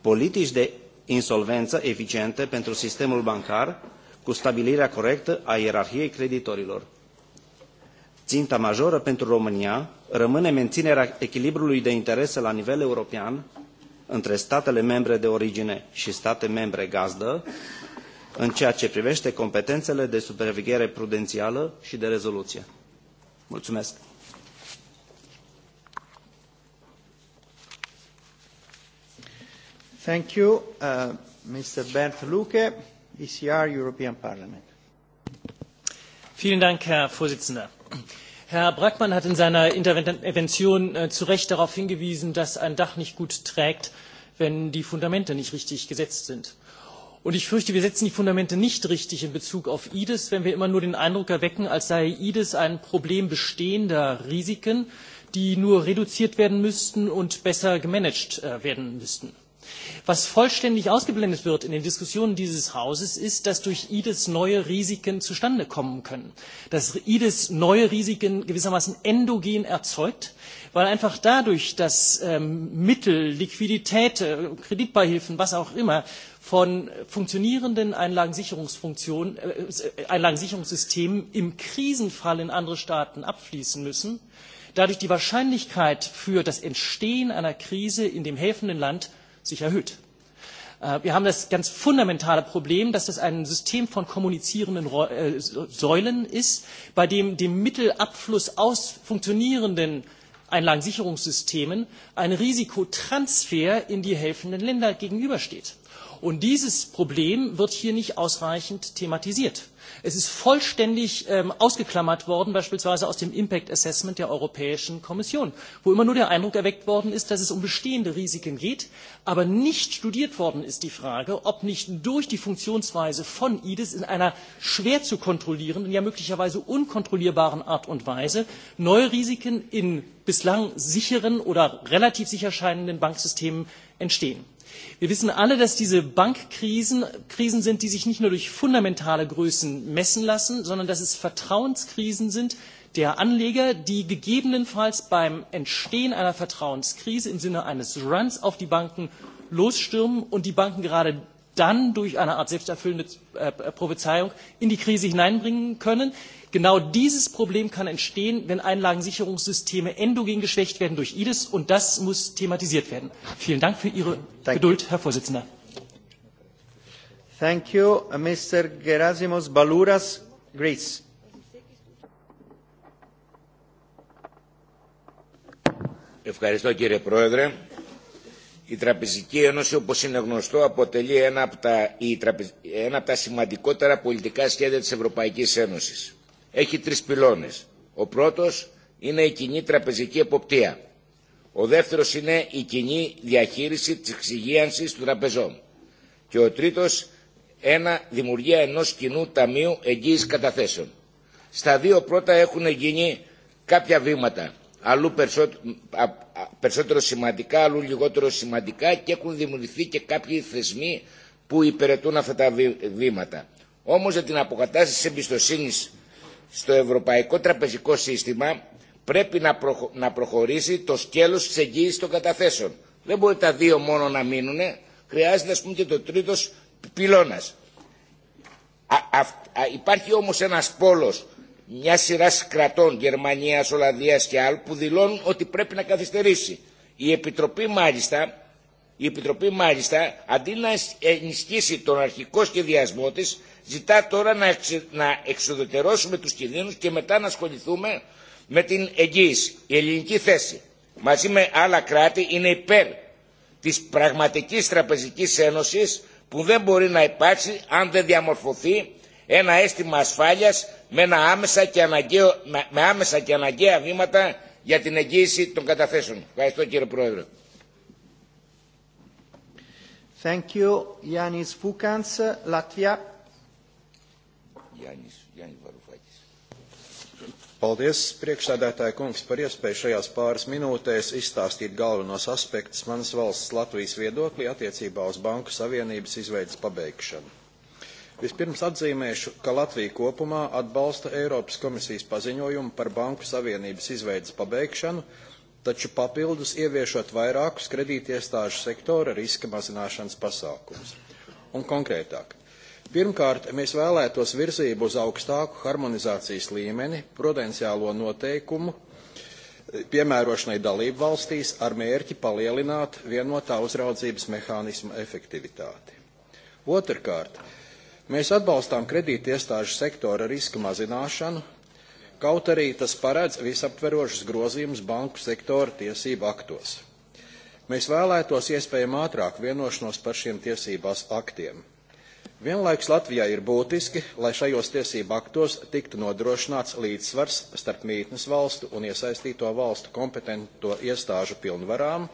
politici de insolvență eficiente pentru sistemul bancar, cu stabilirea corectă a ierarhiei creditorilor. Ținta majoră pentru România rămâne menținerea echilibrului de interese la nivel european între statele membre de origine și state membre gazdă în ceea ce privește competențele de supraveghere prudențială și de rezoluție. Mulțumesc! Thank you, uh, Mr. Bernd Luke, ECR European Parliament. Vielen Dank, Herr Vorsitzender. Herr Brackmann hat in seiner Intervention äh, zu Recht darauf hingewiesen, dass ein Dach nicht gut trägt, wenn die Fundamente nicht richtig gesetzt sind. Und ich fürchte, wir setzen die Fundamente nicht richtig in Bezug auf IDES, wenn wir immer nur den Eindruck erwecken, als sei IDES ein Problem bestehender Risiken, die nur reduziert werden müssten und besser gemanagt äh, werden müssten. Was vollständig ausgeblendet wird in den Diskussionen dieses Hauses, ist, dass durch IDES neue Risiken zustande kommen können. Dass IDES neue Risiken gewissermaßen endogen erzeugt, weil einfach dadurch, dass ähm, Mittel, Liquidität, äh, Kreditbeihilfen, was auch immer, von funktionierenden Einlagensicherungsfunktionen, äh, Einlagensicherungssystemen im Krisenfall in andere Staaten abfließen müssen, dadurch die Wahrscheinlichkeit für das Entstehen einer Krise in dem helfenden Land sich erhöht. Äh, wir haben das ganz fundamentale Problem, dass das ein System von kommunizierenden äh, Säulen ist, bei dem dem Mittelabfluss aus funktionierenden Einlagensicherungssystemen ein Risikotransfer in die helfenden Länder gegenübersteht. Und dieses Problem wird hier nicht ausreichend thematisiert. Es ist vollständig ähm, ausgeklammert worden, beispielsweise aus dem Impact Assessment der Europäischen Kommission, wo immer nur der Eindruck erweckt worden ist, dass es um bestehende Risiken geht, aber nicht studiert worden ist die Frage, ob nicht durch die Funktionsweise von IDIS in einer schwer zu kontrollierenden, ja möglicherweise unkontrollierbaren Art und Weise neue Risiken in bislang sicheren oder relativ sicher scheinenden Banksystemen entstehen. Wir wissen alle, dass diese Bankkrisen Krisen sind, die sich nicht nur durch fundamentale Größen messen lassen, sondern dass es Vertrauenskrisen sind der Anleger, die gegebenenfalls beim Entstehen einer Vertrauenskrise im Sinne eines Runs auf die Banken losstürmen und die Banken gerade dann durch eine Art selbsterfüllende äh, äh, Prophezeiung in die Krise hineinbringen können. Genau dieses Problem kann entstehen, wenn Einlagensicherungssysteme endogen geschwächt werden durch IDIS, und das muss thematisiert werden. Vielen Dank für Ihre Thank Geduld, Herr Vorsitzender. Thank you, uh, Mr. Gerasimos Balouras, Greece. Ευχαριστώ κύριε Πρόεδρε Η Τραπεζική Ένωση, όπως είναι γνωστό, αποτελεί ένα από τα, η, ένα από τα σημαντικότερα πολιτικά σχέδια της Ευρωπαϊκής Ένωσης. Έχει τρεις πυλώνες. Ο πρώτος είναι η κοινή τραπεζική εποπτεία. Ο δεύτερος είναι η κοινή διαχείριση της εξυγίανσης του τραπεζών. Και ο τρίτος, ένα, δημιουργία ενός κοινού ταμείου εγγύης καταθέσεων. Στα δύο πρώτα έχουν γίνει κάποια βήματα αλλού περισσότερο σημαντικά, αλλού λιγότερο σημαντικά και έχουν δημιουργηθεί και κάποιοι θεσμοί που υπηρετούν αυτά τα βήματα. Όμως για την αποκατάσταση της εμπιστοσύνης στο ευρωπαϊκό τραπεζικό σύστημα πρέπει να, προχω... να προχωρήσει το σκέλος της εγγύησης των καταθέσεων. Δεν μπορεί τα δύο μόνο να μείνουν, χρειάζεται ας πούμε και το τρίτος πυλώνας. Α, α, α, υπάρχει όμως ένας πόλος μια σειρά κρατών, Γερμανία, Ολλανδία και άλλων, που δηλώνουν ότι πρέπει να καθυστερήσει. Η Επιτροπή μάλιστα, η Επιτροπή μάλιστα αντί να ενισχύσει τον αρχικό σχεδιασμό της, ζητά τώρα να, εξε, να εξοδετερώσουμε τους κινδύνους και μετά να ασχοληθούμε με την εγγύηση. Η ελληνική θέση μαζί με άλλα κράτη είναι υπέρ της πραγματικής τραπεζικής ένωσης που δεν μπορεί να υπάρξει αν δεν διαμορφωθεί ένα αίσθημα ασφάλειας με, ένα άμεσα και αναγκαίο, με άμεσα και αναγκαία βήματα για την εγγύηση των καταθέσεων. Ευχαριστώ κύριε Πρόεδρε. Thank you, Yanis Fukans, Latvia. Yanis, Yanis Varoufakis. Paldies, priekšsēdētāja kungs, par iespēju šajās pāris minūtēs izstāstīt galvenos aspektus manas valsts Latvijas viedokļi attiecībā uz Banku Savienības izveidas pabeigšanu. Vispirms atzīmēšu, ka Latvija kopumā atbalsta Eiropas komisijas paziņojumu par Banku Savienības izveidas pabeigšanu, taču papildus ieviešot vairākus kredītiestāžu sektora riska mazināšanas pasākumus. Un konkrētāk. Pirmkārt, mēs vēlētos virzību uz augstāku harmonizācijas līmeni, prudenciālo noteikumu eh, piemērošanai dalību valstīs ar mērķi palielināt vienotā uzraudzības mehānisma efektivitāti. Otrkārt, Mēs atbalstām kredītiestāžu sektora riska mazināšanu, kaut arī tas paredz visaptverošas grozījumus banku sektora tiesību aktos. Mēs vēlētos iespējami ātrāk vienošanos par šiem tiesībās aktiem. Vienlaiks Latvijai ir būtiski, lai šajos tiesību aktos tiktu nodrošināts līdzsvars starp mītnes valstu un iesaistīto valstu kompetento iestāžu pilnvarām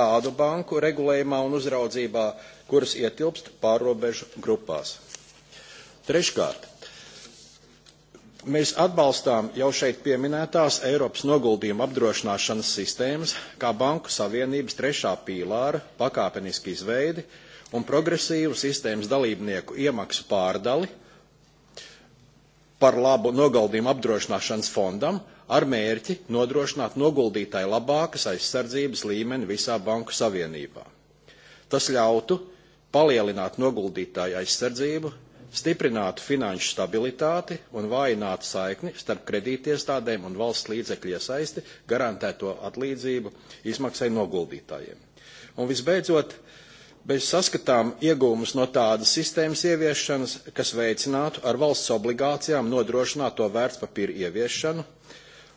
tādu banku regulējumā un uzraudzībā, kuras ietilpst pārrobežu grupās. Treškārt, mēs atbalstām jau šeit pieminētās Eiropas noguldījuma apdrošināšanas sistēmas, kā Banku Savienības trešā pīlāra pakāpeniski izveidi un progresīvu sistēmas dalībnieku iemaksu pārdali par labu noguldījuma apdrošināšanas fondam ar mērķi nodrošināt noguldītāju labākas aizsardzības līmeni visā Banku Savienībā. Tas ļautu palielināt noguldītāju aizsardzību stiprinātu finanšu stabilitāti un vājinātu saikni starp kredītiestādēm un valsts līdzekļu iesaisti garantēto atlīdzību izmaksai noguldītājiem. Un visbeidzot, bez saskatām iegūmus no tādas sistēmas ieviešanas, kas veicinātu ar valsts obligācijām nodrošināto vērtspapīru ieviešanu,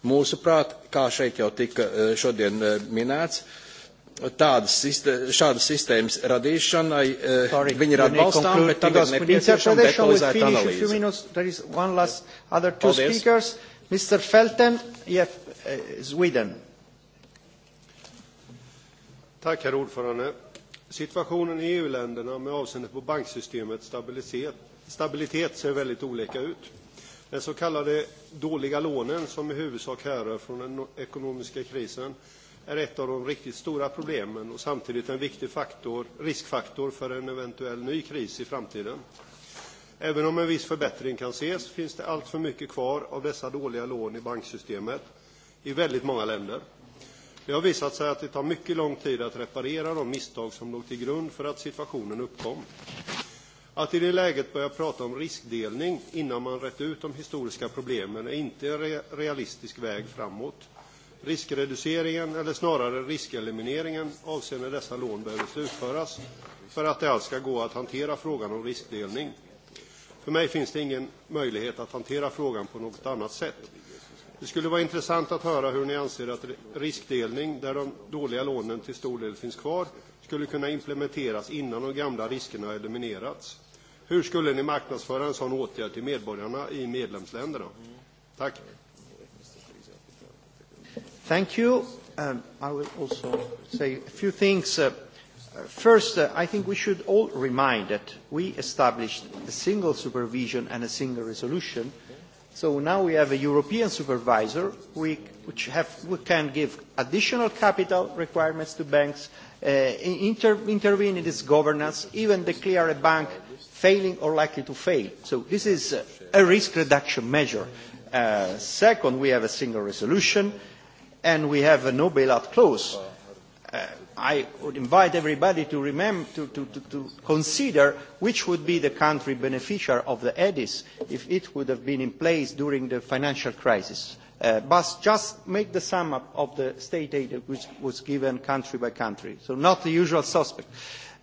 mūsuprāt, kā šeit jau tika eh, šodien eh, minēts, tādas šādas sistēmas radīšanai eh, Sorry, viņi ir atbalstām, bet tagad nepieciešama detalizēta analīze. Paldies. Mr. Felten, EF, eh, Sweden. Tack, herr ordförande. Situationen i EU-länderna med avseende på banksystemets stabilitet, stabilitet ser väldigt olika ut. Den så kallade dåliga lånen som i huvudsak härrör från den ekonomiska krisen är ett av de riktigt stora problemen och samtidigt en viktig faktor, riskfaktor för en eventuell ny kris i framtiden. Även om en viss förbättring kan ses finns det alltför mycket kvar av dessa dåliga lån i banksystemet i väldigt många länder. Det har visat sig att det tar mycket lång tid att reparera de misstag som låg till grund för att situationen uppkom. Att i det läget börja prata om riskdelning innan man rett ut de historiska problemen är inte en realistisk väg framåt. Riskreduceringen, eller snarare riskelimineringen, avseende dessa lån behöver slutföras för att det alls ska gå att hantera frågan om riskdelning. För mig finns det ingen möjlighet att hantera frågan på något annat sätt. Det skulle vara intressant att höra hur ni anser att riskdelning, där de dåliga lånen till stor del finns kvar, skulle kunna implementeras innan de gamla riskerna eliminerats. Hur skulle ni marknadsföra en sådan åtgärd till medborgarna i medlemsländerna? Tack. Thank you. Um, I will also say a few things. Uh, first, uh, I think we should all remind that we established a single supervision and a single resolution. So now we have a European supervisor we, which have, we can give additional capital requirements to banks, uh, inter, intervene in its governance, even declare a bank failing or likely to fail. So this is a risk reduction measure. Uh, second, we have a single resolution and we have a no bailout clause. Uh, I would invite everybody to, remember, to, to, to, to consider which would be the country beneficiary of the EDIS if it would have been in place during the financial crisis. Uh, but just make the sum up of the state aid which was given country by country, so not the usual suspect.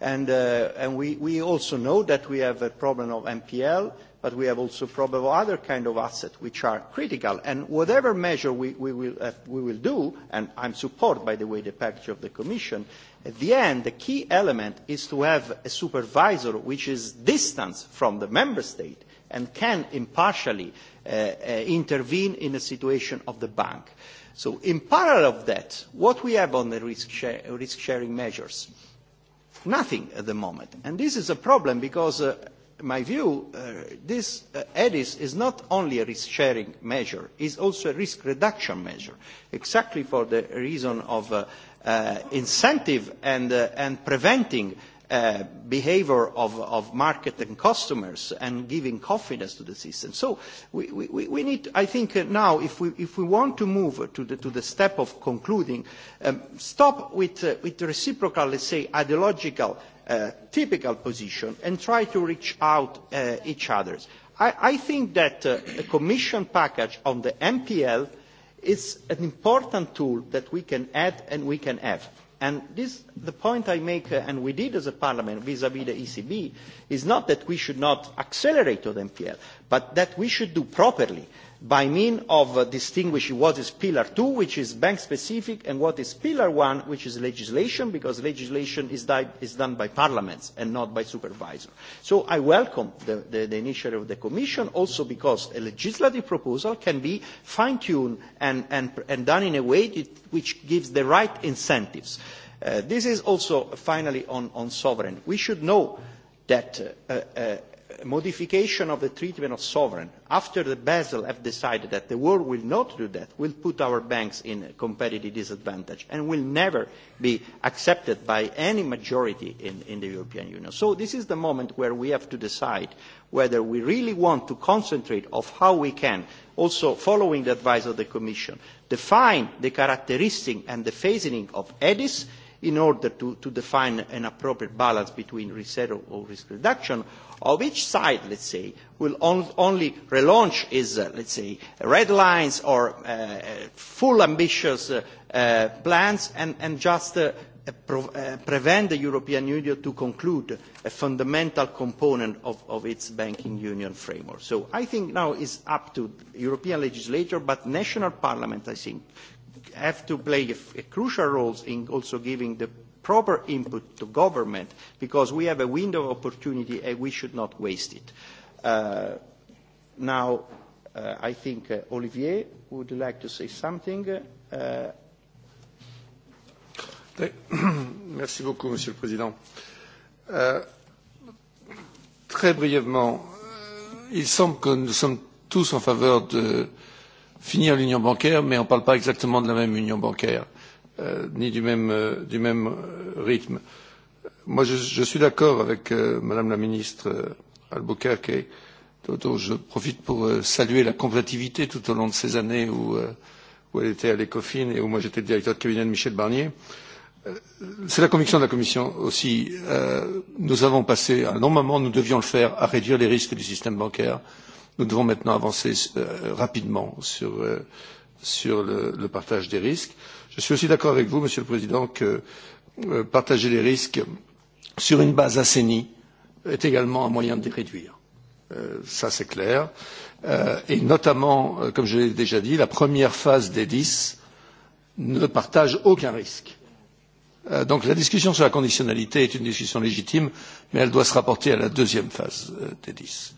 And, uh, and we, we also know that we have a problem of MPL, but we have also probable other kind of assets which are critical. And whatever measure we, we, will, uh, we will do, and I'm supported, by the way, the package of the Commission, at the end, the key element is to have a supervisor which is distant from the member state and can impartially uh, uh, intervene in the situation of the bank. So in parallel of that, what we have on the risk-sharing risk measures? Nothing at the moment. And this is a problem because uh, my view, uh, this uh, EDIS is not only a risk-sharing measure, it is also a risk reduction measure, exactly for the reason of uh, uh, incentive and, uh, and preventing uh, behavior of, of market and customers and giving confidence to the system. So we, we, we need, I think uh, now, if we, if we want to move to the, to the step of concluding, um, stop with, uh, with the reciprocal, let's say, ideological typical position and try to reach out uh, each other. I, I think that uh, a commission package on the MPL is an important tool that we can add and we can have. And this, the point I make, uh, and we did as a parliament vis-à-vis the ECB, is not that we should not accelerate on MPL, but that we should do properly by means of distinguishing what is Pillar Two, which is bank-specific, and what is Pillar One, which is legislation, because legislation is, done by parliaments and not by supervisors. So I welcome the, the, the initiative of the Commission, also because a legislative proposal can be fine-tuned and, and, and done in a way which gives the right incentives. Uh, this is also, finally, on, on sovereign. We should know that uh, uh, modification of the treatment of sovereign after the Basel have decided that the world will not do that, will put our banks at a competitive disadvantage and will never be accepted by any majority in, in the European Union. So this is the moment where we have to decide whether we really want to concentrate on how we can, also following the advice of the Commission, define the characteristics and the phasing of EDIS, in order to, to define an appropriate balance between risk or risk reduction, of which side, let's say, will on, only relaunch its, uh, let's say, red lines or uh, uh, full ambitious uh, uh, plans and, and just uh, uh, uh, prevent the European Union to conclude a fundamental component of, of, its banking union framework. So I think now it's up to European legislature, but national parliament, I think, have to play a, a crucial role in also giving the proper input to government because we have a window of opportunity and we should not waste it. Uh, now, uh, I think uh, Olivier would like to say something. Uh, *coughs* Merci beaucoup, Monsieur le Président. Euh, très brièvement, euh, il semble que nous sommes tous en faveur de euh, finir l'union bancaire, mais on ne parle pas exactement de la même union bancaire, euh, ni du même, euh, du même euh, rythme. Moi, je, je suis d'accord avec euh, Madame la ministre euh, Albuquerque, dont je profite pour euh, saluer la combativité tout au long de ces années où, euh, où elle était à l'ECOFIN et où moi j'étais directeur de cabinet de Michel Barnier. Euh, c'est la conviction de la Commission aussi. Euh, nous avons passé un long moment, nous devions le faire, à réduire les risques du système bancaire. Euh, Nous devons maintenant avancer euh, rapidement sur, euh, sur le, le partage des risques. Je suis aussi d'accord avec vous, Monsieur le Président, que euh, partager les risques sur une base assainie est également un moyen de les réduire. Euh, ça, c'est clair. Euh, et notamment, euh, comme je l'ai déjà dit, la première phase des 10 ne partage aucun risque. Euh, donc la discussion sur la conditionnalité est une discussion légitime, mais elle doit se rapporter à la deuxième phase euh, des 10.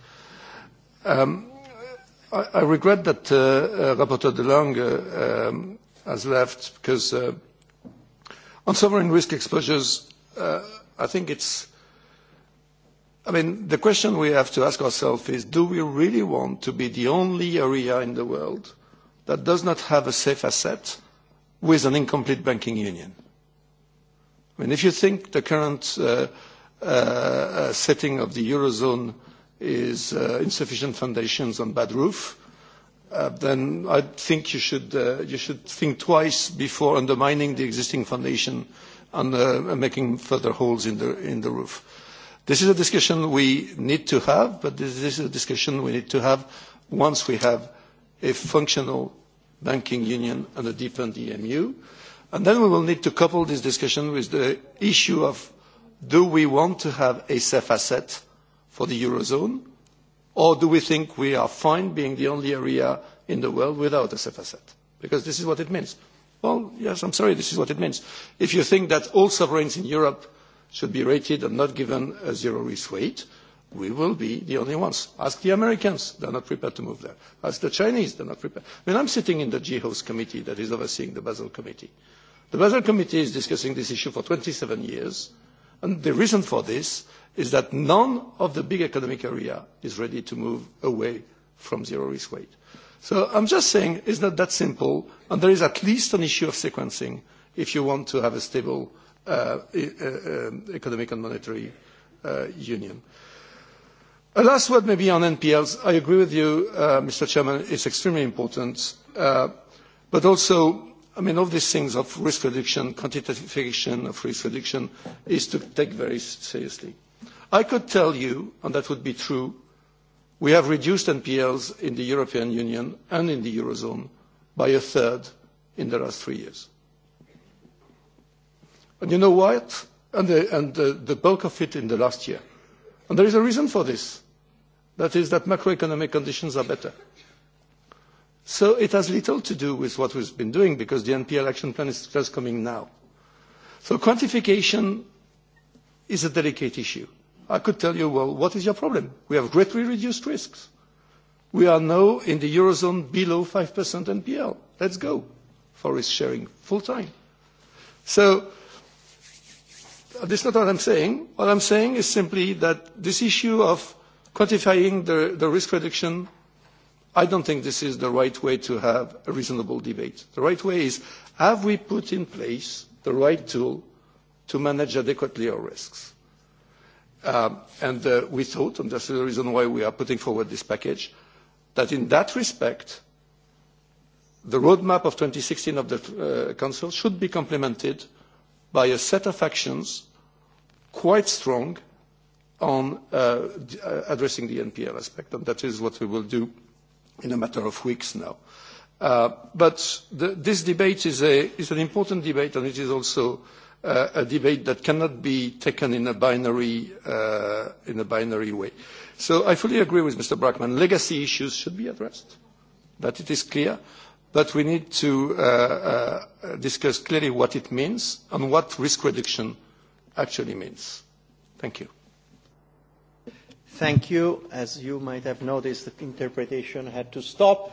Um, I, I regret that uh, uh, Rapporteur de Lange um, has left because uh, on sovereign risk exposures, uh, I think it's I mean, the question we have to ask ourselves is, do we really want to be the only area in the world that does not have a safe asset with an incomplete banking union? I mean, if you think the current uh, uh, uh setting of the Eurozone is uh, insufficient foundations and bad roof, uh, then I think you should, uh, you should think twice before undermining the existing foundation and uh, making further holes in the, in the roof. This is a discussion we need to have, but this is a discussion we need to have once we have a functional banking union and a deepened EMU. And then we will need to couple this discussion with the issue of do we want to have a safe asset for the Eurozone? Or do we think we are fine being the only area in the world without a asset? Because this is what it means. Well, yes, I'm sorry, this is what it means. If you think that all sovereigns in Europe should be rated and not given a zero risk weight, we will be the only ones. Ask the Americans, they're not prepared to move there. Ask the Chinese, they're not prepared. I mean, I'm sitting in the GHOS committee that is overseeing the Basel Committee. The Basel Committee is discussing this issue for 27 years, and the reason for this is that none of the big economic area is ready to move away from zero risk weight. So I'm just saying it's not that simple, and there is at least an issue of sequencing if you want to have a stable uh, uh, e, economic um, and monetary uh, union. A last word maybe on NPLs. I agree with you, uh, Mr. Chairman, it's extremely important. Uh, but also, I mean, all these things of risk reduction, quantification of risk reduction is to take very seriously. I could tell you, and that would be true, we have reduced NPLs in the European Union and in the Eurozone by a third in the last three years. And you know what? And, the, bulk of it in the last year. And there is a reason for this. That is that macroeconomic conditions are better. So it has little to do with what we've been doing because the NPL action plan is just coming now. So quantification is a delicate issue. I could tell you, well, what is your problem? We have greatly reduced risks. We are now in the Eurozone below 5% NPL. Let's go for risk sharing full time. So this is not what I'm saying. What I'm saying is simply that this issue of quantifying the, the risk reduction, I don't think this is the right way to have a reasonable debate. The right way is, have we put in place the right tool to manage adequately our risks? Um, and uh, we thought, and that's the reason why we are putting forward this package, that in that respect, the roadmap of 2016 of the uh, Council should be complemented by a set of actions quite strong on uh, addressing the NPL aspect, and that is what we will do in a matter of weeks now. but this debate is an important debate, and it is also uh, a debate that cannot be taken in a binary uh, in a binary way. So I fully agree with Mr. Brackman. Legacy issues should be addressed. That it is clear. But we need to uh, uh, discuss clearly what it means and what risk reduction actually means. Thank you. Thank you. As you might have noticed, the interpretation had to stop